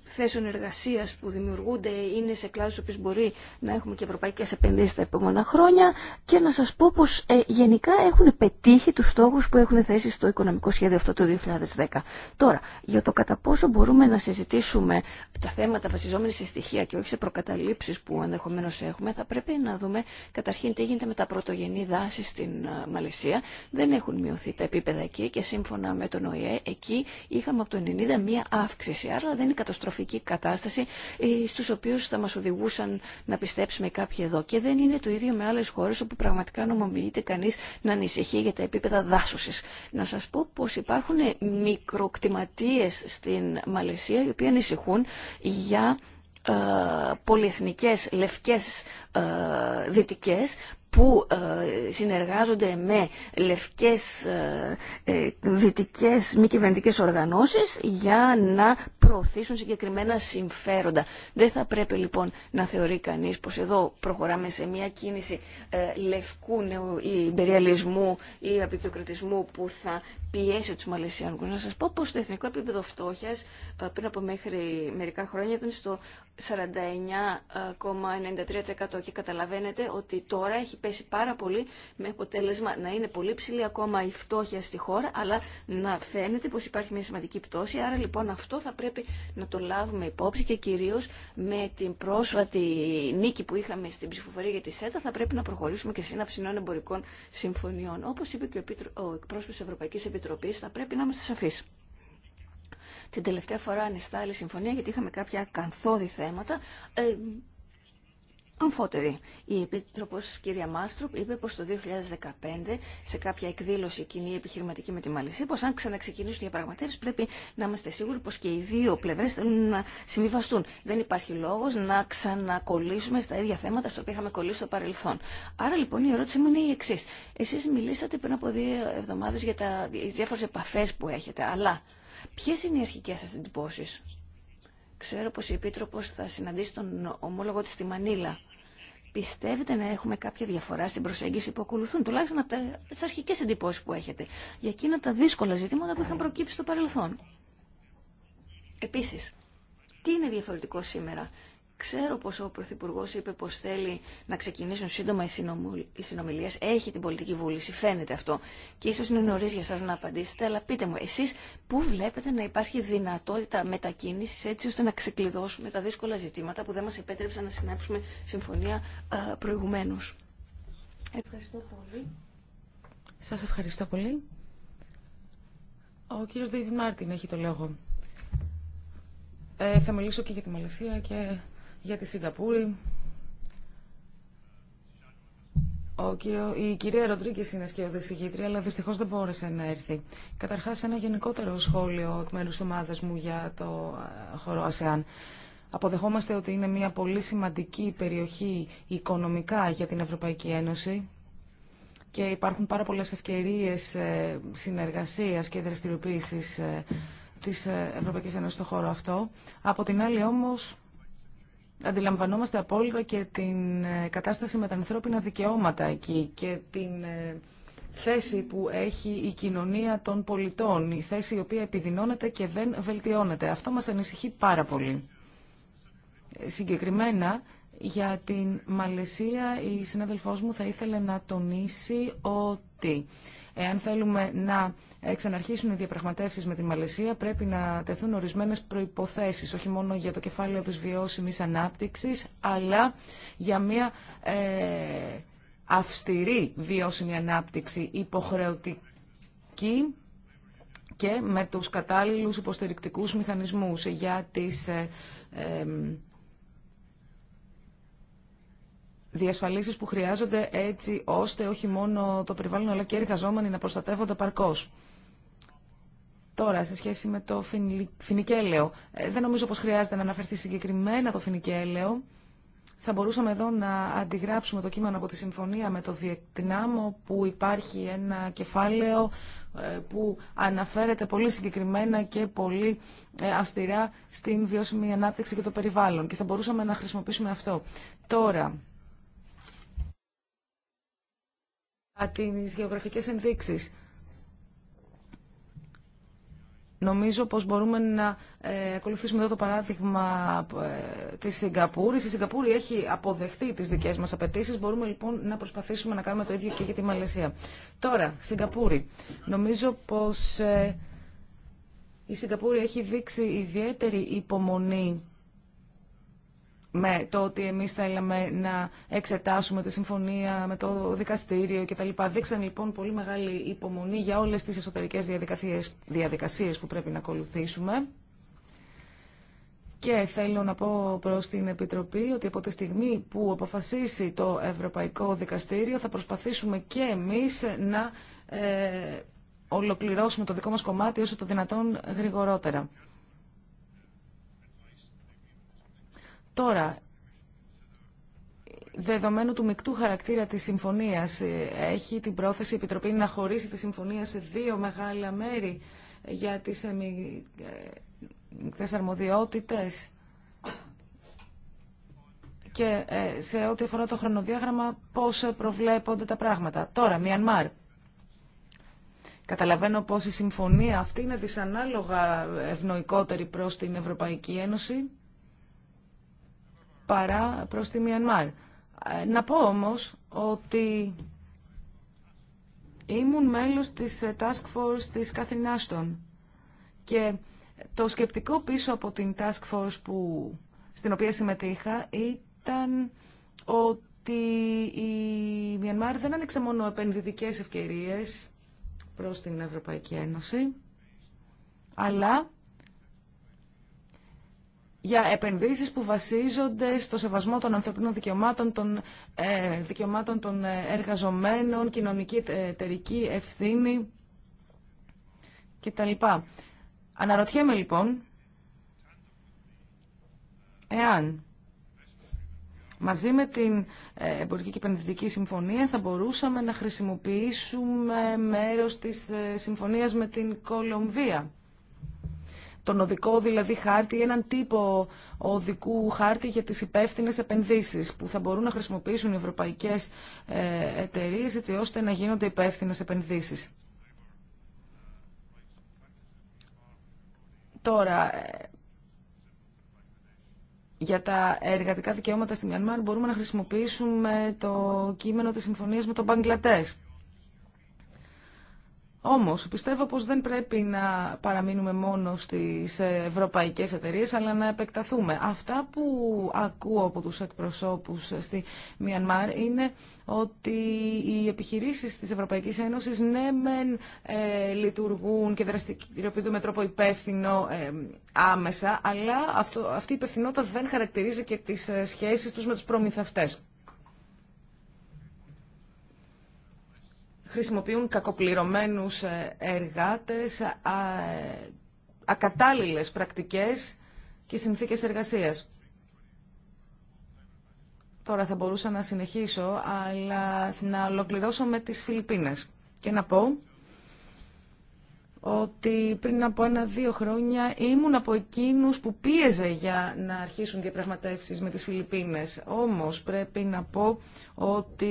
θέσεων εργασίας που δημιουργούνται είναι σε κλάδους που μπορεί να έχουμε και ευρωπαϊκές επενδύσεις τα επόμενα χρόνια και να σας πω πως ε, γενικά έχουν πετύχει τους στόχους που έχουν θέσει στο οικονομικό σχέδιο αυτό το 2010. Τώρα, για το κατά πόσο μπορούμε να συζητήσουμε τα θέματα βασιζόμενη σε στοιχεία και όχι σε προκαταλήψεις που ενδεχομένω έχουμε, θα πρέπει να δούμε καταρχήν τι γίνεται με τα πρωτογενή δάση στην Μαλαισία. Δεν έχουν μειωθεί τα επίπεδα εκεί και σύμφωνα με τον ΟΗΕ εκεί είχαμε από μία αύξηση. Άρα δεν είναι καταστροφική κατάσταση ε, στους οποίους θα μας οδηγούσαν να πιστέψουμε κάποιοι εδώ. Και δεν είναι το ίδιο με άλλες χώρες όπου πραγματικά νομοποιείται κανείς να ανησυχεί για τα επίπεδα δάσωσης. Να σας πω πως υπάρχουν μικροκτηματίε στην Μαλαισία οι οποίοι ανησυχούν για ε, πολυεθνικές λευκές ε, δυτικές που ε, συνεργάζονται με λευκές ε, ε, δυτικές μη κυβερνητικές οργανώσεις για να προωθήσουν συγκεκριμένα συμφέροντα. Δεν θα πρέπει λοιπόν να θεωρεί κανείς πως εδώ προχωράμε σε μια κίνηση λευκού νεοϊμπεριαλισμού ή απεικιοκρατισμού που θα πιέσει του Μαλαισιανού. Να σα πω πω το εθνικό επίπεδο φτώχεια ε, πριν από μέχρι μερικά χρόνια ήταν στο 49,93% και καταλαβαίνετε ότι τώρα έχει πέσει πάρα πολύ με αποτέλεσμα να είναι πολύ ψηλή ακόμα η φτώχεια στη χώρα αλλά να φαίνεται πω υπάρχει μια σημαντική πτώση άρα λοιπόν αυτό θα πρέπει να το λάβουμε υπόψη και κυρίω με την πρόσφατη νίκη που είχαμε στην ψηφοφορία για τη ΣΕΤΑ θα πρέπει να προχωρήσουμε και σύναψη νέων εμπορικών συμφωνιών. Όπω είπε και ο, ο εκπρόσωπος Ευρωπαϊκή Ευρωπαϊκής Επιτροπή, θα πρέπει να είμαστε σαφεί. Την τελευταία φορά άλλη συμφωνία γιατί είχαμε κάποια καθόδη θέματα. Ε, αμφότερη. Η Επίτροπος κυρία Μάστρουπ είπε πω το 2015 σε κάποια εκδήλωση κοινή επιχειρηματική με τη Μαλισσή πω αν ξαναξεκινήσουν οι διαπραγματεύσει, πρέπει να είμαστε σίγουροι πω και οι δύο πλευρέ θέλουν να συμβιβαστούν. Δεν υπάρχει λόγο να ξανακολλήσουμε στα ίδια θέματα στα οποία είχαμε κολλήσει στο παρελθόν. Άρα λοιπόν η ερώτηση μου είναι η εξή. Εσεί μιλήσατε πριν από δύο εβδομάδε για τα διάφορε επαφέ που έχετε, αλλά ποιε είναι οι αρχικέ σα εντυπώσει. Ξέρω πως η Επίτροπος θα συναντήσει τον ομόλογο της στη Μανίλα Πιστεύετε να έχουμε κάποια διαφορά στην προσέγγιση που ακολουθούν, τουλάχιστον από τι αρχικέ εντυπώσει που έχετε, για εκείνα τα δύσκολα ζητήματα που είχαν προκύψει στο παρελθόν. Επίση, τι είναι διαφορετικό σήμερα Ξέρω πω ο Πρωθυπουργό είπε πω θέλει να ξεκινήσουν σύντομα οι συνομιλίες. Έχει την πολιτική βούληση, φαίνεται αυτό. Και ίσω είναι νωρί για σας να απαντήσετε, αλλά πείτε μου, εσεί πού βλέπετε να υπάρχει δυνατότητα μετακίνηση έτσι ώστε να ξεκλειδώσουμε τα δύσκολα ζητήματα που δεν μα επέτρεψαν να συνάψουμε συμφωνία προηγουμένω. Ευχαριστώ πολύ. Σα ευχαριστώ πολύ. Ο κύριος Δίδη Μάρτιν έχει το λόγο. Ε, θα μιλήσω και για τη Μαλαισία και για τη Σιγκαπούρη. Ο η κυρία Ροντρίγκη είναι σκιώδη ηγήτρια, αλλά δυστυχώ δεν μπόρεσε να έρθει. Καταρχά, ένα γενικότερο σχόλιο εκ μέρου τη ομάδα μου για το ε, χώρο ΑΣΕΑΝ. Αποδεχόμαστε ότι είναι μια πολύ σημαντική περιοχή οικονομικά για την Ευρωπαϊκή Ένωση και υπάρχουν πάρα πολλές ευκαιρίες ε, συνεργασίας και δραστηριοποίησης ε, της Ευρωπαϊκής Ένωσης στον χώρο αυτό. Από την άλλη όμως αντιλαμβανόμαστε απόλυτα και την ε, κατάσταση με τα ανθρώπινα δικαιώματα εκεί και την ε, θέση που έχει η κοινωνία των πολιτών, η θέση η οποία επιδεινώνεται και δεν βελτιώνεται. Αυτό μας ανησυχεί πάρα πολύ. Ε, συγκεκριμένα, για την Μαλαισία η συνάδελφός μου θα ήθελε να τονίσει ότι Εάν θέλουμε να ε, ξαναρχίσουν οι διαπραγματεύσεις με τη Μαλαισία, πρέπει να τεθούν ορισμένες προϋποθέσεις, όχι μόνο για το κεφάλαιο τη βιώσιμη ανάπτυξη, αλλά για μια ε, αυστηρή βιώσιμη ανάπτυξη υποχρεωτική και με τους κατάλληλους υποστηρικτικούς μηχανισμούς για τις ε, διασφαλίσεις που χρειάζονται έτσι ώστε όχι μόνο το περιβάλλον αλλά και οι εργαζόμενοι να προστατεύονται παρκώς. Τώρα, σε σχέση με το φινικέλαιο, ε, δεν νομίζω πως χρειάζεται να αναφερθεί συγκεκριμένα το φινικέλαιο. Θα μπορούσαμε εδώ να αντιγράψουμε το κείμενο από τη συμφωνία με το Βιετνάμ, που υπάρχει ένα κεφάλαιο ε, που αναφέρεται πολύ συγκεκριμένα και πολύ ε, αυστηρά στην βιώσιμη ανάπτυξη και το περιβάλλον. Και θα μπορούσαμε να χρησιμοποιήσουμε αυτό. Τώρα, τις γεωγραφικές ενδείξεις. Νομίζω πως μπορούμε να ε, ακολουθήσουμε εδώ το παράδειγμα ε, της Σιγκαπούρης. Η Σιγκαπούρη έχει αποδεχτεί τις δικές μας απαιτήσει. Μπορούμε λοιπόν να προσπαθήσουμε να κάνουμε το ίδιο και για τη Μαλαισία. Τώρα, Σιγκαπούρη. Νομίζω πως ε, η Σιγκαπούρη έχει δείξει ιδιαίτερη υπομονή με το ότι εμείς θέλαμε να εξετάσουμε τη συμφωνία με το δικαστήριο κτλ. Δείξαν λοιπόν πολύ μεγάλη υπομονή για όλες τις εσωτερικές διαδικασίες, που πρέπει να ακολουθήσουμε. Και θέλω να πω προς την Επιτροπή ότι από τη στιγμή που αποφασίσει το Ευρωπαϊκό Δικαστήριο θα προσπαθήσουμε και εμείς να ε, ολοκληρώσουμε το δικό μας κομμάτι όσο το δυνατόν γρηγορότερα. Τώρα, δεδομένου του μεικτού χαρακτήρα της συμφωνίας, ε, έχει την πρόθεση η Επιτροπή να χωρίσει τη συμφωνία σε δύο μεγάλα μέρη για τις ε, μεικτές αρμοδιότητες και ε, σε ό,τι αφορά το χρονοδιάγραμμα πώς προβλέπονται τα πράγματα. Τώρα, Μιανμάρ. Καταλαβαίνω πως η συμφωνία αυτή είναι δυσανάλογα ευνοϊκότερη προς την Ευρωπαϊκή Ένωση παρά προς τη Μιανμάρ. Ε, να πω όμως ότι ήμουν μέλος της ε, Task Force της Καθηνάστων και το σκεπτικό πίσω από την Task Force που, στην οποία συμμετείχα ήταν ότι η Μιανμάρ δεν άνοιξε μόνο επενδυτικές ευκαιρίες προς την Ευρωπαϊκή Ένωση, αλλά για επενδύσεις που βασίζονται στο σεβασμό των ανθρωπίνων δικαιωμάτων, των ε, δικαιωμάτων των ε, εργαζομένων, κοινωνική ε, εταιρική ευθύνη κτλ. Αναρωτιέμαι λοιπόν, εάν μαζί με την Εμπορική και Επενδυτική Συμφωνία θα μπορούσαμε να χρησιμοποιήσουμε μέρος της συμφωνίας με την Κολομβία τον οδικό δηλαδή χάρτη, έναν τύπο οδικού χάρτη για τις υπεύθυνε επενδύσεις που θα μπορούν να χρησιμοποιήσουν οι ευρωπαϊκές ε, εταιρείες έτσι ώστε να γίνονται υπεύθυνε επενδύσεις. Τώρα, ε, για τα εργατικά δικαιώματα στη Μιανμάρ μπορούμε να χρησιμοποιήσουμε το κείμενο της συμφωνίας με τον Μπαγκλατές. Όμως πιστεύω πως δεν πρέπει να παραμείνουμε μόνο στις ευρωπαϊκές εταιρείες αλλά να επεκταθούμε. Αυτά που ακούω από τους εκπροσώπους στη Μιανμάρ είναι ότι οι επιχειρήσεις της Ευρωπαϊκής Ένωσης ναι μεν ε, λειτουργούν και δραστηριοποιούνται με τρόπο υπεύθυνο ε, άμεσα αλλά αυτό, αυτή η υπευθυνότητα δεν χαρακτηρίζει και τις ε, σχέσεις τους με τους προμηθευτές. χρησιμοποιούν κακοπληρωμένους ε, εργάτες, ε, α, ε, ακατάλληλες πρακτικές και συνθήκες εργασίας. Τώρα θα μπορούσα να συνεχίσω, αλλά να ολοκληρώσω με τις Φιλιππίνες και να πω ότι πριν από ένα-δύο χρόνια ήμουν από εκείνους που πίεζε για να αρχίσουν διαπραγματεύσεις με τις Φιλιππίνες. Όμως πρέπει να πω ότι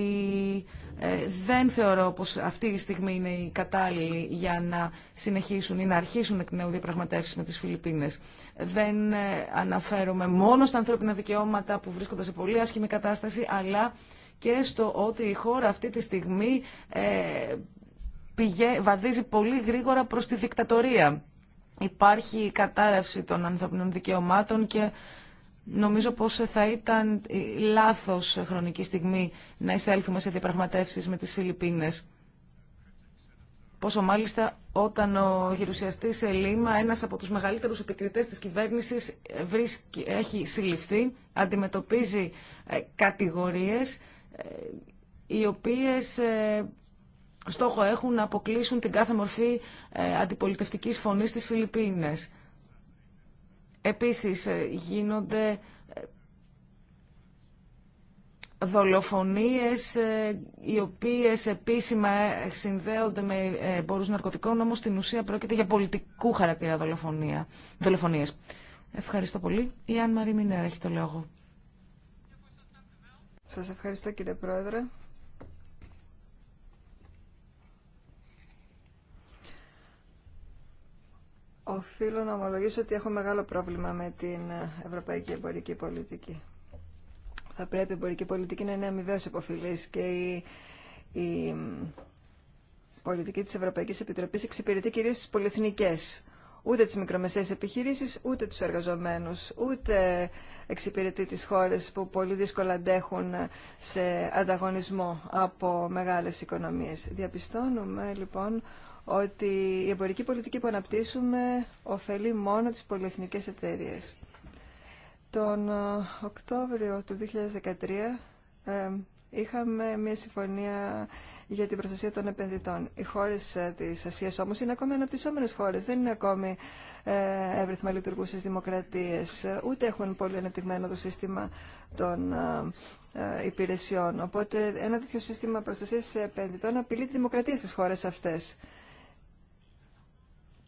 ε, δεν θεωρώ πως αυτή η στιγμή είναι η κατάλληλη για να συνεχίσουν ή να αρχίσουν εκ νέου διαπραγματεύσεις με τις Φιλιππίνες. Δεν ε, αναφέρομαι μόνο στα ανθρώπινα δικαιώματα που βρίσκονται σε πολύ άσχημη κατάσταση, αλλά και στο ότι η χώρα αυτή τη στιγμή ε, πηγε, βαδίζει πολύ γρήγορα προς τη δικτατορία. Υπάρχει η κατάρρευση των ανθρωπινών δικαιωμάτων και νομίζω πως θα ήταν λάθος χρονική στιγμή να εισέλθουμε σε διαπραγματεύσεις με τις Φιλιππίνες. Πόσο μάλιστα όταν ο γερουσιαστής Ελίμα, ένας από τους μεγαλύτερους επικριτές της κυβέρνησης, έχει συλληφθεί, αντιμετωπίζει ε, κατηγορίες ε, οι οποίες ε, στόχο έχουν να αποκλείσουν την κάθε μορφή ε, αντιπολιτευτικής φωνής στις Φιλιππίνες. Επίσης ε, γίνονται ε, δολοφονίες οι οποίες επίσημα συνδέονται με εμπόρους ναρκωτικών, όμως στην ουσία πρόκειται για πολιτικού χαρακτήρα δολοφονία, δολοφονίες. Ευχαριστώ πολύ. Η Αν Μαρή Μινέρα έχει το λόγο. Σας ευχαριστώ κύριε Πρόεδρε. Οφείλω να ομολογήσω ότι έχω μεγάλο πρόβλημα με την ευρωπαϊκή εμπορική πολιτική. Θα πρέπει η εμπορική πολιτική να είναι αμοιβαίως υποφιλής και η, πολιτική της Ευρωπαϊκής Επιτροπής εξυπηρετεί κυρίως τις πολυεθνικές. Ούτε τις μικρομεσαίες επιχειρήσεις, ούτε τους εργαζομένους, ούτε εξυπηρετεί τις χώρες που πολύ δύσκολα αντέχουν σε ανταγωνισμό από μεγάλες οικονομίες. Διαπιστώνουμε λοιπόν ότι η εμπορική πολιτική που αναπτύσσουμε ωφελεί μόνο τις πολυεθνικές εταιρείες. Τον ε, Οκτώβριο του 2013 ε, είχαμε μια συμφωνία για την προστασία των επενδυτών. Οι χώρες ε, της Ασίας όμως είναι ακόμη αναπτυσσόμενες χώρες, δεν είναι ακόμη εύρυθμα λειτουργούσες δημοκρατίες, ούτε έχουν πολύ αναπτυγμένο το σύστημα των υπηρεσιών. Οπότε ένα τέτοιο σύστημα προστασίας επενδυτών απειλεί τη δημοκρατία στις χώρες αυτές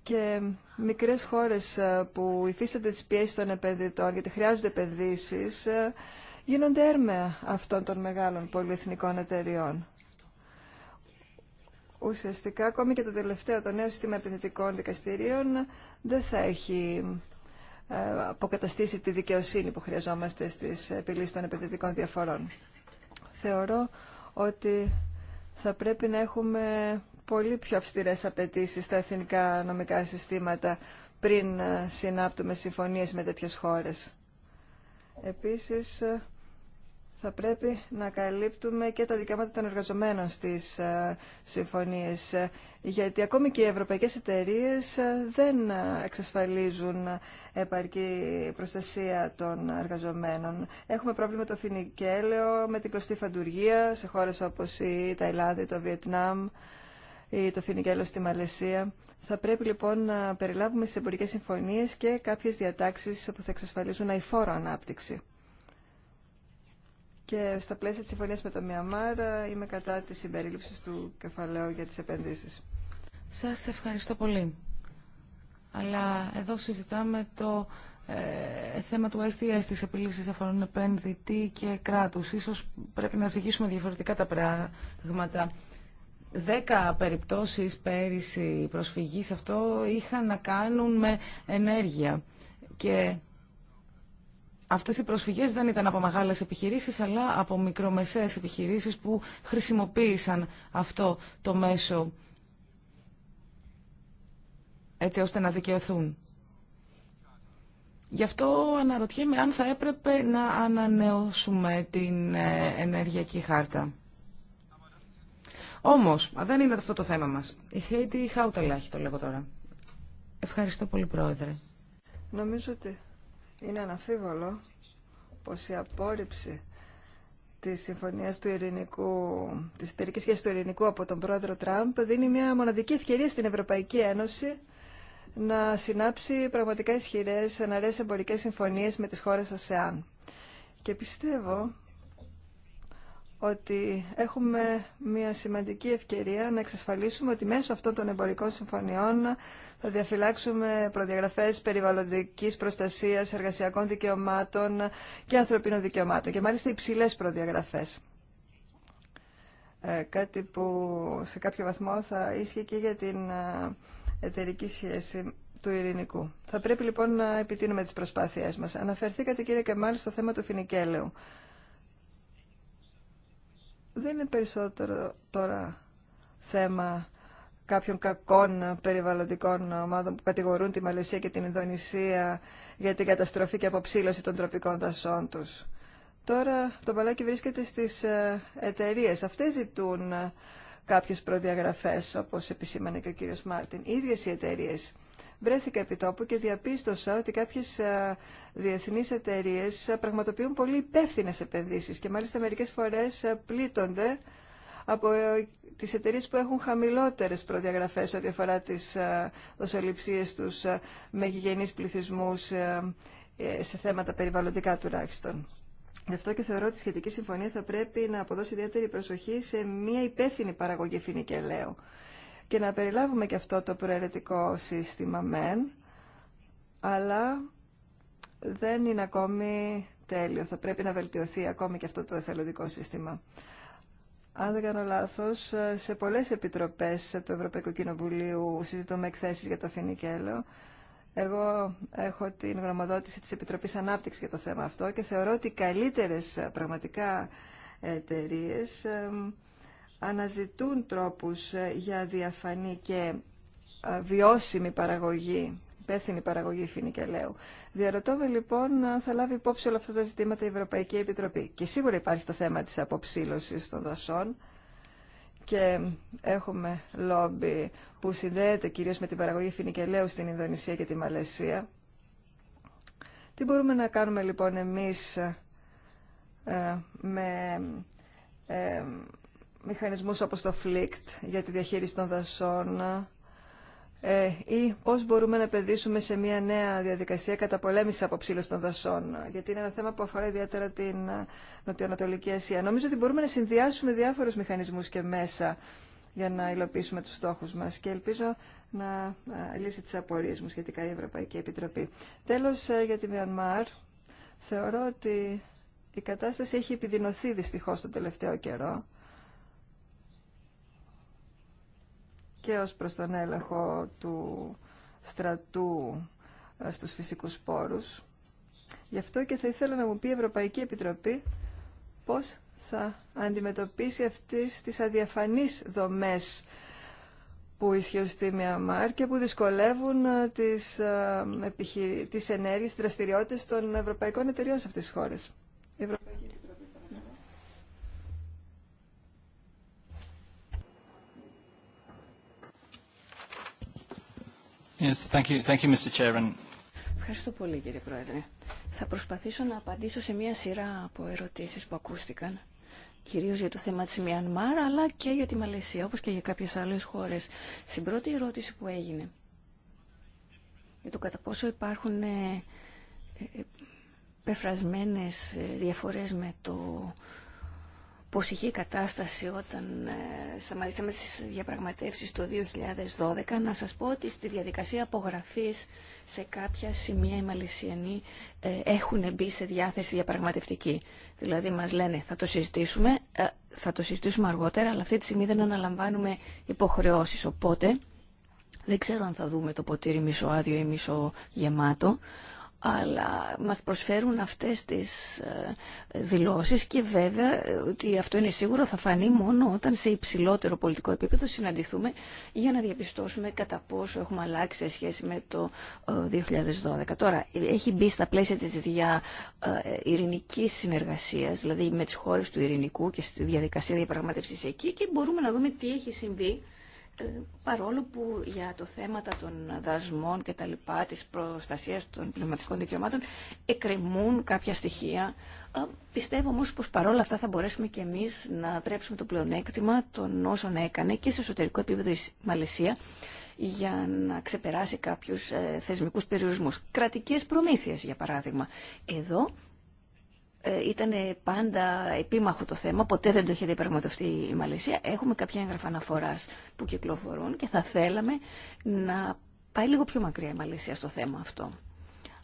και μικρές χώρες ε, που υφίστανται τις πιέσεις των επενδυτών γιατί χρειάζονται επενδύσει, ε, γίνονται έρμεα αυτών των μεγάλων πολυεθνικών εταιριών. Ουσιαστικά ακόμη και το τελευταίο, το νέο σύστημα επενδυτικών δικαστηρίων ε, δεν θα έχει αποκαταστήσει τη δικαιοσύνη που χρειαζόμαστε στις επιλύσεις των επενδυτικών διαφορών. Θεωρώ ότι θα πρέπει να έχουμε πολύ πιο αυστηρές απαιτήσει στα εθνικά νομικά συστήματα πριν ε, συνάπτουμε συμφωνίες με τέτοιε χώρες. Επίσης, ε, θα πρέπει να καλύπτουμε και τα δικαιώματα των εργαζομένων στις ε, συμφωνίες, γιατί ακόμη και οι ευρωπαϊκές εταιρείε δεν εξασφαλίζουν επαρκή προστασία των εργαζομένων. Έχουμε πρόβλημα το φινικέλαιο, με την κλωστή φαντουργία σε χώρες όπω η Ταϊλάνδη, το Βιετνάμ, ε, το φινικέλο στη Μαλαισία. Θα πρέπει λοιπόν να περιλάβουμε στι εμπορικές συμφωνίες και κάποιες διατάξεις που θα εξασφαλίζουν αηφόρο ανάπτυξη. Και στα πλαίσια τη συμφωνία με το Μιαμάρα ε, είμαι κατά τη συμπερίληψη του κεφαλαίου για τις επενδύσεις. Σας ευχαριστώ πολύ. Αλλά εδώ συζητάμε το ε, θέμα του STS, τη επιλύσης αφορών επενδυτή και κράτους. Ίσως πρέπει να ζυγίσουμε διαφορετικά τα πράγματα. Δέκα περιπτώσεις πέρυσι προσφυγής αυτό είχαν να κάνουν με ενέργεια και αυτές οι προσφυγές δεν ήταν από μεγάλες επιχειρήσεις αλλά από μικρομεσαίες επιχειρήσεις που χρησιμοποίησαν αυτό το μέσο έτσι ώστε να δικαιωθούν. Γι' αυτό αναρωτιέμαι αν θα έπρεπε να ανανεώσουμε την ε, ενεργειακή χάρτα. Όμως, δεν είναι αυτό το θέμα μας. Η Χέιτι τα έχει το λέγω τώρα. Ευχαριστώ πολύ, Πρόεδρε. Νομίζω ότι είναι αναφίβολο πως η απόρριψη της συμφωνίας του ειρηνικού, της εταιρική σχέση του ειρηνικού από τον πρόεδρο Τραμπ δίνει μια μοναδική ευκαιρία στην Ευρωπαϊκή Ένωση να συνάψει πραγματικά ισχυρές, αναρρέ εμπορικέ συμφωνίε με τι χώρε ΑΣΕΑΝ. Και πιστεύω ότι έχουμε μια σημαντική ευκαιρία να εξασφαλίσουμε ότι μέσω αυτών των εμπορικών συμφωνιών θα διαφυλάξουμε προδιαγραφές περιβαλλοντικής προστασίας, εργασιακών δικαιωμάτων και ανθρωπίνων δικαιωμάτων και μάλιστα υψηλές προδιαγραφές. Ε, κάτι που σε κάποιο βαθμό θα ίσχυε και για την ε, εταιρική σχέση του ειρηνικού. Θα πρέπει λοιπόν να επιτείνουμε τις προσπάθειές μας. Αναφερθήκατε κύριε Κεμάλ στο θέμα του Φινικέλαιου δεν είναι περισσότερο τώρα θέμα κάποιων κακών περιβαλλοντικών ομάδων που κατηγορούν τη Μαλαισία και την Ινδονησία για την καταστροφή και αποψήλωση των τροπικών δασών τους. Τώρα το παλάκι βρίσκεται στις ε, εταιρείε. Αυτές ζητούν κάποιες προδιαγραφές, όπως επισήμανε και ο κύριος Μάρτιν. ίδιες οι εταιρείε βρέθηκα επί τόπου και διαπίστωσα ότι κάποιε διεθνεί εταιρείε ε, πραγματοποιούν πολύ υπεύθυνε επενδύσει και μάλιστα μερικέ φορέ ε, πλήττονται από ε, τι εταιρείε που έχουν χαμηλότερε προδιαγραφέ ό,τι αφορά τι δοσοληψίε του με γηγενεί πληθυσμούς σε θέματα περιβαλλοντικά τουλάχιστον. Γι' αυτό και θεωρώ ότι η σχετική συμφωνία θα πρέπει να αποδώσει ιδιαίτερη προσοχή σε μια υπεύθυνη παραγωγή φινικελαίου και να περιλάβουμε και αυτό το προαιρετικό σύστημα μεν, αλλά δεν είναι ακόμη τέλειο. Θα πρέπει να βελτιωθεί ακόμη και αυτό το εθελοντικό σύστημα. Αν δεν κάνω λάθος, σε πολλές επιτροπές του Ευρωπαϊκού Κοινοβουλίου συζητούμε εκθέσεις για το φινικέλο. Εγώ έχω την γνωμοδότηση της Επιτροπής Ανάπτυξης για το θέμα αυτό και θεωρώ ότι οι καλύτερες πραγματικά εταιρείε αναζητούν τρόπους ε, για διαφανή και ε, βιώσιμη παραγωγή, υπεύθυνη παραγωγή φινικελαίου. Διαρωτώ με λοιπόν αν θα λάβει υπόψη όλα αυτά τα ζητήματα η Ευρωπαϊκή Επιτροπή. Και σίγουρα υπάρχει το θέμα της αποψήλωσης των δασών και έχουμε λόμπι που συνδέεται κυρίως με την παραγωγή φινικελαίου στην Ινδονησία και τη Μαλαισία. Τι μπορούμε να κάνουμε λοιπόν εμείς ε, με μηχανισμούς όπως το FLICT για τη διαχείριση των δασών ε, ή πώς μπορούμε να επενδύσουμε σε μια νέα διαδικασία καταπολέμησης αποψήλωση των δασών, γιατί είναι ένα θέμα που αφορά ιδιαίτερα την ε, Νοτιοανατολική Ασία. Νομίζω ότι μπορούμε να συνδυάσουμε διάφορους μηχανισμούς και μέσα για να υλοποιήσουμε τους στόχους μας και ελπίζω να ε, λύσει τις απορίες μου σχετικά η Ευρωπαϊκή Επιτροπή. Τέλος, για τη Μιανμάρ, θεωρώ ότι η κατάσταση έχει επιδεινωθεί δυστυχώς τον τελευταίο καιρό και ως προς τον έλεγχο του στρατού ε, στους φυσικούς πόρους. Γι' αυτό και θα ήθελα να μου πει η Ευρωπαϊκή Επιτροπή πώς θα αντιμετωπίσει αυτές τις αδιαφανείς δομές που ισχύουν στη Μιαμάρ και που δυσκολεύουν ε, τις, ε, τις ενέργειες, τις δραστηριότητες των ευρωπαϊκών εταιριών σε αυτές τις χώρες. Ευρωπαϊκή... Ευχαριστώ πολύ κύριε Πρόεδρε. Θα προσπαθήσω να απαντήσω σε μία σειρά από ερωτήσεις που ακούστηκαν κυρίως για το θέμα της Μιανμάρ αλλά και για τη Μαλαισία όπως και για κάποιες άλλες χώρες. Στην πρώτη ερώτηση που έγινε για το κατά πόσο υπάρχουν ε, ε, ε, πεφρασμένες διαφορές με το πώς είχε η κατάσταση όταν ε, σταματήσαμε τις διαπραγματεύσεις το 2012, να σας πω ότι στη διαδικασία απογραφής σε κάποια σημεία οι Μαλισιανοί ε, έχουν μπει σε διάθεση διαπραγματευτική. Δηλαδή μας λένε θα το συζητήσουμε, ε, θα το συζητήσουμε αργότερα, αλλά αυτή τη στιγμή δεν αναλαμβάνουμε υποχρεώσεις. Οπότε δεν ξέρω αν θα δούμε το ποτήρι μισοάδιο ή μισογεμάτο, αλλά μας προσφέρουν αυτές τις ε, δηλώσεις και βέβαια ε, ότι αυτό είναι σίγουρο θα φανεί μόνο όταν σε υψηλότερο πολιτικό επίπεδο συναντηθούμε για να διαπιστώσουμε κατά πόσο έχουμε αλλάξει σε σχέση με το 2012. Ε, Τώρα, έχει μπει στα πλαίσια της δια ειρηνικής συνεργασίας, δηλαδή με τις χώρες του ειρηνικού και στη διαδικασία διαπραγμάτευσης εκεί και μπορούμε να δούμε τι έχει συμβεί ε, παρόλο που για το θέματα των δασμών και τα λοιπά, της προστασίας των πνευματικών δικαιωμάτων, εκκρεμούν κάποια στοιχεία. Ε, πιστεύω όμως πως παρόλα αυτά θα μπορέσουμε και εμείς να τρέψουμε το πλεονέκτημα των όσων έκανε και σε εσωτερικό επίπεδο η Μαλαισία για να ξεπεράσει κάποιους ε, θεσμικούς περιορισμούς. Κρατικές προμήθειες, για παράδειγμα. Εδώ ε, ήταν πάντα επίμαχο το θέμα, ποτέ δεν το είχε διαπραγματευτεί η Μαλαισία. Έχουμε κάποια έγγραφα αναφορά που κυκλοφορούν και θα θέλαμε να πάει λίγο πιο μακριά η Μαλαισία στο θέμα αυτό.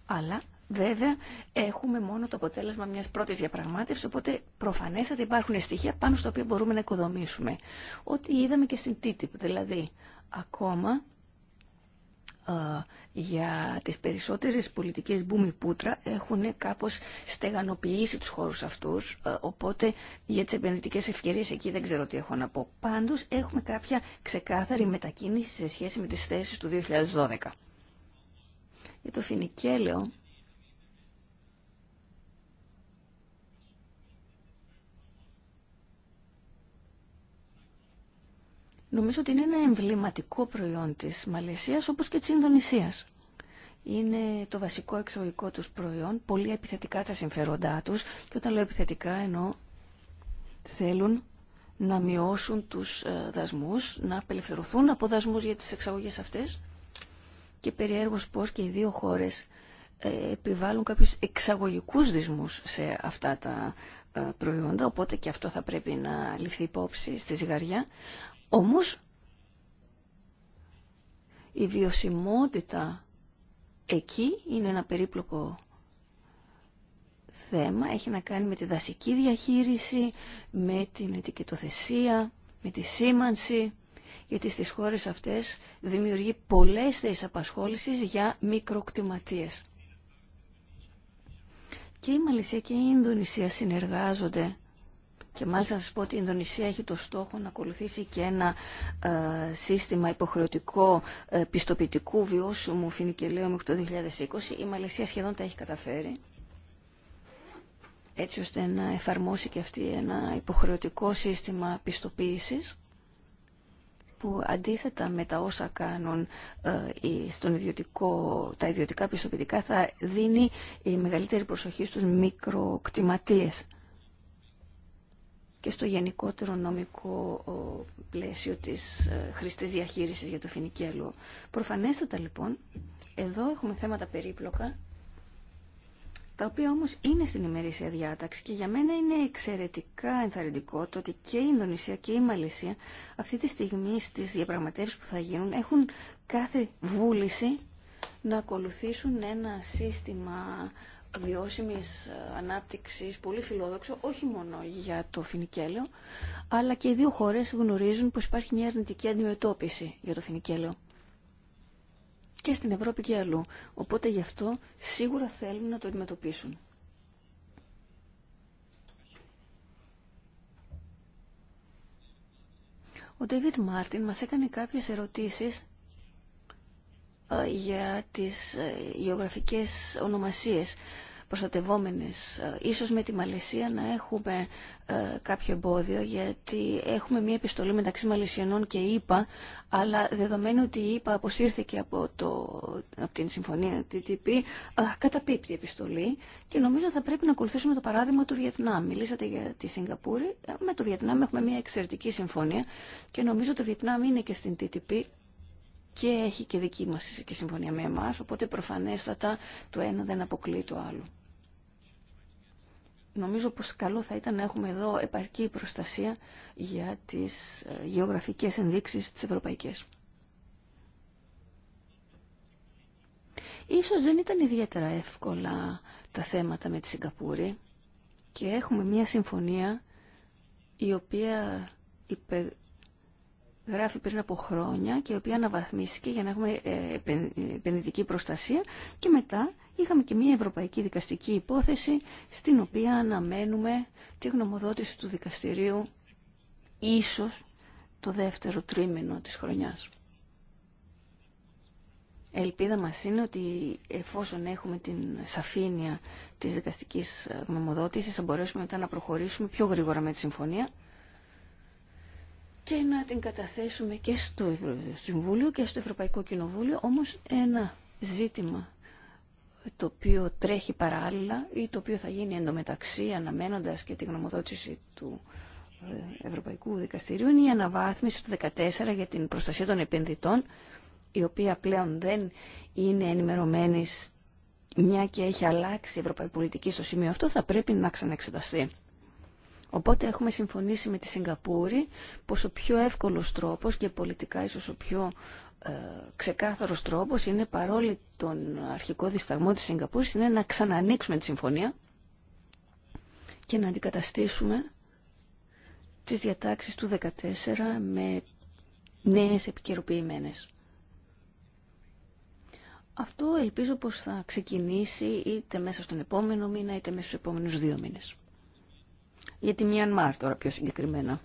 Αλλά βέβαια έχουμε μόνο το αποτέλεσμα μια πρώτη διαπραγμάτευση, οπότε προφανέστατα υπάρχουν στοιχεία πάνω στα οποία μπορούμε να οικοδομήσουμε. Ό,τι είδαμε και στην TTIP, δηλαδή ακόμα ε, για τις περισσότερες πολιτικές μπούμι πούτρα έχουν κάπως στεγανοποιήσει τους χώρους αυτούς, ε, οπότε για τις επενδυτικές ευκαιρίες εκεί δεν ξέρω τι έχω να πω. Πάντως έχουμε κάποια ξεκάθαρη μετακίνηση σε σχέση με τις θέσεις του 2012. Για το φινικέλαιο Νομίζω ότι είναι ένα εμβληματικό προϊόν της Μαλαισίας όπως και της Ινδονησίας. Είναι το βασικό εξωγικό τους προϊόν, πολύ επιθετικά τα συμφέροντά τους και όταν λέω επιθετικά εννοώ θέλουν να μειώσουν τους ε, δασμούς, να απελευθερωθούν από δασμούς για τις εξαγωγές αυτές και περιέργως πώς και οι δύο χώρες ε, επιβάλλουν κάποιους εξαγωγικούς δισμούς σε αυτά τα ε, προϊόντα, οπότε και αυτό θα πρέπει να ληφθεί υπόψη στη ζυγαριά. Όμως η βιωσιμότητα εκεί είναι ένα περίπλοκο θέμα. Έχει να κάνει με τη δασική διαχείριση, με την ετικετοθεσία, με τη σήμανση, γιατί στις χώρες αυτές δημιουργεί πολλές θέσεις απασχόλησης για μικροκτηματίες. Και η Μαλισσία και η Ινδονησία συνεργάζονται και μάλιστα να σας πω ότι η Ινδονησία έχει το στόχο να ακολουθήσει και ένα ε, σύστημα υποχρεωτικό ε, πιστοποιητικού βιώσιμου φινικελαίου μέχρι το 2020. Η Μαλαισία σχεδόν τα έχει καταφέρει έτσι ώστε να εφαρμόσει και αυτή ένα υποχρεωτικό σύστημα πιστοποίησης που αντίθετα με τα όσα κάνουν ε, στον ιδιωτικό, τα ιδιωτικά πιστοποιητικά θα δίνει η μεγαλύτερη προσοχή στους μικροκτηματίες και στο γενικότερο νομικό πλαίσιο της ε, χρηστής διαχείρισης για το φινικέλο. Προφανέστατα λοιπόν, εδώ έχουμε θέματα περίπλοκα, τα οποία όμως είναι στην ημερήσια διάταξη και για μένα είναι εξαιρετικά ενθαρρυντικό το ότι και η Ινδονησία και η Μαλαισία αυτή τη στιγμή στις διαπραγματεύσεις που θα γίνουν έχουν κάθε βούληση να ακολουθήσουν ένα σύστημα βιώσιμης ε, ανάπτυξης πολύ φιλόδοξο, όχι μόνο για το φινικέλαιο, αλλά και οι δύο χώρες γνωρίζουν πως υπάρχει μια αρνητική αντιμετώπιση για το φινικέλαιο. Και στην Ευρώπη και αλλού. Οπότε γι' αυτό σίγουρα θέλουν να το αντιμετωπίσουν. Ο Ντέβιτ Μάρτιν μας έκανε κάποιες ερωτήσεις ε, για τις ε, γεωγραφικές ονομασίες προστατευόμενες. Ε, ίσως με τη Μαλαισία να έχουμε ε, κάποιο εμπόδιο γιατί έχουμε μια επιστολή μεταξύ Μαλαισιανών και ΙΠΑ αλλά δεδομένου ότι η ΙΠΑ αποσύρθηκε από, το, από την συμφωνία TTP ε, καταπίπτει η επιστολή και νομίζω θα πρέπει να ακολουθήσουμε το παράδειγμα του Βιετνάμ. Μιλήσατε για τη Σιγκαπούρη. Με το Βιετνάμ έχουμε μια εξαιρετική συμφωνία και νομίζω το Βιετνάμ είναι και στην TTP και έχει και δική μας και συμφωνία με εμάς, οπότε προφανέστατα το ένα δεν αποκλείει το άλλο. Νομίζω πως καλό θα ήταν να έχουμε εδώ επαρκή προστασία για τις ε, γεωγραφικές ενδείξεις της ευρωπαϊκής. Ίσως δεν ήταν ιδιαίτερα εύκολα τα θέματα με τη Σιγκαπούρη και έχουμε μια συμφωνία η οποία γράφει πριν από χρόνια και η οποία αναβαθμίστηκε για να έχουμε ε, ε, επενδυτική προστασία και μετά είχαμε και μια ευρωπαϊκή δικαστική υπόθεση στην οποία αναμένουμε τη γνωμοδότηση του δικαστηρίου ίσως το δεύτερο τρίμηνο της χρονιάς. Ελπίδα μας είναι ότι εφόσον έχουμε την σαφήνεια της δικαστικής γνωμοδότησης θα μπορέσουμε μετά να προχωρήσουμε πιο γρήγορα με τη συμφωνία και να την καταθέσουμε και στο Συμβούλιο και στο Ευρωπαϊκό Κοινοβούλιο. Όμως ένα ζήτημα το οποίο τρέχει παράλληλα ή το οποίο θα γίνει εντωμεταξύ αναμένοντας και τη γνωμοδότηση του ε, Ευρωπαϊκού Δικαστηρίου είναι η αναβάθμιση του 14 για την προστασία των επενδυτών η οποία πλέον δεν είναι ενημερωμένη μια και έχει αλλάξει η ευρωπαϊκή πολιτική στο σημείο αυτό θα πρέπει να ξαναεξεταστεί. Οπότε έχουμε συμφωνήσει με τη Σιγκαπούρη πως ο πιο εύκολος τρόπος και πολιτικά ίσως ο πιο ε, ξεκάθαρος τρόπος είναι παρόλη τον αρχικό δισταγμό της Σιγκαπούρης είναι να ξανανοίξουμε τη συμφωνία και να αντικαταστήσουμε τις διατάξεις του 14 με νέες επικαιροποιημένε. Αυτό ελπίζω πως θα ξεκινήσει είτε μέσα στον επόμενο μήνα είτε μέσα στους επόμενους δύο μήνες για τη Μιανμάρ τώρα πιο συγκεκριμένα.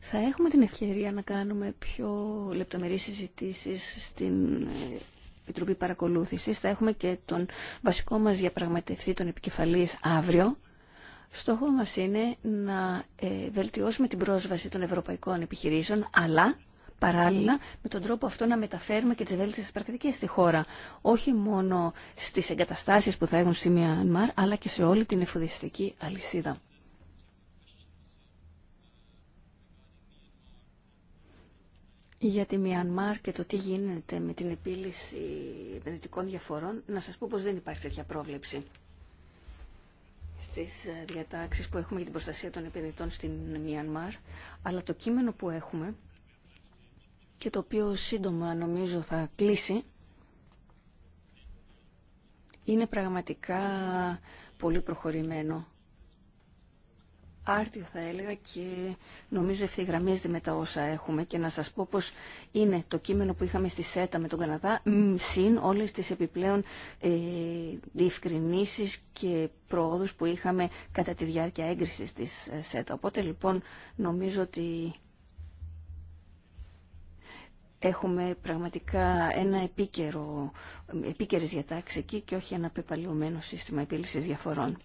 Θα έχουμε την ευκαιρία να κάνουμε πιο λεπτομερείς συζητήσεις στην ε, Επιτροπή Παρακολούθησης. Θα έχουμε και τον βασικό μας διαπραγματευτή, τον επικεφαλής, αύριο. Στόχο μας είναι να ε, βελτιώσουμε την πρόσβαση των ευρωπαϊκών επιχειρήσεων, αλλά παράλληλα με τον τρόπο αυτό να μεταφέρουμε και τι ευέλικτε πρακτικέ στη χώρα. Όχι μόνο στις εγκαταστάσεις που θα έχουν στη Μιανμάρ, αλλά και σε όλη την εφοδιαστική αλυσίδα. Για τη Μιανμάρ και το τι γίνεται με την επίλυση επενδυτικών διαφορών, να σας πω πως δεν υπάρχει τέτοια πρόβλεψη στις ε, διατάξεις που έχουμε για την προστασία των επενδυτών στην Μιανμάρ, αλλά το κείμενο που έχουμε και το οποίο σύντομα νομίζω θα κλείσει, είναι πραγματικά πολύ προχωρημένο. Άρτιο θα έλεγα και νομίζω ευθυγραμμίζεται με τα όσα έχουμε και να σας πω πως είναι το κείμενο που είχαμε στη ΣΕΤΑ με τον Καναδά συν όλες τις επιπλέον ε, διευκρινήσεις και προόδους που είχαμε κατά τη διάρκεια έγκρισης της ε, ΣΕΤΑ. Οπότε λοιπόν νομίζω ότι έχουμε πραγματικά ένα επίκαιρο, επίκαιρες διατάξεις εκεί και όχι ένα πεπαλαιωμένο σύστημα επίλυσης διαφορών.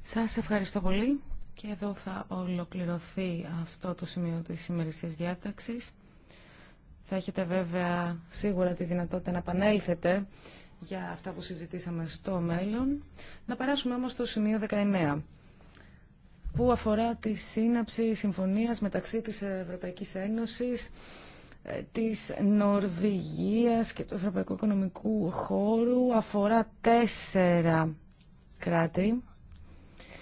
Σας ευχαριστώ πολύ και εδώ θα ολοκληρωθεί αυτό το σημείο της σημερινής διάταξης. Θα έχετε βέβαια σίγουρα τη δυνατότητα να επανέλθετε για αυτά που συζητήσαμε στο μέλλον. Να περάσουμε όμως στο σημείο 19 που αφορά τη σύναψη συμφωνίας μεταξύ της Ευρωπαϊκής Ένωσης της Νορβηγίας και του Ευρωπαϊκού Οικονομικού Χώρου αφορά τέσσερα κράτη.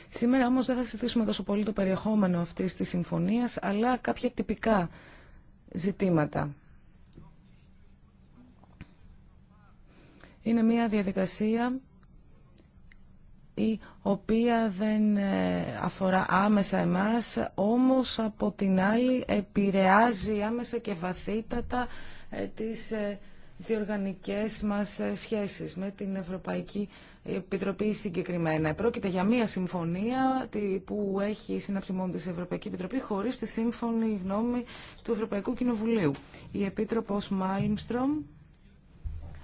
Σήμερα όμως δεν θα συζητήσουμε τόσο πολύ το περιεχόμενο αυτής της συμφωνίας, αλλά κάποια τυπικά ζητήματα. Είναι μια διαδικασία η οποία δεν ε, αφορά άμεσα εμάς, όμως από την άλλη επηρεάζει άμεσα και βαθύτατα ε, τις ε, διοργανικές μας σχέσεις με την Ευρωπαϊκή Επιτροπή συγκεκριμένα. Πρόκειται για μία συμφωνία που έχει συνάψει μόνο Ευρωπαϊκή Επιτροπή χωρίς τη σύμφωνη γνώμη του Ευρωπαϊκού Κοινοβουλίου. Η Επίτροπος Μάλιμστρομ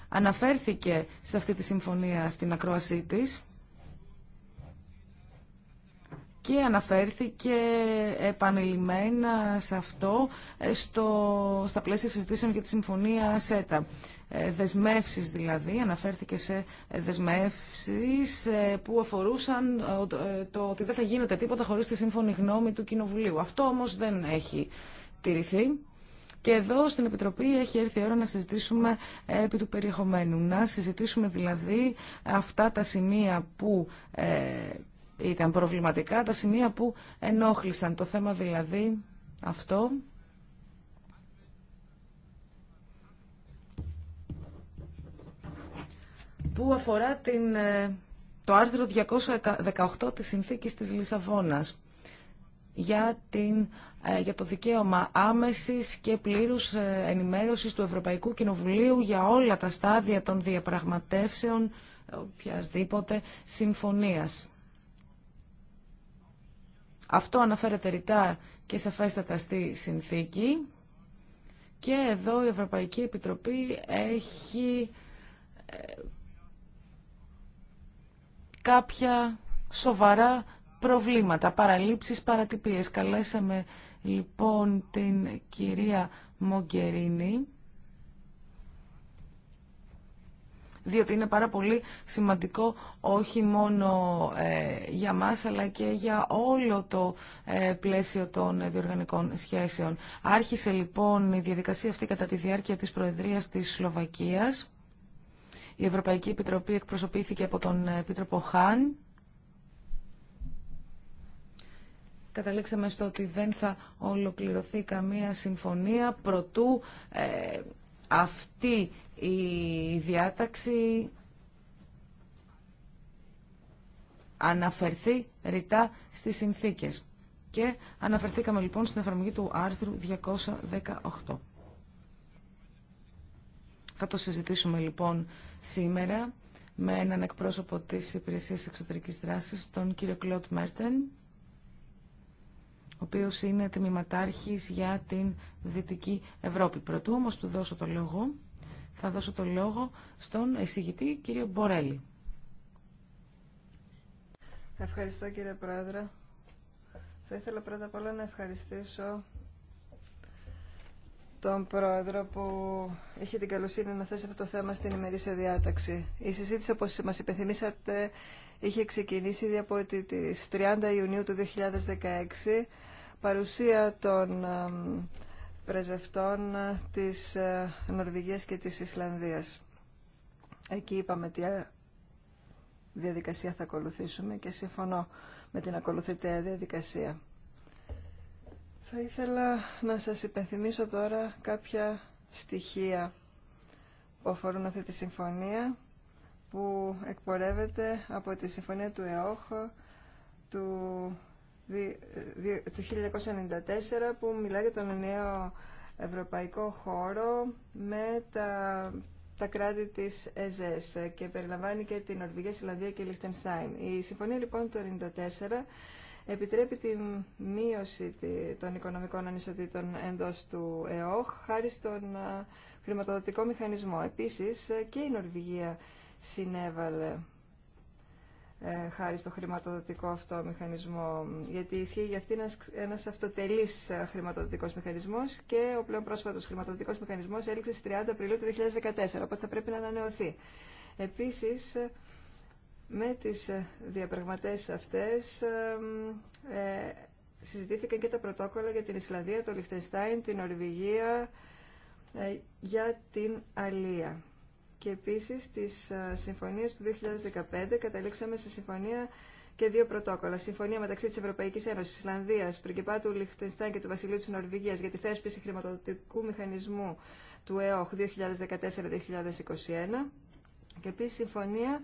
αναφέρθηκε σε αυτή τη συμφωνία στην ακρόασή και αναφέρθηκε επανειλημμένα σε αυτό ε, στο, στα πλαίσια συζητήσεων για τη Συμφωνία ΣΕΤΑ. Ε, δεσμεύσεις δηλαδή, αναφέρθηκε σε δεσμεύσεις ε, που αφορούσαν το ότι δεν θα γίνεται τίποτα χωρίς τη σύμφωνη γνώμη του Κοινοβουλίου. Αυτό όμως δεν έχει τηρηθεί. Και εδώ στην Επιτροπή έχει έρθει η ώρα να συζητήσουμε επί του περιεχομένου. Να συζητήσουμε δηλαδή αυτά τα σημεία που ήταν προβληματικά τα σημεία που ενόχλησαν. Το θέμα δηλαδή αυτό που αφορά την, ε, το άρθρο 218 της Συνθήκης της Λισαβόνας για, την, ε, για το δικαίωμα άμεσης και πλήρους ε, ενημέρωσης του Ευρωπαϊκού Κοινοβουλίου για όλα τα στάδια των διαπραγματεύσεων οποιασδήποτε συμφωνίας. Αυτό αναφέρεται ρητά και σαφέστατα στη συνθήκη και εδώ η Ευρωπαϊκή Επιτροπή έχει ε, κάποια σοβαρά προβλήματα, παραλήψεις, παρατυπίες. Καλέσαμε λοιπόν την κυρία Μογκερίνη διότι είναι πάρα πολύ σημαντικό όχι μόνο ε, για μας αλλά και για όλο το ε, πλαίσιο των διοργανικών σχέσεων. Άρχισε λοιπόν η διαδικασία αυτή κατά τη διάρκεια της Προεδρίας της Σλοβακίας. Η Ευρωπαϊκή Επιτροπή εκπροσωπήθηκε από τον ε, Επίτροπο Χάν. Καταλήξαμε στο ότι δεν θα ολοκληρωθεί καμία συμφωνία προτού αυτή η διάταξη αναφερθεί ρητά στις συνθήκες. Και αναφερθήκαμε λοιπόν στην εφαρμογή του άρθρου 218. Θα το συζητήσουμε λοιπόν σήμερα με έναν εκπρόσωπο της Υπηρεσίας Εξωτερικής Δράσης, τον κύριο Κλώτ Μέρτεν, ο οποίος είναι τμήματάρχης για την Δυτική Ευρώπη. Πρωτού όμως του δώσω το λόγο, θα δώσω το λόγο στον εισηγητή κύριο Μπορέλη. Ευχαριστώ κύριε Πρόεδρε. Θα ήθελα πρώτα απ' όλα να ευχαριστήσω τον Πρόεδρο που είχε την καλοσύνη να θέσει αυτό το θέμα στην ημερήσια διάταξη. Η συζήτηση, όπως μας υπενθυμίσατε, είχε ξεκινήσει ήδη από τις 30 Ιουνίου του 2016, παρουσία των πρεσβευτών της ε, Νορβηγίας και της Ισλανδίας. Εκεί είπαμε τι ε, διαδικασία θα ακολουθήσουμε και συμφωνώ με την ακολουθητέα διαδικασία. Θα ήθελα να σας υπενθυμίσω τώρα κάποια στοιχεία που αφορούν αυτή τη συμφωνία που εκπορεύεται από τη συμφωνία του ΕΟΧ του 1994 που μιλάει για τον νέο ευρωπαϊκό χώρο με τα, τα κράτη της ΕΖΕΣ και περιλαμβάνει και την Ορβηγία, Συλλανδία και Λιχτενστάιν. Η συμφωνία λοιπόν του 1994 επιτρέπει τη μείωση των οικονομικών ανισοτήτων εντός του ΕΟΧ χάρη στον χρηματοδοτικό μηχανισμό. Επίσης ε, και η Νορβηγία συνέβαλε ε, χάρη στο χρηματοδοτικό αυτό μηχανισμό, γιατί ισχύει για αυτήν ένας αυτοτελής ε, χρηματοδοτικός μηχανισμός και ο πλέον πρόσφατος χρηματοδοτικός μηχανισμός έληξε στις 30 Απριλίου του 2014, οπότε θα πρέπει να ανανεωθεί. Επίσης, με τις ε, διαπραγματεύσεις αυτές ε, συζητήθηκαν και τα πρωτόκολλα για την Ισλανδία, το Λιχτενστάιν, την Ορβηγία, ε, για την Αλία. Και επίσης τις συμφωνίες του 2015 καταλήξαμε σε συμφωνία και δύο πρωτόκολλα. Συμφωνία μεταξύ τη Ευρωπαϊκή Ένωση, Ισλανδία, του Λιχτενστάιν και του Βασιλείου της Νορβηγίας για τη θέσπιση χρηματοδοτικού μηχανισμού του ΕΟΧ 2014-2021 και επίση συμφωνία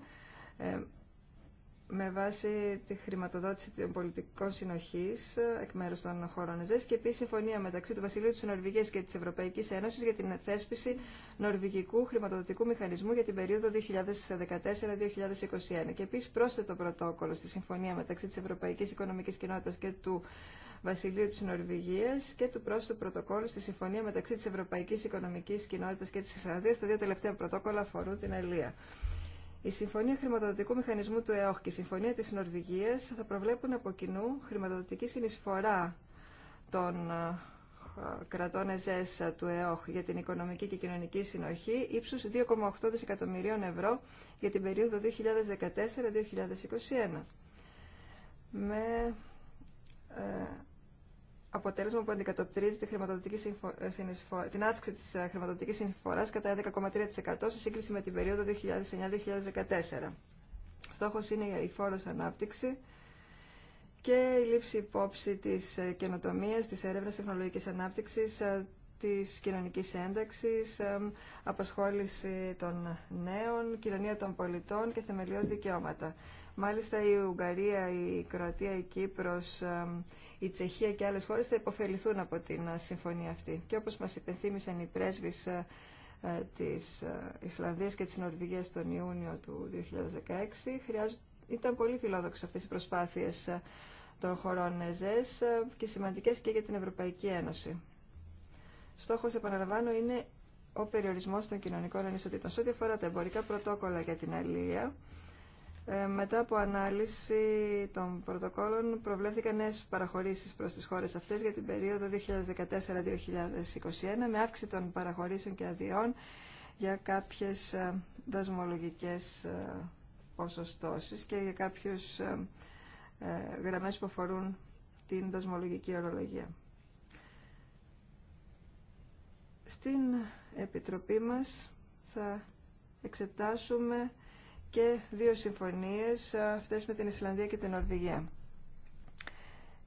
με βάση τη χρηματοδότηση των πολιτικών συνοχή ε, εκ μέρου των χωρών ΕΖΕΣ και επίση συμφωνία μεταξύ του Βασιλείου τη Νορβηγία και τη Ευρωπαϊκή Ένωση για την θέσπιση νορβηγικού χρηματοδοτικού μηχανισμού για την περίοδο 2014-2021. Και επίση πρόσθετο πρωτόκολλο στη συμφωνία μεταξύ τη Ευρωπαϊκή Οικονομική Κοινότητα και του Βασιλείου τη Νορβηγία και του πρόσθετου πρωτοκόλλου στη συμφωνία μεταξύ τη Ευρωπαϊκή Οικονομική Κοινότητα και τη Ισλανδία. Τα δύο τελευταία πρωτόκολλα αφορούν την Ελία. Η Συμφωνία Χρηματοδοτικού Μηχανισμού του ΕΟΧ και η Συμφωνία της Νορβηγίας θα προβλέπουν από κοινού χρηματοδοτική συνεισφορά των ε, κρατών ΕΖΕΣ ε, του ΕΟΧ για την οικονομική και κοινωνική συνοχή ύψους 2,8 δισεκατομμυρίων ευρώ για την περίοδο 2014-2021. Με ε, αποτέλεσμα που αντικατοπτρίζει τη χρηματοδοτική ε, την αύξηση της ε, χρηματοδοτικής συμφοράς κατά 11,3% σε σύγκριση με την περίοδο 2009-2014. Στόχος είναι η φόρος ανάπτυξη και η λήψη υπόψη της ε, καινοτομίας, της έρευνας τεχνολογικής ανάπτυξης, της κοινωνικής ένταξης, απασχόληση των νέων, κοινωνία των πολιτών και θεμελιώδη δικαιώματα. Μάλιστα η Ουγγαρία, η Κροατία, η Κύπρος, η Τσεχία και άλλες χώρες θα υποφεληθούν από την ε, συμφωνία αυτή. Και όπως μας υπενθύμησαν οι πρέσβεις ε, ε, της Ισλανδίας και της Νορβηγίας τον Ιούνιο του 2016, ήταν πολύ φιλόδοξες αυτές οι προσπάθειες των χωρών ΕΖΕΣ και σημαντικές και για την Ευρωπαϊκή Ένωση. Στόχος, επαναλαμβάνω, είναι ο περιορισμός των κοινωνικών ανισοτήτων. Σε ό,τι αφορά τα εμπορικά πρωτόκολλα για την αλληλεία, ε, μετά από ανάλυση των πρωτοκόλων προβλέφθηκαν νέε παραχωρήσεις προς τις χώρες αυτές για την περίοδο 2014-2021 με αύξηση των παραχωρήσεων και αδειών για κάποιες ε, δασμολογικές ε, ποσοστώσεις και για κάποιους γραμμές που αφορούν την δασμολογική ορολογία. Στην Επιτροπή μας θα εξετάσουμε και δύο συμφωνίες, αυτές με την Ισλανδία και την Νορβηγία.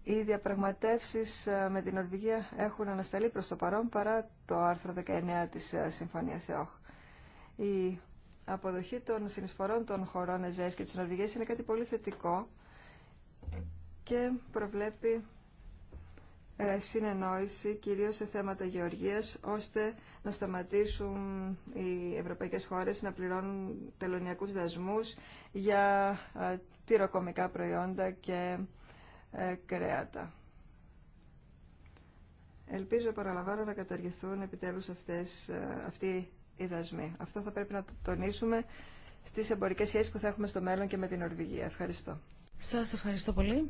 Οι διαπραγματεύσεις με την Νορβηγία έχουν ανασταλεί προς το παρόν παρά το άρθρο 19 της Συμφωνίας ΕΟΧ. Η αποδοχή των συνεισφορών των χωρών ΕΖΕΣ και της Νορβηγίας είναι κάτι πολύ θετικό και προβλέπει ε, συνεννόηση κυρίως σε θέματα γεωργίας ώστε να σταματήσουν οι ευρωπαϊκές χώρες να πληρώνουν τελωνιακούς δασμούς για ε, τυροκομικά προϊόντα και ε, κρέατα. Ελπίζω, παραλαμβάνω, να καταργηθούν επιτέλους αυτές, αυτοί οι δασμοί. Αυτό θα πρέπει να το τονίσουμε στις εμπορικές σχέσεις που θα έχουμε στο μέλλον και με την Ορβηγία. Ευχαριστώ. Σας ευχαριστώ πολύ.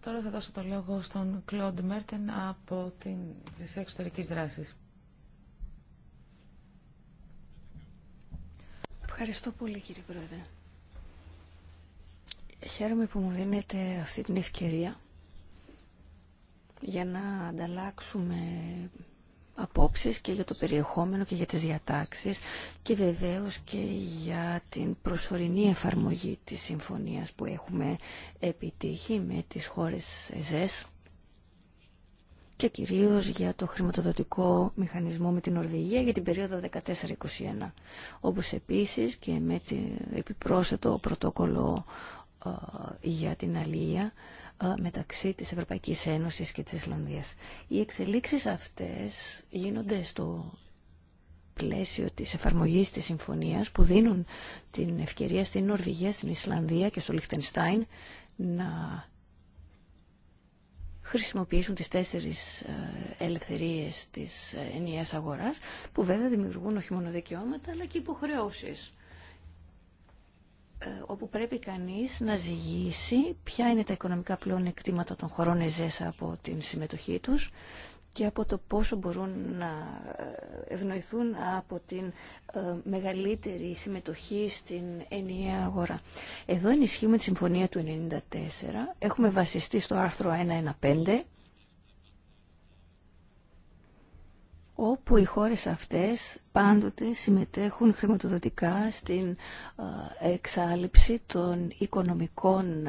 Τώρα θα δώσω το λόγο στον Κλοντ Μέρτεν από την Υπηρεσία Εξωτερική Ευχαριστώ πολύ κύριε Πρόεδρε. Χαίρομαι που μου δίνετε αυτή την ευκαιρία για να ανταλλάξουμε απόψεις και για το περιεχόμενο και για τις διατάξεις και βεβαίως και για την προσωρινή εφαρμογή της συμφωνίας που έχουμε επιτύχει με τις χώρες ΕΖΕΣ και κυρίως για το χρηματοδοτικό μηχανισμό με την Ορβηγία για την περίοδο 14-21, όπως επίσης και με την επιπρόσθετο πρωτόκολλο ε, για την αλία μεταξύ της Ευρωπαϊκής Ένωσης και της Ισλανδίας. Οι εξελίξεις αυτές γίνονται στο πλαίσιο της εφαρμογής της συμφωνίας που δίνουν την ευκαιρία στην Νορβηγία, στην Ισλανδία και στο Λιχτενστάιν να χρησιμοποιήσουν τις τέσσερις ε, ελευθερίες της ε, ενιαίας αγοράς που βέβαια δημιουργούν όχι μόνο δικαιώματα αλλά και υποχρεώσεις. Ε, όπου πρέπει κανείς να ζυγίσει ποια είναι τα οικονομικά πλέον εκτίματα των χωρών ΕΖΕΣΑ από την συμμετοχή τους και από το πόσο μπορούν να ε, ευνοηθούν από την ε, μεγαλύτερη συμμετοχή στην ενιαία αγορά. Εδώ ενισχύουμε τη συμφωνία του 1994, έχουμε βασιστεί στο άρθρο 115 όπου οι χώρες αυτές πάντοτε συμμετέχουν χρηματοδοτικά στην εξάλληψη των οικονομικών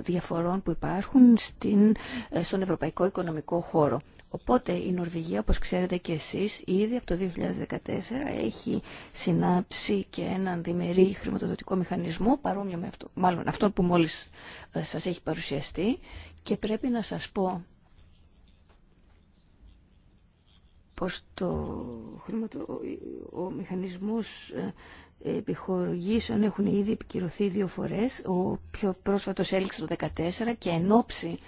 διαφορών που υπάρχουν στην, ε, στον ευρωπαϊκό οικονομικό χώρο. Οπότε η Νορβηγία, όπως ξέρετε και εσείς, ήδη από το 2014 έχει συνάψει και έναν διμερή χρηματοδοτικό μηχανισμό, παρόμοιο με αυτό, μάλλον αυτό που μόλις ε, σας έχει παρουσιαστεί και πρέπει να σας πω πως το χρηματο... ο μηχανισμός ε, επιχορηγήσεων έχουν ήδη επικυρωθεί δύο φορές. Ο πιο πρόσφατος έληξε το 2014 και εν ώψη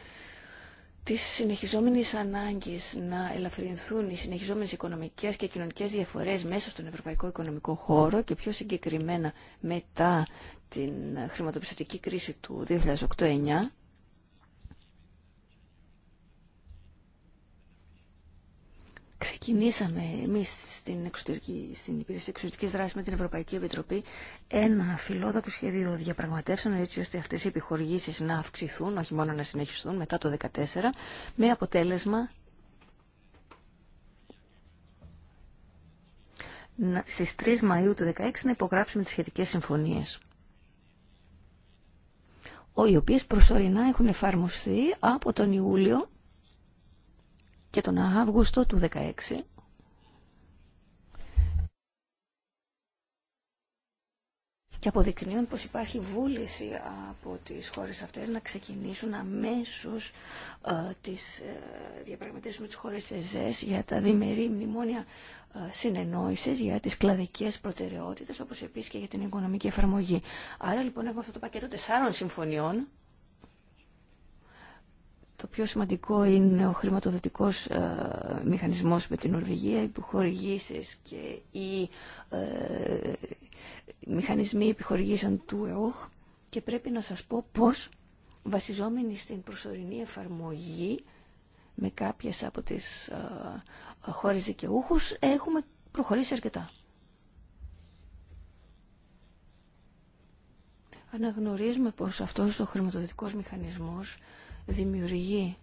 της συνεχιζόμενης ανάγκης να ελαφρυνθούν οι συνεχιζόμενες οικονομικές και κοινωνικές διαφορές μέσα στον ευρωπαϊκό οικονομικό χώρο και πιο συγκεκριμένα μετά την χρηματοπιστωτική κρίση του 2008-2009 ξεκινήσαμε εμείς στην, εξωτερική, στην υπηρεσία εξωτερικής δράσης με την Ευρωπαϊκή Επιτροπή ένα φιλόδοξο σχέδιο διαπραγματεύσεων έτσι ώστε αυτές οι επιχορηγήσεις να αυξηθούν, όχι μόνο να συνεχιστούν μετά το 2014, με αποτέλεσμα στις 3 Μαΐου του 2016 να υπογράψουμε τις σχετικές συμφωνίες οι οποίες προσωρινά έχουν εφαρμοστεί από τον Ιούλιο και τον Αύγουστο του 2016 και αποδεικνύουν πως υπάρχει βούληση από τις χώρες αυτές να ξεκινήσουν αμέσως ε, τις ε, διαπραγματεύσεις με τις χώρες ΕΖΕΣ για τα διμερή μνημόνια ε, συνεννόησης, για τις κλαδικές προτεραιότητες, όπως επίσης και για την οικονομική εφαρμογή. Άρα λοιπόν έχουμε αυτό το πακέτο τεσσάρων συμφωνιών, το πιο σημαντικό είναι ο χρηματοδοτικός ε, μηχανισμός με την Νορβηγία, οι επιχορηγήσεις και οι ε, μηχανισμοί επιχορηγήσεων του ΕΟΧ και πρέπει να σας πω πώς βασιζόμενοι στην προσωρινή εφαρμογή με κάποιες από τις ε, χώρες δικαιούχους έχουμε προχωρήσει αρκετά. Αναγνωρίζουμε πως αυτός ο χρηματοδοτικός μηχανισμός δημιουργεί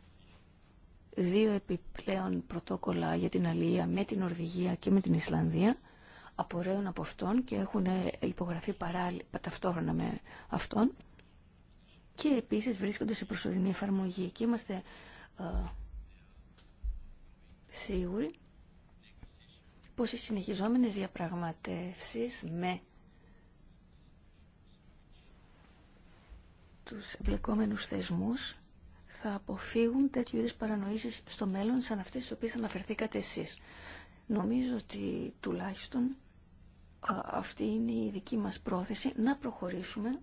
δύο επιπλέον πρωτόκολλα για την Αλία με την Ορβηγία και με την Ισλανδία απορρέουν από αυτόν και έχουν ε, υπογραφεί παράλληλα ταυτόχρονα με αυτόν και επίσης βρίσκονται σε προσωρινή εφαρμογή και είμαστε ε, σίγουροι πως οι συνεχιζόμενες διαπραγματεύσεις με τους εμπλεκόμενους θεσμούς θα αποφύγουν τέτοιου είδου παρανοήσεις στο μέλλον σαν αυτές τις οποίες αναφερθήκατε εσείς. Νομίζω ότι τουλάχιστον αυτή είναι η δική μας πρόθεση να προχωρήσουμε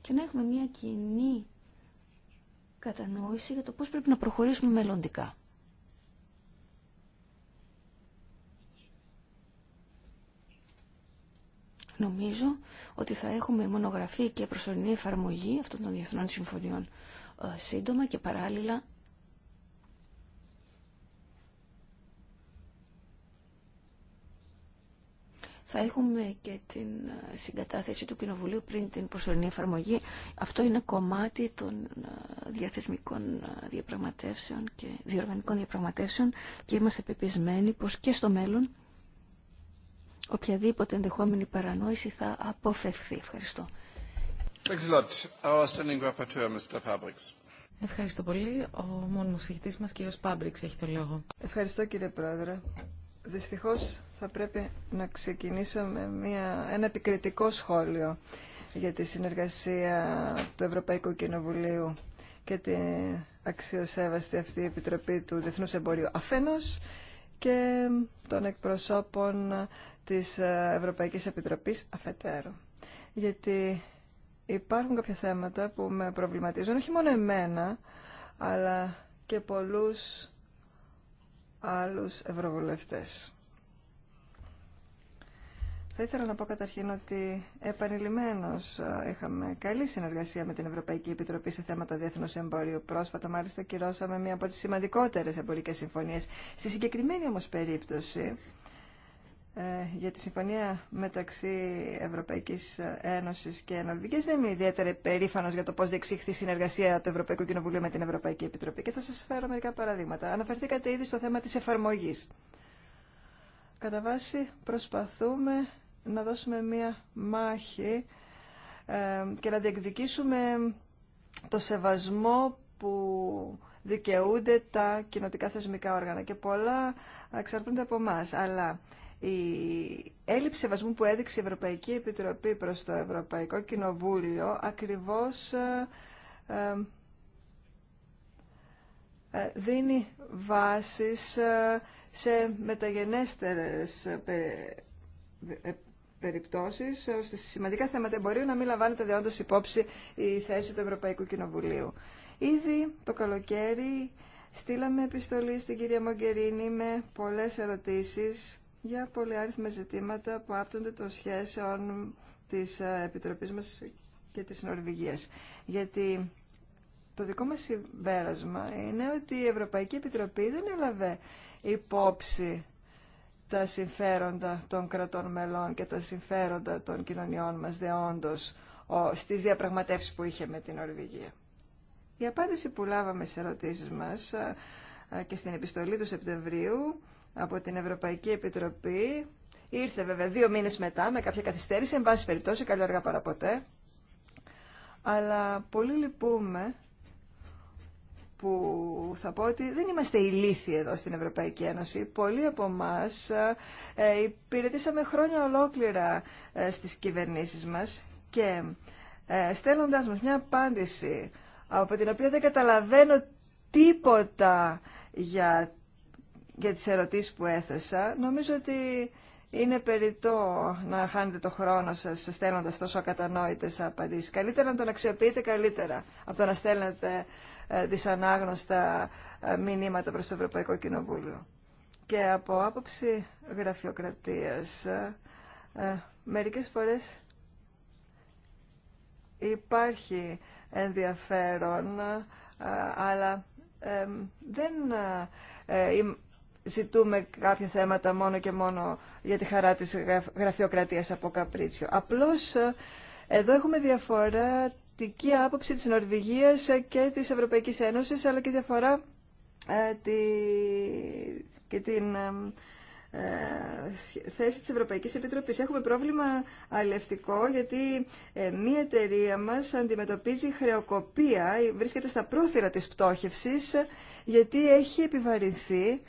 και να έχουμε μια κοινή κατανόηση για το πώς πρέπει να προχωρήσουμε μελλοντικά. νομίζω ότι θα έχουμε μονογραφή και προσωρινή εφαρμογή αυτών των διεθνών συμφωνιών ε, σύντομα και παράλληλα θα έχουμε και την ε, συγκατάθεση του Κοινοβουλίου πριν την προσωρινή εφαρμογή. Αυτό είναι κομμάτι των ε, διαθεσμικών διαπραγματεύσεων και διοργανικών διαπραγματεύσεων και είμαστε πεπισμένοι πως και στο μέλλον οποιαδήποτε ενδεχόμενη παρανόηση θα αποφευθεί. Ευχαριστώ. Ευχαριστώ πολύ. Ο μόνος ηγητής μας, κύριος Πάμπριξ, έχει το λόγο. Ευχαριστώ κύριε Πρόεδρε. Δυστυχώς θα πρέπει να ξεκινήσω με μια, ένα επικριτικό σχόλιο για τη συνεργασία του Ευρωπαϊκού Κοινοβουλίου και την αξιοσέβαστη αυτή Επιτροπή του Διεθνούς Εμπορίου. Αφενός, και των εκπροσώπων της Ευρωπαϊκής Επιτροπής αφετέρου. Γιατί υπάρχουν κάποια θέματα που με προβληματίζουν, όχι μόνο εμένα, αλλά και πολλούς άλλους ευρωβουλευτές. Θα ήθελα να πω καταρχήν ότι επανειλημμένως ε, είχαμε καλή συνεργασία με την Ευρωπαϊκή Επιτροπή σε θέματα διεθνούς εμπορίου. Πρόσφατα μάλιστα κυρώσαμε μία από τις σημαντικότερες εμπορικές συμφωνίες. Στη συγκεκριμένη όμως περίπτωση ε, για τη συμφωνία μεταξύ Ευρωπαϊκής Ένωσης και Νορβηγίας δεν είμαι ιδιαίτερα περήφανος για το πώς διεξήχθη η συνεργασία του Ευρωπαϊκού Κοινοβουλίου με την Ευρωπαϊκή Επιτροπή και θα σα φέρω μερικά παραδείγματα. Αναφερθήκατε ήδη στο θέμα Κατά βάση προσπαθούμε να δώσουμε μία μάχη και να διεκδικήσουμε το σεβασμό που δικαιούνται τα κοινοτικά θεσμικά όργανα και πολλά εξαρτούνται από εμά. Αλλά η έλλειψη σεβασμού που έδειξε η Ευρωπαϊκή Επιτροπή προς το Ευρωπαϊκό Κοινοβούλιο ακριβώς ε, ε, δίνει βάσεις ε, σε μεταγενέστερες περιπτώσεις ώστε ε, σημαντικά θέματα εμπορίου να μην λαμβάνεται δεόντως υπόψη η θέση του Ευρωπαϊκού Κοινοβουλίου. Ήδη το καλοκαίρι στείλαμε επιστολή στην κυρία Μογκερίνη με πολλές ερωτήσεις για πολυάριθμε ζητήματα που άπτονται των σχέσεων της ε, Επιτροπής μας και της Νορβηγίας. Γιατί το δικό μας συμπέρασμα είναι ότι η Ευρωπαϊκή Επιτροπή δεν έλαβε υπόψη τα συμφέροντα των κρατών μελών και τα συμφέροντα των κοινωνιών μας δεόντως στις διαπραγματεύσεις που είχε με την Ορβηγία. Η απάντηση που λάβαμε σε ερωτήσεις μας και στην επιστολή του Σεπτεμβρίου από την Ευρωπαϊκή Επιτροπή ήρθε βέβαια δύο μήνες μετά με κάποια καθυστέρηση, εν πάση περιπτώσει, αργά παραποτέ. Αλλά πολύ λυπούμε που θα πω ότι δεν είμαστε ηλίθιοι εδώ στην Ευρωπαϊκή Ένωση. Πολλοί από εμά υπηρετήσαμε χρόνια ολόκληρα ε, στις κυβερνήσεις μας και ε, στέλνοντας μου μια απάντηση από την οποία δεν καταλαβαίνω τίποτα για, για τις ερωτήσεις που έθεσα, νομίζω ότι είναι περιττό να χάνετε το χρόνο σας στέλνοντα τόσο ακατανόητε απαντήσει. Καλύτερα να τον αξιοποιείτε καλύτερα από το να στέλνετε ε, δυσανάγνωστα ε, μηνύματα προς το Ευρωπαϊκό Κοινοβούλιο. Και από άποψη γραφειοκρατίας, ε, μερικέ φορέ φορές υπάρχει ενδιαφέρον, αλλά δεν ζητούμε κάποια θέματα μόνο και μόνο για τη χαρά της γραφειοκρατίας από καπρίτσιο. Απλώς ε, εδώ έχουμε διαφορετική άποψη της Νορβηγίας ε, και της Ευρωπαϊκής Ένωσης, αλλά και διαφορά ε, τη, και την θέση της Ευρωπαϊκής Επιτροπής. Έχουμε πρόβλημα αλληλευτικό γιατί μία εταιρεία μας αντιμετωπίζει χρεοκοπία, βρίσκεται στα πρόθυρα της πτώχευσης γιατί έχει επιβαρυνθεί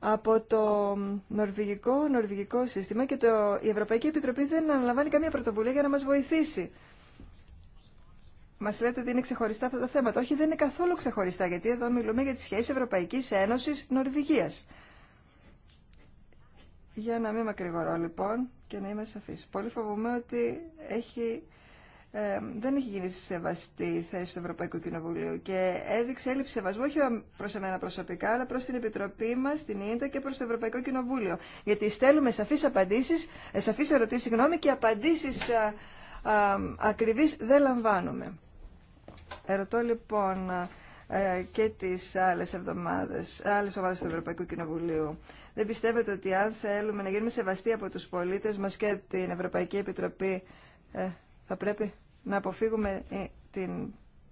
από το νορβηγικό, νορβηγικό σύστημα και το, η Ευρωπαϊκή Επιτροπή δεν αναλαμβάνει καμία πρωτοβουλία για να μας βοηθήσει. Μας λέτε ότι είναι ξεχωριστά αυτά τα θέματα. Όχι, δεν είναι καθόλου ξεχωριστά, γιατί εδώ μιλούμε για τις σχέσει ευρωπαικης Ευρωπαϊκής Ένωσης-Νορβηγίας. Για να μην μακρηγορώ λοιπόν και να είμαι σαφής. Πολύ φοβούμαι ότι έχει ε, δεν έχει γίνει σεβαστή η θέση του Ευρωπαϊκού Κοινοβουλίου και έδειξε έλλειψη σεβασμού όχι προ εμένα προσωπικά, αλλά προ την Επιτροπή μα, την ΙΝΤΑ και προ το Ευρωπαϊκό Κοινοβούλιο. Γιατί στέλνουμε σαφεί απαντήσει, ε, ερωτήσει, γνώμη, και απαντήσει ε, ακριβεί δεν λαμβάνουμε. Ερωτώ λοιπόν και τις άλλες εβδομάδες, άλλες ομάδε του Ευρωπαϊκού Κοινοβουλίου. Δεν πιστεύετε ότι αν θέλουμε να γίνουμε σεβαστοί από τους πολίτες μας και την Ευρωπαϊκή Επιτροπή, θα πρέπει να αποφύγουμε ε, την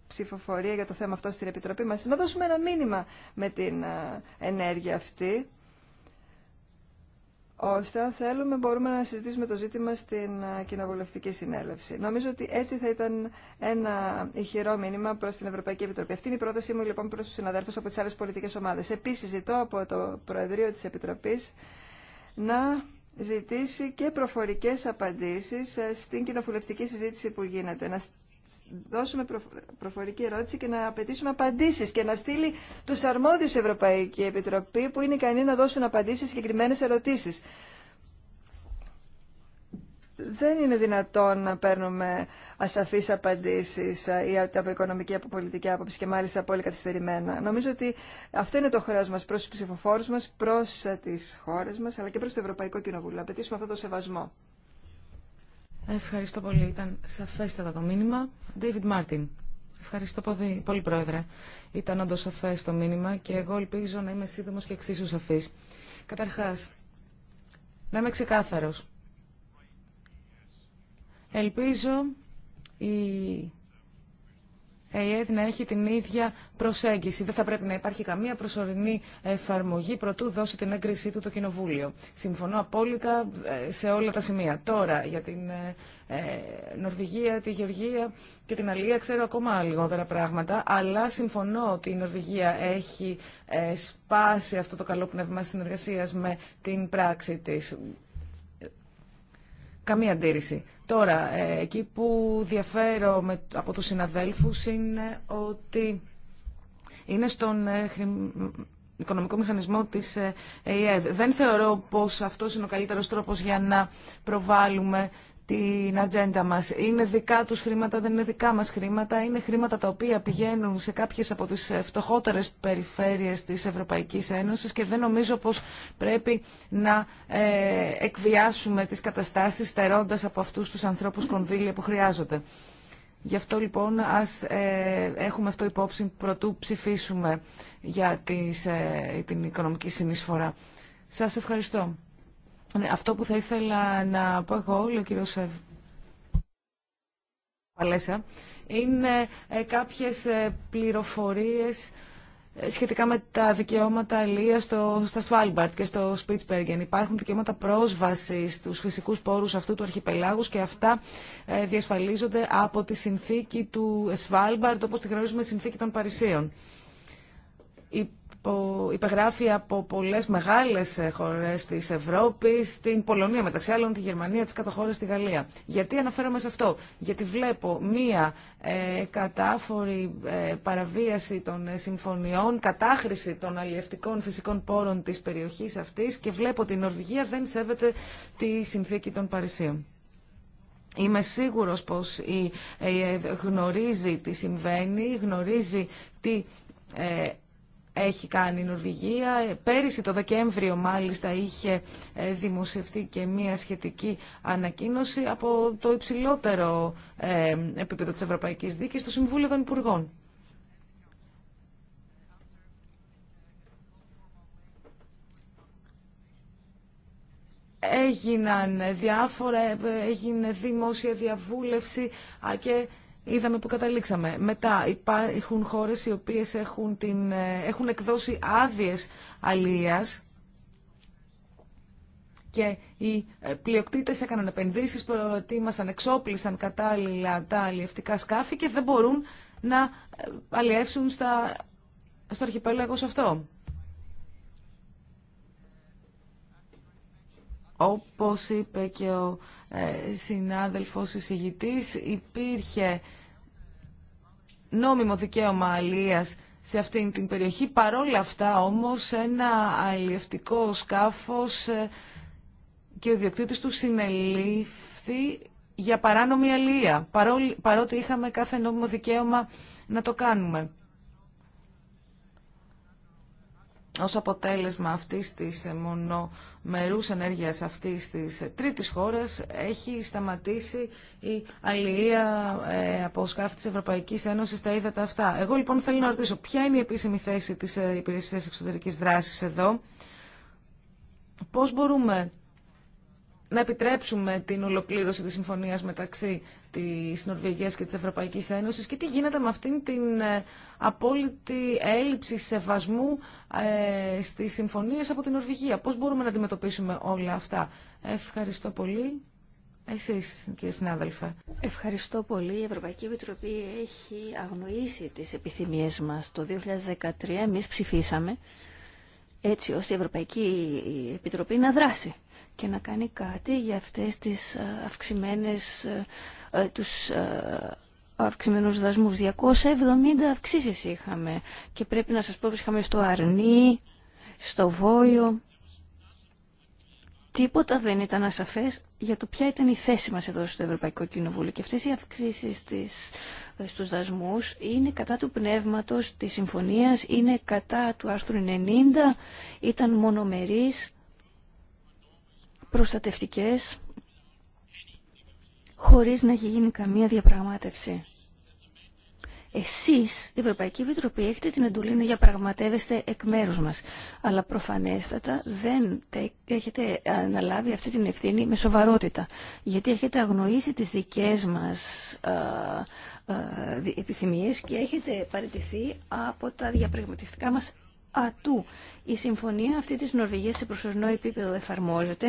ψηφοφορία για το θέμα αυτό στην Επιτροπή μας, να δώσουμε ένα μήνυμα με την ε, ενέργεια αυτή, ώστε αν θέλουμε μπορούμε να συζητήσουμε το ζήτημα στην ε, κοινοβουλευτική συνέλευση. Νομίζω ότι έτσι θα ήταν ένα ηχηρό μήνυμα προ την Ευρωπαϊκή Επιτροπή. Αυτή είναι η πρότασή μου λοιπόν προ του συναδέλφου από τι άλλε πολιτικέ ομάδε. Επίση, ζητώ από το Προεδρείο τη Επιτροπή να ζητήσει και προφορικές απαντήσεις ε, στην κοινοβουλευτική συζήτηση που γίνεται. Να δώσουμε προφορική ερώτηση και να απαιτήσουμε απαντήσεις και να στείλει τους αρμόδιους Ευρωπαϊκή Επιτροπή που είναι ικανοί να δώσουν απαντήσεις σε συγκεκριμένες ερωτήσεις δεν είναι δυνατόν να παίρνουμε ασαφείς απαντήσει ε, ή από οικονομική ή από πολιτική άποψη και μάλιστα πολύ καθυστερημένα. Νομίζω ότι αυτό είναι το χρέο μα προ του ψηφοφόρου μα προ ε, τι χώρε μα, αλλά και προ το Ευρωπαϊκό Κοινοβούλιο. Απαιτήσουμε αυτό το σεβασμό. Ευχαριστώ πολύ. Ήταν σαφέστατα το μήνυμα. David Μάρτιν, Ευχαριστώ πολύ, Πρόεδρε. Ήταν όντω σαφέ το μήνυμα και εγώ ελπίζω να είμαι σύντομο και εξίσου σαφή. Καταρχά, να είμαι ξεκάθαρο. Ελπίζω η ΕΕΔ να έχει την ίδια προσέγγιση. Δεν θα πρέπει να υπάρχει καμία προσωρινή εφαρμογή προτού δώσει την έγκρισή του το Κοινοβούλιο. Συμφωνώ απόλυτα ε, σε όλα τα σημεία. Τώρα για την ε, ε, Νορβηγία, τη Γεωργία και την Αλία ξέρω ακόμα λιγότερα πράγματα, αλλά συμφωνώ ότι η Νορβηγία έχει σπάσει αυτό το καλό πνεύμα συνεργασία με την πράξη της. Καμία αντίρρηση. Τώρα, ε, εκεί που διαφέρω με, από τους συναδέλφους είναι ότι είναι στον ε, οικονομικό μηχανισμό της ΕΕΔ. Δεν θεωρώ πως αυτός είναι ο καλύτερος τρόπος για να προβάλλουμε την ατζέντα μας. Είναι δικά τους χρήματα, δεν είναι δικά μας χρήματα. Είναι χρήματα τα οποία πηγαίνουν σε κάποιες από τις φτωχότερες περιφέρειες της Ευρωπαϊκής Ένωσης και δεν νομίζω πως πρέπει να ε, εκβιάσουμε τις καταστάσεις στερώντας από αυτούς τους ανθρώπους κονδύλια που χρειάζονται. Γι' αυτό λοιπόν ας ε, έχουμε αυτό υπόψη πρωτού ψηφίσουμε για ε, την οικονομική συνεισφορά. Σας ευχαριστώ. Ναι, αυτό που θα ήθελα να πω εγώ, λέει ο κύριος ε, Παλέσα, είναι ε, κάποιες ε, πληροφορίες σχετικά με τα δικαιώματα αλίας στο, στα Σβάλμπαρτ και στο Σπίτσπεργεν. Υπάρχουν δικαιώματα πρόσβασης στους φυσικούς πόρους αυτού του αρχιπελάγους και αυτά διασφαλίζονται από τη συνθήκη του Σβάλμπαρτ όπως τη γνωρίζουμε συνθήκη των Παρισίων από, υπεγράφει από πολλέ μεγάλες ε, χώρες τη Ευρώπη την Πολωνία μεταξύ άλλων, τη Γερμανία, τις χώρες, τη Γαλλία. Γιατί αναφέρομαι σε αυτό. Γιατί βλέπω μία ε, κατάφορη ε, παραβίαση των συμφωνιών, κατάχρηση των αλλιευτικών φυσικών πόρων τη περιοχή αυτή και βλέπω ότι η Νορβηγία δεν σέβεται τη συνθήκη των Παρισίων. Είμαι σίγουρος πως η, γνωρίζει τι συμβαίνει, γνωρίζει τι έχει κάνει η Νορβηγία. Πέρυσι το Δεκέμβριο μάλιστα είχε ε, δημοσιευτεί και μία σχετική ανακοίνωση από το υψηλότερο ε, επίπεδο της Ευρωπαϊκής Δίκης, το Συμβούλιο των Υπουργών. Έγιναν διάφορα, ε, έγινε δημόσια διαβούλευση και Είδαμε που καταλήξαμε. Μετά υπάρχουν χώρες οι οποίες έχουν, την, ε, έχουν εκδώσει άδειες αλίας και οι ε, πλειοκτήτες έκαναν επενδύσεις, προετοίμασαν, εξόπλησαν κατάλληλα τα αλλιευτικά σκάφη και δεν μπορούν να ε, αλλιεύσουν στα, στο αρχιπέλαγος αυτό. Όπως είπε και ο ε, συνάδελφος εισηγητής, υπήρχε νόμιμο δικαίωμα αλίας σε αυτήν την περιοχή. Παρόλα αυτά όμως ένα αλλιευτικό σκάφος ε, και ο διοκτήτης του συνελήφθη για παράνομη αλία, παρό, παρότι είχαμε κάθε νόμιμο δικαίωμα να το κάνουμε. ως αποτέλεσμα αυτής της μονομερούς ενέργειας αυτής της τρίτης χώρας έχει σταματήσει η αλληλεία ε, από σκάφη της Ευρωπαϊκής Ένωσης τα είδατε αυτά. Εγώ λοιπόν θέλω να ρωτήσω ποια είναι η επίσημη θέση της ε, Υπηρεσίας Εξωτερικής Δράσης εδώ. Πώς μπορούμε να επιτρέψουμε την ολοκλήρωση της συμφωνίας μεταξύ Τη Νορβηγίας και της Ευρωπαϊκής Ένωσης και τι γίνεται με αυτήν την ε, απόλυτη έλλειψη σεβασμού ε, στις συμφωνίες από την Νορβηγία. Πώς μπορούμε να αντιμετωπίσουμε όλα αυτά. Ευχαριστώ πολύ. Εσείς, κύριε συνάδελφε. Ευχαριστώ πολύ. Η Ευρωπαϊκή Επιτροπή έχει αγνοήσει τις επιθυμίες μας. Το 2013 εμείς ψηφίσαμε έτσι ώστε η Ευρωπαϊκή Επιτροπή να δράσει και να κάνει κάτι για αυτές τις ε, αυξημένες ε, τους ε, αυξημένους δασμούς. 270 αυξήσεις είχαμε και πρέπει να σας πω πως είχαμε στο Αρνί, στο Βόιο. Τίποτα δεν ήταν ασαφές για το ποια ήταν η θέση μας εδώ στο Ευρωπαϊκό Κοινοβούλιο. Και αυτές οι αυξήσεις της, ε, στους δασμούς είναι κατά του πνεύματος της συμφωνίας, είναι κατά του άρθρου 90, ήταν μονομερείς, προστατευτικές χωρίς να έχει γίνει καμία διαπραγμάτευση. Εσείς, η Ευρωπαϊκή Επιτροπή, έχετε την εντολή να διαπραγματεύεστε εκ μέρους μας. Αλλά προφανέστατα δεν έχετε αναλάβει αυτή την ευθύνη με σοβαρότητα. Γιατί έχετε αγνοήσει τις δικές μας α, α, επιθυμίες και έχετε παραιτηθεί από τα διαπραγματευτικά μας ατού. Η συμφωνία αυτή της Νορβηγίας σε προσωρινό επίπεδο εφαρμόζεται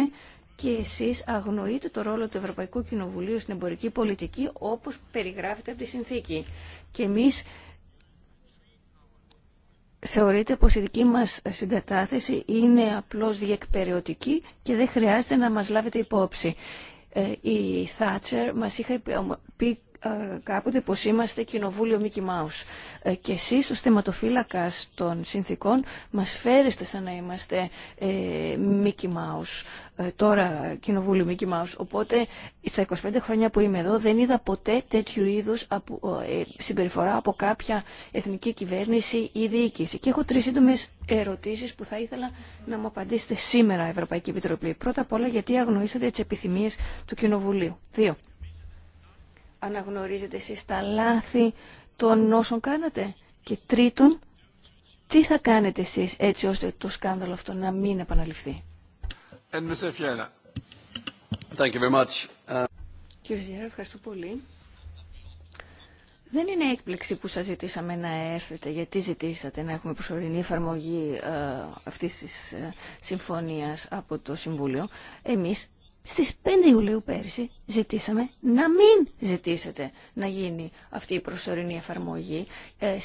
και εσείς αγνοείτε το ρόλο του Ευρωπαϊκού Κοινοβουλίου στην εμπορική πολιτική όπως περιγράφεται από τη συνθήκη. Και εμείς θεωρείτε πως η δική μας συγκατάθεση είναι απλώς διεκπεριωτική και δεν χρειάζεται να μας λάβετε υπόψη. Ε, η Θάτσερ μας είχε πει ε, κάποτε πως είμαστε κοινοβούλιο Μίκη Μάους. Ε, και εσείς ως θεματοφύλακας των συνθήκων μας φέρεστε σαν να είμαστε ε, Μίκη Μάους. Ε, τώρα κοινοβούλιο Μίκη Μάους. Οπότε στα 25 χρόνια που είμαι εδώ δεν είδα ποτέ τέτοιου είδους συμπεριφορά από κάποια εθνική κυβέρνηση ή διοίκηση. Και έχω τρεις σύντομε ερωτήσεις που θα ήθελα να μου απαντήσετε σήμερα Ευρωπαϊκή Επιτροπή. Πρώτα απ' όλα γιατί αγνοήσατε τις επιθυμίες του Κοινοβουλίου. Δύο αναγνωρίζετε εσείς τα λάθη των όσων κάνατε. Και τρίτον, τι θα κάνετε εσείς έτσι ώστε το σκάνδαλο αυτό να μην επαναληφθεί. Uh, Κύριε Ζιέρα, ευχαριστώ πολύ. Δεν είναι έκπληξη που σας ζητήσαμε να έρθετε, γιατί ζητήσατε να έχουμε προσωρινή εφαρμογή ε, αυτής της ε, συμφωνίας από το Συμβούλιο. Εμείς στις 5 Ιουλίου πέρσι ζητήσαμε να μην ζητήσετε να γίνει αυτή η προσωρινή εφαρμογή ε,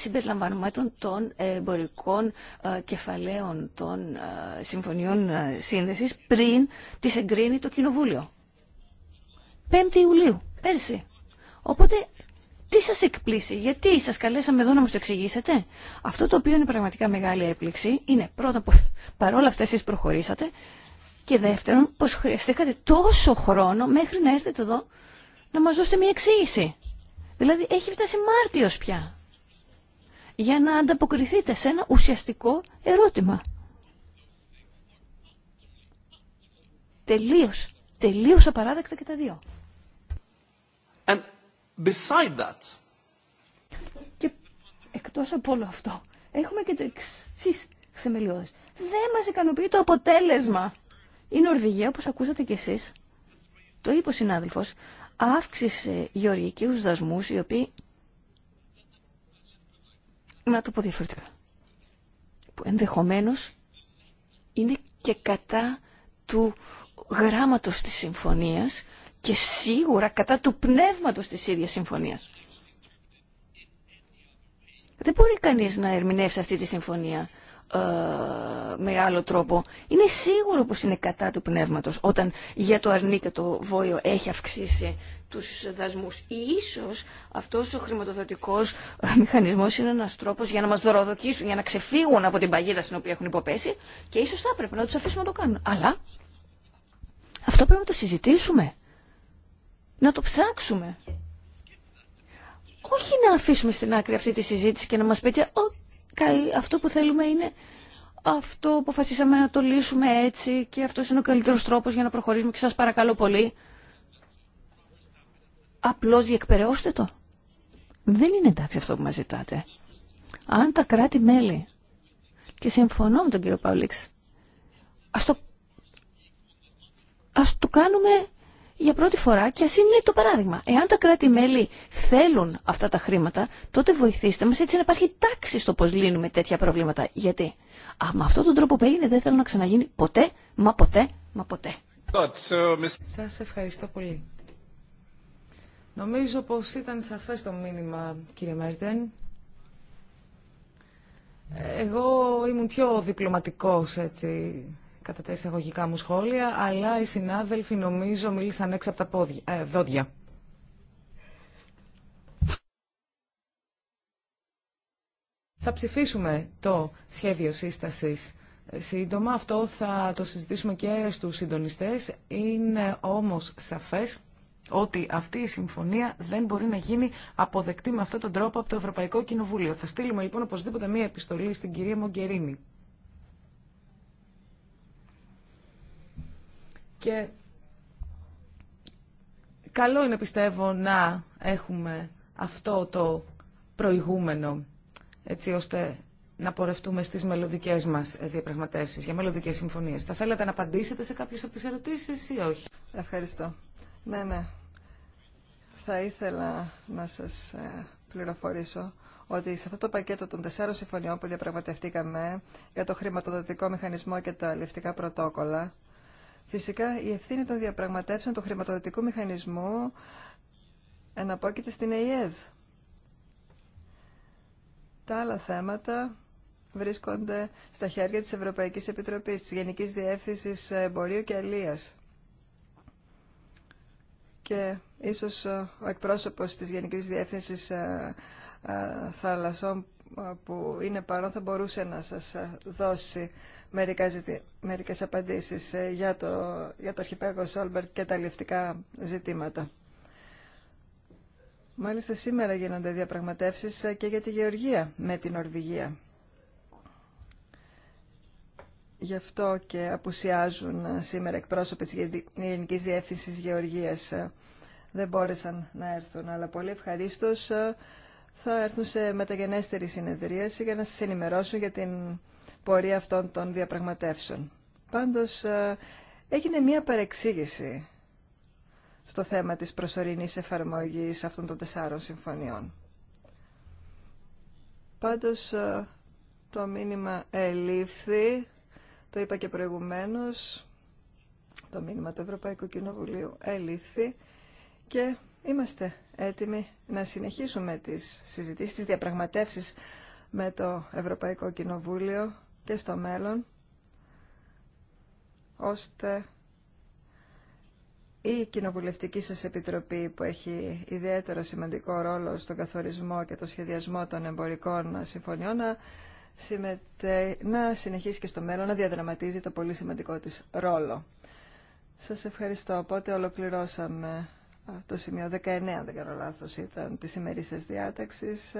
των εμπορικών ε, κεφαλαίων των ε, συμφωνιών ε, σύνδεσης πριν τις εγκρίνει το Κοινοβούλιο. 5 Ιουλίου πέρσι. Οπότε τι σας εκπλήσει, γιατί σας καλέσαμε εδώ να μας το εξηγήσετε. Αυτό το οποίο είναι πραγματικά μεγάλη έπληξη είναι πρώτα που παρόλα αυτές εσείς προχωρήσατε και δεύτερον πως χρειαστήκατε τόσο χρόνο μέχρι να έρθετε εδώ να μας δώσετε μια εξήγηση. Δηλαδή έχει φτάσει Μάρτιος πια για να ανταποκριθείτε σε ένα ουσιαστικό ερώτημα. τελείω τελείως απαράδεκτα και τα δύο. And that... Και εκτός από όλο αυτό, έχουμε και το εξή Δεν μας ικανοποιεί το αποτέλεσμα. Η Νορβηγία, όπως ακούσατε κι εσείς, το είπε ο συνάδελφος, αύξησε γεωργικούς δασμούς οι οποίοι... Να το πω διαφορετικά. Που ενδεχομένως είναι και κατά του γράμματος της συμφωνίας και σίγουρα κατά του πνεύματος της ίδιας συμφωνίας. Δεν μπορεί κανείς να ερμηνεύσει αυτή τη συμφωνία ε, με άλλο τρόπο. Είναι σίγουρο πως είναι κατά του πνεύματος όταν για το αρνί και το βόλιο έχει αυξήσει τους δασμούς. ίσως αυτός ο χρηματοδοτικός μηχανισμός είναι ένας τρόπος για να μας δωροδοκίσουν, για να ξεφύγουν από την παγίδα στην οποία έχουν υποπέσει και ίσως θα έπρεπε να τους αφήσουμε να το κάνουν. Αλλά αυτό πρέπει να το συζητήσουμε. Να το ψάξουμε. Όχι να αφήσουμε στην άκρη αυτή τη συζήτηση και να μας πείτε αυτό που θέλουμε είναι αυτό που αποφασίσαμε να το λύσουμε έτσι και αυτός είναι ο καλύτερος τρόπος για να προχωρήσουμε και σας παρακαλώ πολύ. Απλώς διεκπαιρεώστε το. Δεν είναι εντάξει αυτό που μας ζητάτε. Αν τα κράτη-μέλη, και συμφωνώ με τον κύριο Παουλίξ, ας το, ας το κάνουμε για πρώτη φορά και α είναι το παράδειγμα. Εάν τα κράτη-μέλη θέλουν αυτά τα χρήματα, τότε βοηθήστε μα έτσι να υπάρχει τάξη στο πω λύνουμε τέτοια προβλήματα. Γιατί α, με αυτόν τον τρόπο που έγινε δεν θέλω να ξαναγίνει ποτέ, μα ποτέ, μα ποτέ. Σα ευχαριστώ πολύ. Νομίζω πω ήταν σαφέ το μήνυμα, κύριε Μέρτεν. Ε, εγώ ήμουν πιο διπλωματικός, έτσι, κατά τα εισαγωγικά μου σχόλια, αλλά οι συνάδελφοι νομίζω μίλησαν έξω από τα πόδια, ε, δόντια. Θα ψηφίσουμε το σχέδιο σύστασης ε, σύντομα. Αυτό θα το συζητήσουμε και στους συντονιστές. Είναι όμως σαφές ότι αυτή η συμφωνία δεν μπορεί να γίνει αποδεκτή με αυτόν τον τρόπο από το Ευρωπαϊκό Κοινοβούλιο. Θα στείλουμε λοιπόν οπωσδήποτε μία επιστολή στην κυρία Μογκερίνη. Και καλό είναι πιστεύω να έχουμε αυτό το προηγούμενο, έτσι ώστε να πορευτούμε στις μελλοντικέ μας διαπραγματεύσεις για μελλοντικέ συμφωνίες. Θα θέλατε να απαντήσετε σε κάποιες από τις ερωτήσεις ή όχι. Ευχαριστώ. Ναι, ναι. Θα ήθελα να σας ε, πληροφορήσω ότι σε αυτό το πακέτο των τεσσάρων συμφωνιών που διαπραγματευτήκαμε για το χρηματοδοτικό μηχανισμό και τα ληφτικά πρωτόκολλα, Φυσικά η ευθύνη των διαπραγματεύσεων του χρηματοδοτικού μηχανισμού εναπόκειται στην ΕΙΕΔ. Τα άλλα θέματα βρίσκονται στα χέρια της Ευρωπαϊκής Επιτροπής, της Γενικής Διεύθυνσης Εμπορίου και Αλίας. Και ίσως ο εκπρόσωπος της Γενικής Διεύθυνσης ε, ε, Θαλασσών που είναι παρόν θα μπορούσε να σας δώσει μερικά ζητη... μερικές απαντήσεις ε, για το, για το αρχιπέργο Σόλμπερτ και τα ληφτικά ζητήματα. Μάλιστα σήμερα γίνονται διαπραγματεύσεις ε, και για τη Γεωργία με την Ορβηγία. Γι' αυτό και απουσιάζουν ε, σήμερα εκπρόσωποι της Γενικής Διεύθυνσης Γεωργίας. Δεν μπόρεσαν να έρθουν, αλλά πολύ ευχαρίστως θα έρθουν σε μεταγενέστερη συνεδρίαση για να σας ενημερώσουν για την πορεία αυτών των διαπραγματεύσεων. Πάντως, ε, έγινε μία παρεξήγηση στο θέμα της προσωρινής εφαρμογής αυτών των τεσσάρων συμφωνιών. Πάντως, ε, το μήνυμα ελήφθη, το είπα και προηγουμένως, το μήνυμα του Ευρωπαϊκού Κοινοβουλίου ελήφθη και Είμαστε έτοιμοι να συνεχίσουμε τις συζητήσεις, τις διαπραγματεύσεις με το Ευρωπαϊκό Κοινοβούλιο και στο μέλλον, ώστε η κοινοβουλευτική σας επιτροπή που έχει ιδιαίτερο σημαντικό ρόλο στον καθορισμό και το σχεδιασμό των εμπορικών συμφωνιών να, να συνεχίσει και στο μέλλον να διαδραματίζει το πολύ σημαντικό της ρόλο. Σας ευχαριστώ. Οπότε ολοκληρώσαμε το σημείο 19, δεν κάνω λάθος, ήταν της ημερήσιας διάταξης,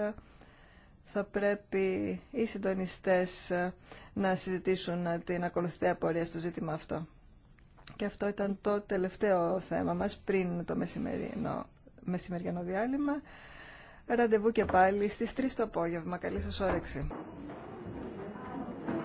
θα πρέπει οι συντονιστές ε, να συζητήσουν ε, την ακολουθητέα πορεία στο ζήτημα αυτό. Και αυτό ήταν το τελευταίο θέμα μας πριν το μεσημερινό, μεσημεριανό διάλειμμα. Ραντεβού και πάλι στις 3 το απόγευμα. Καλή σας όρεξη.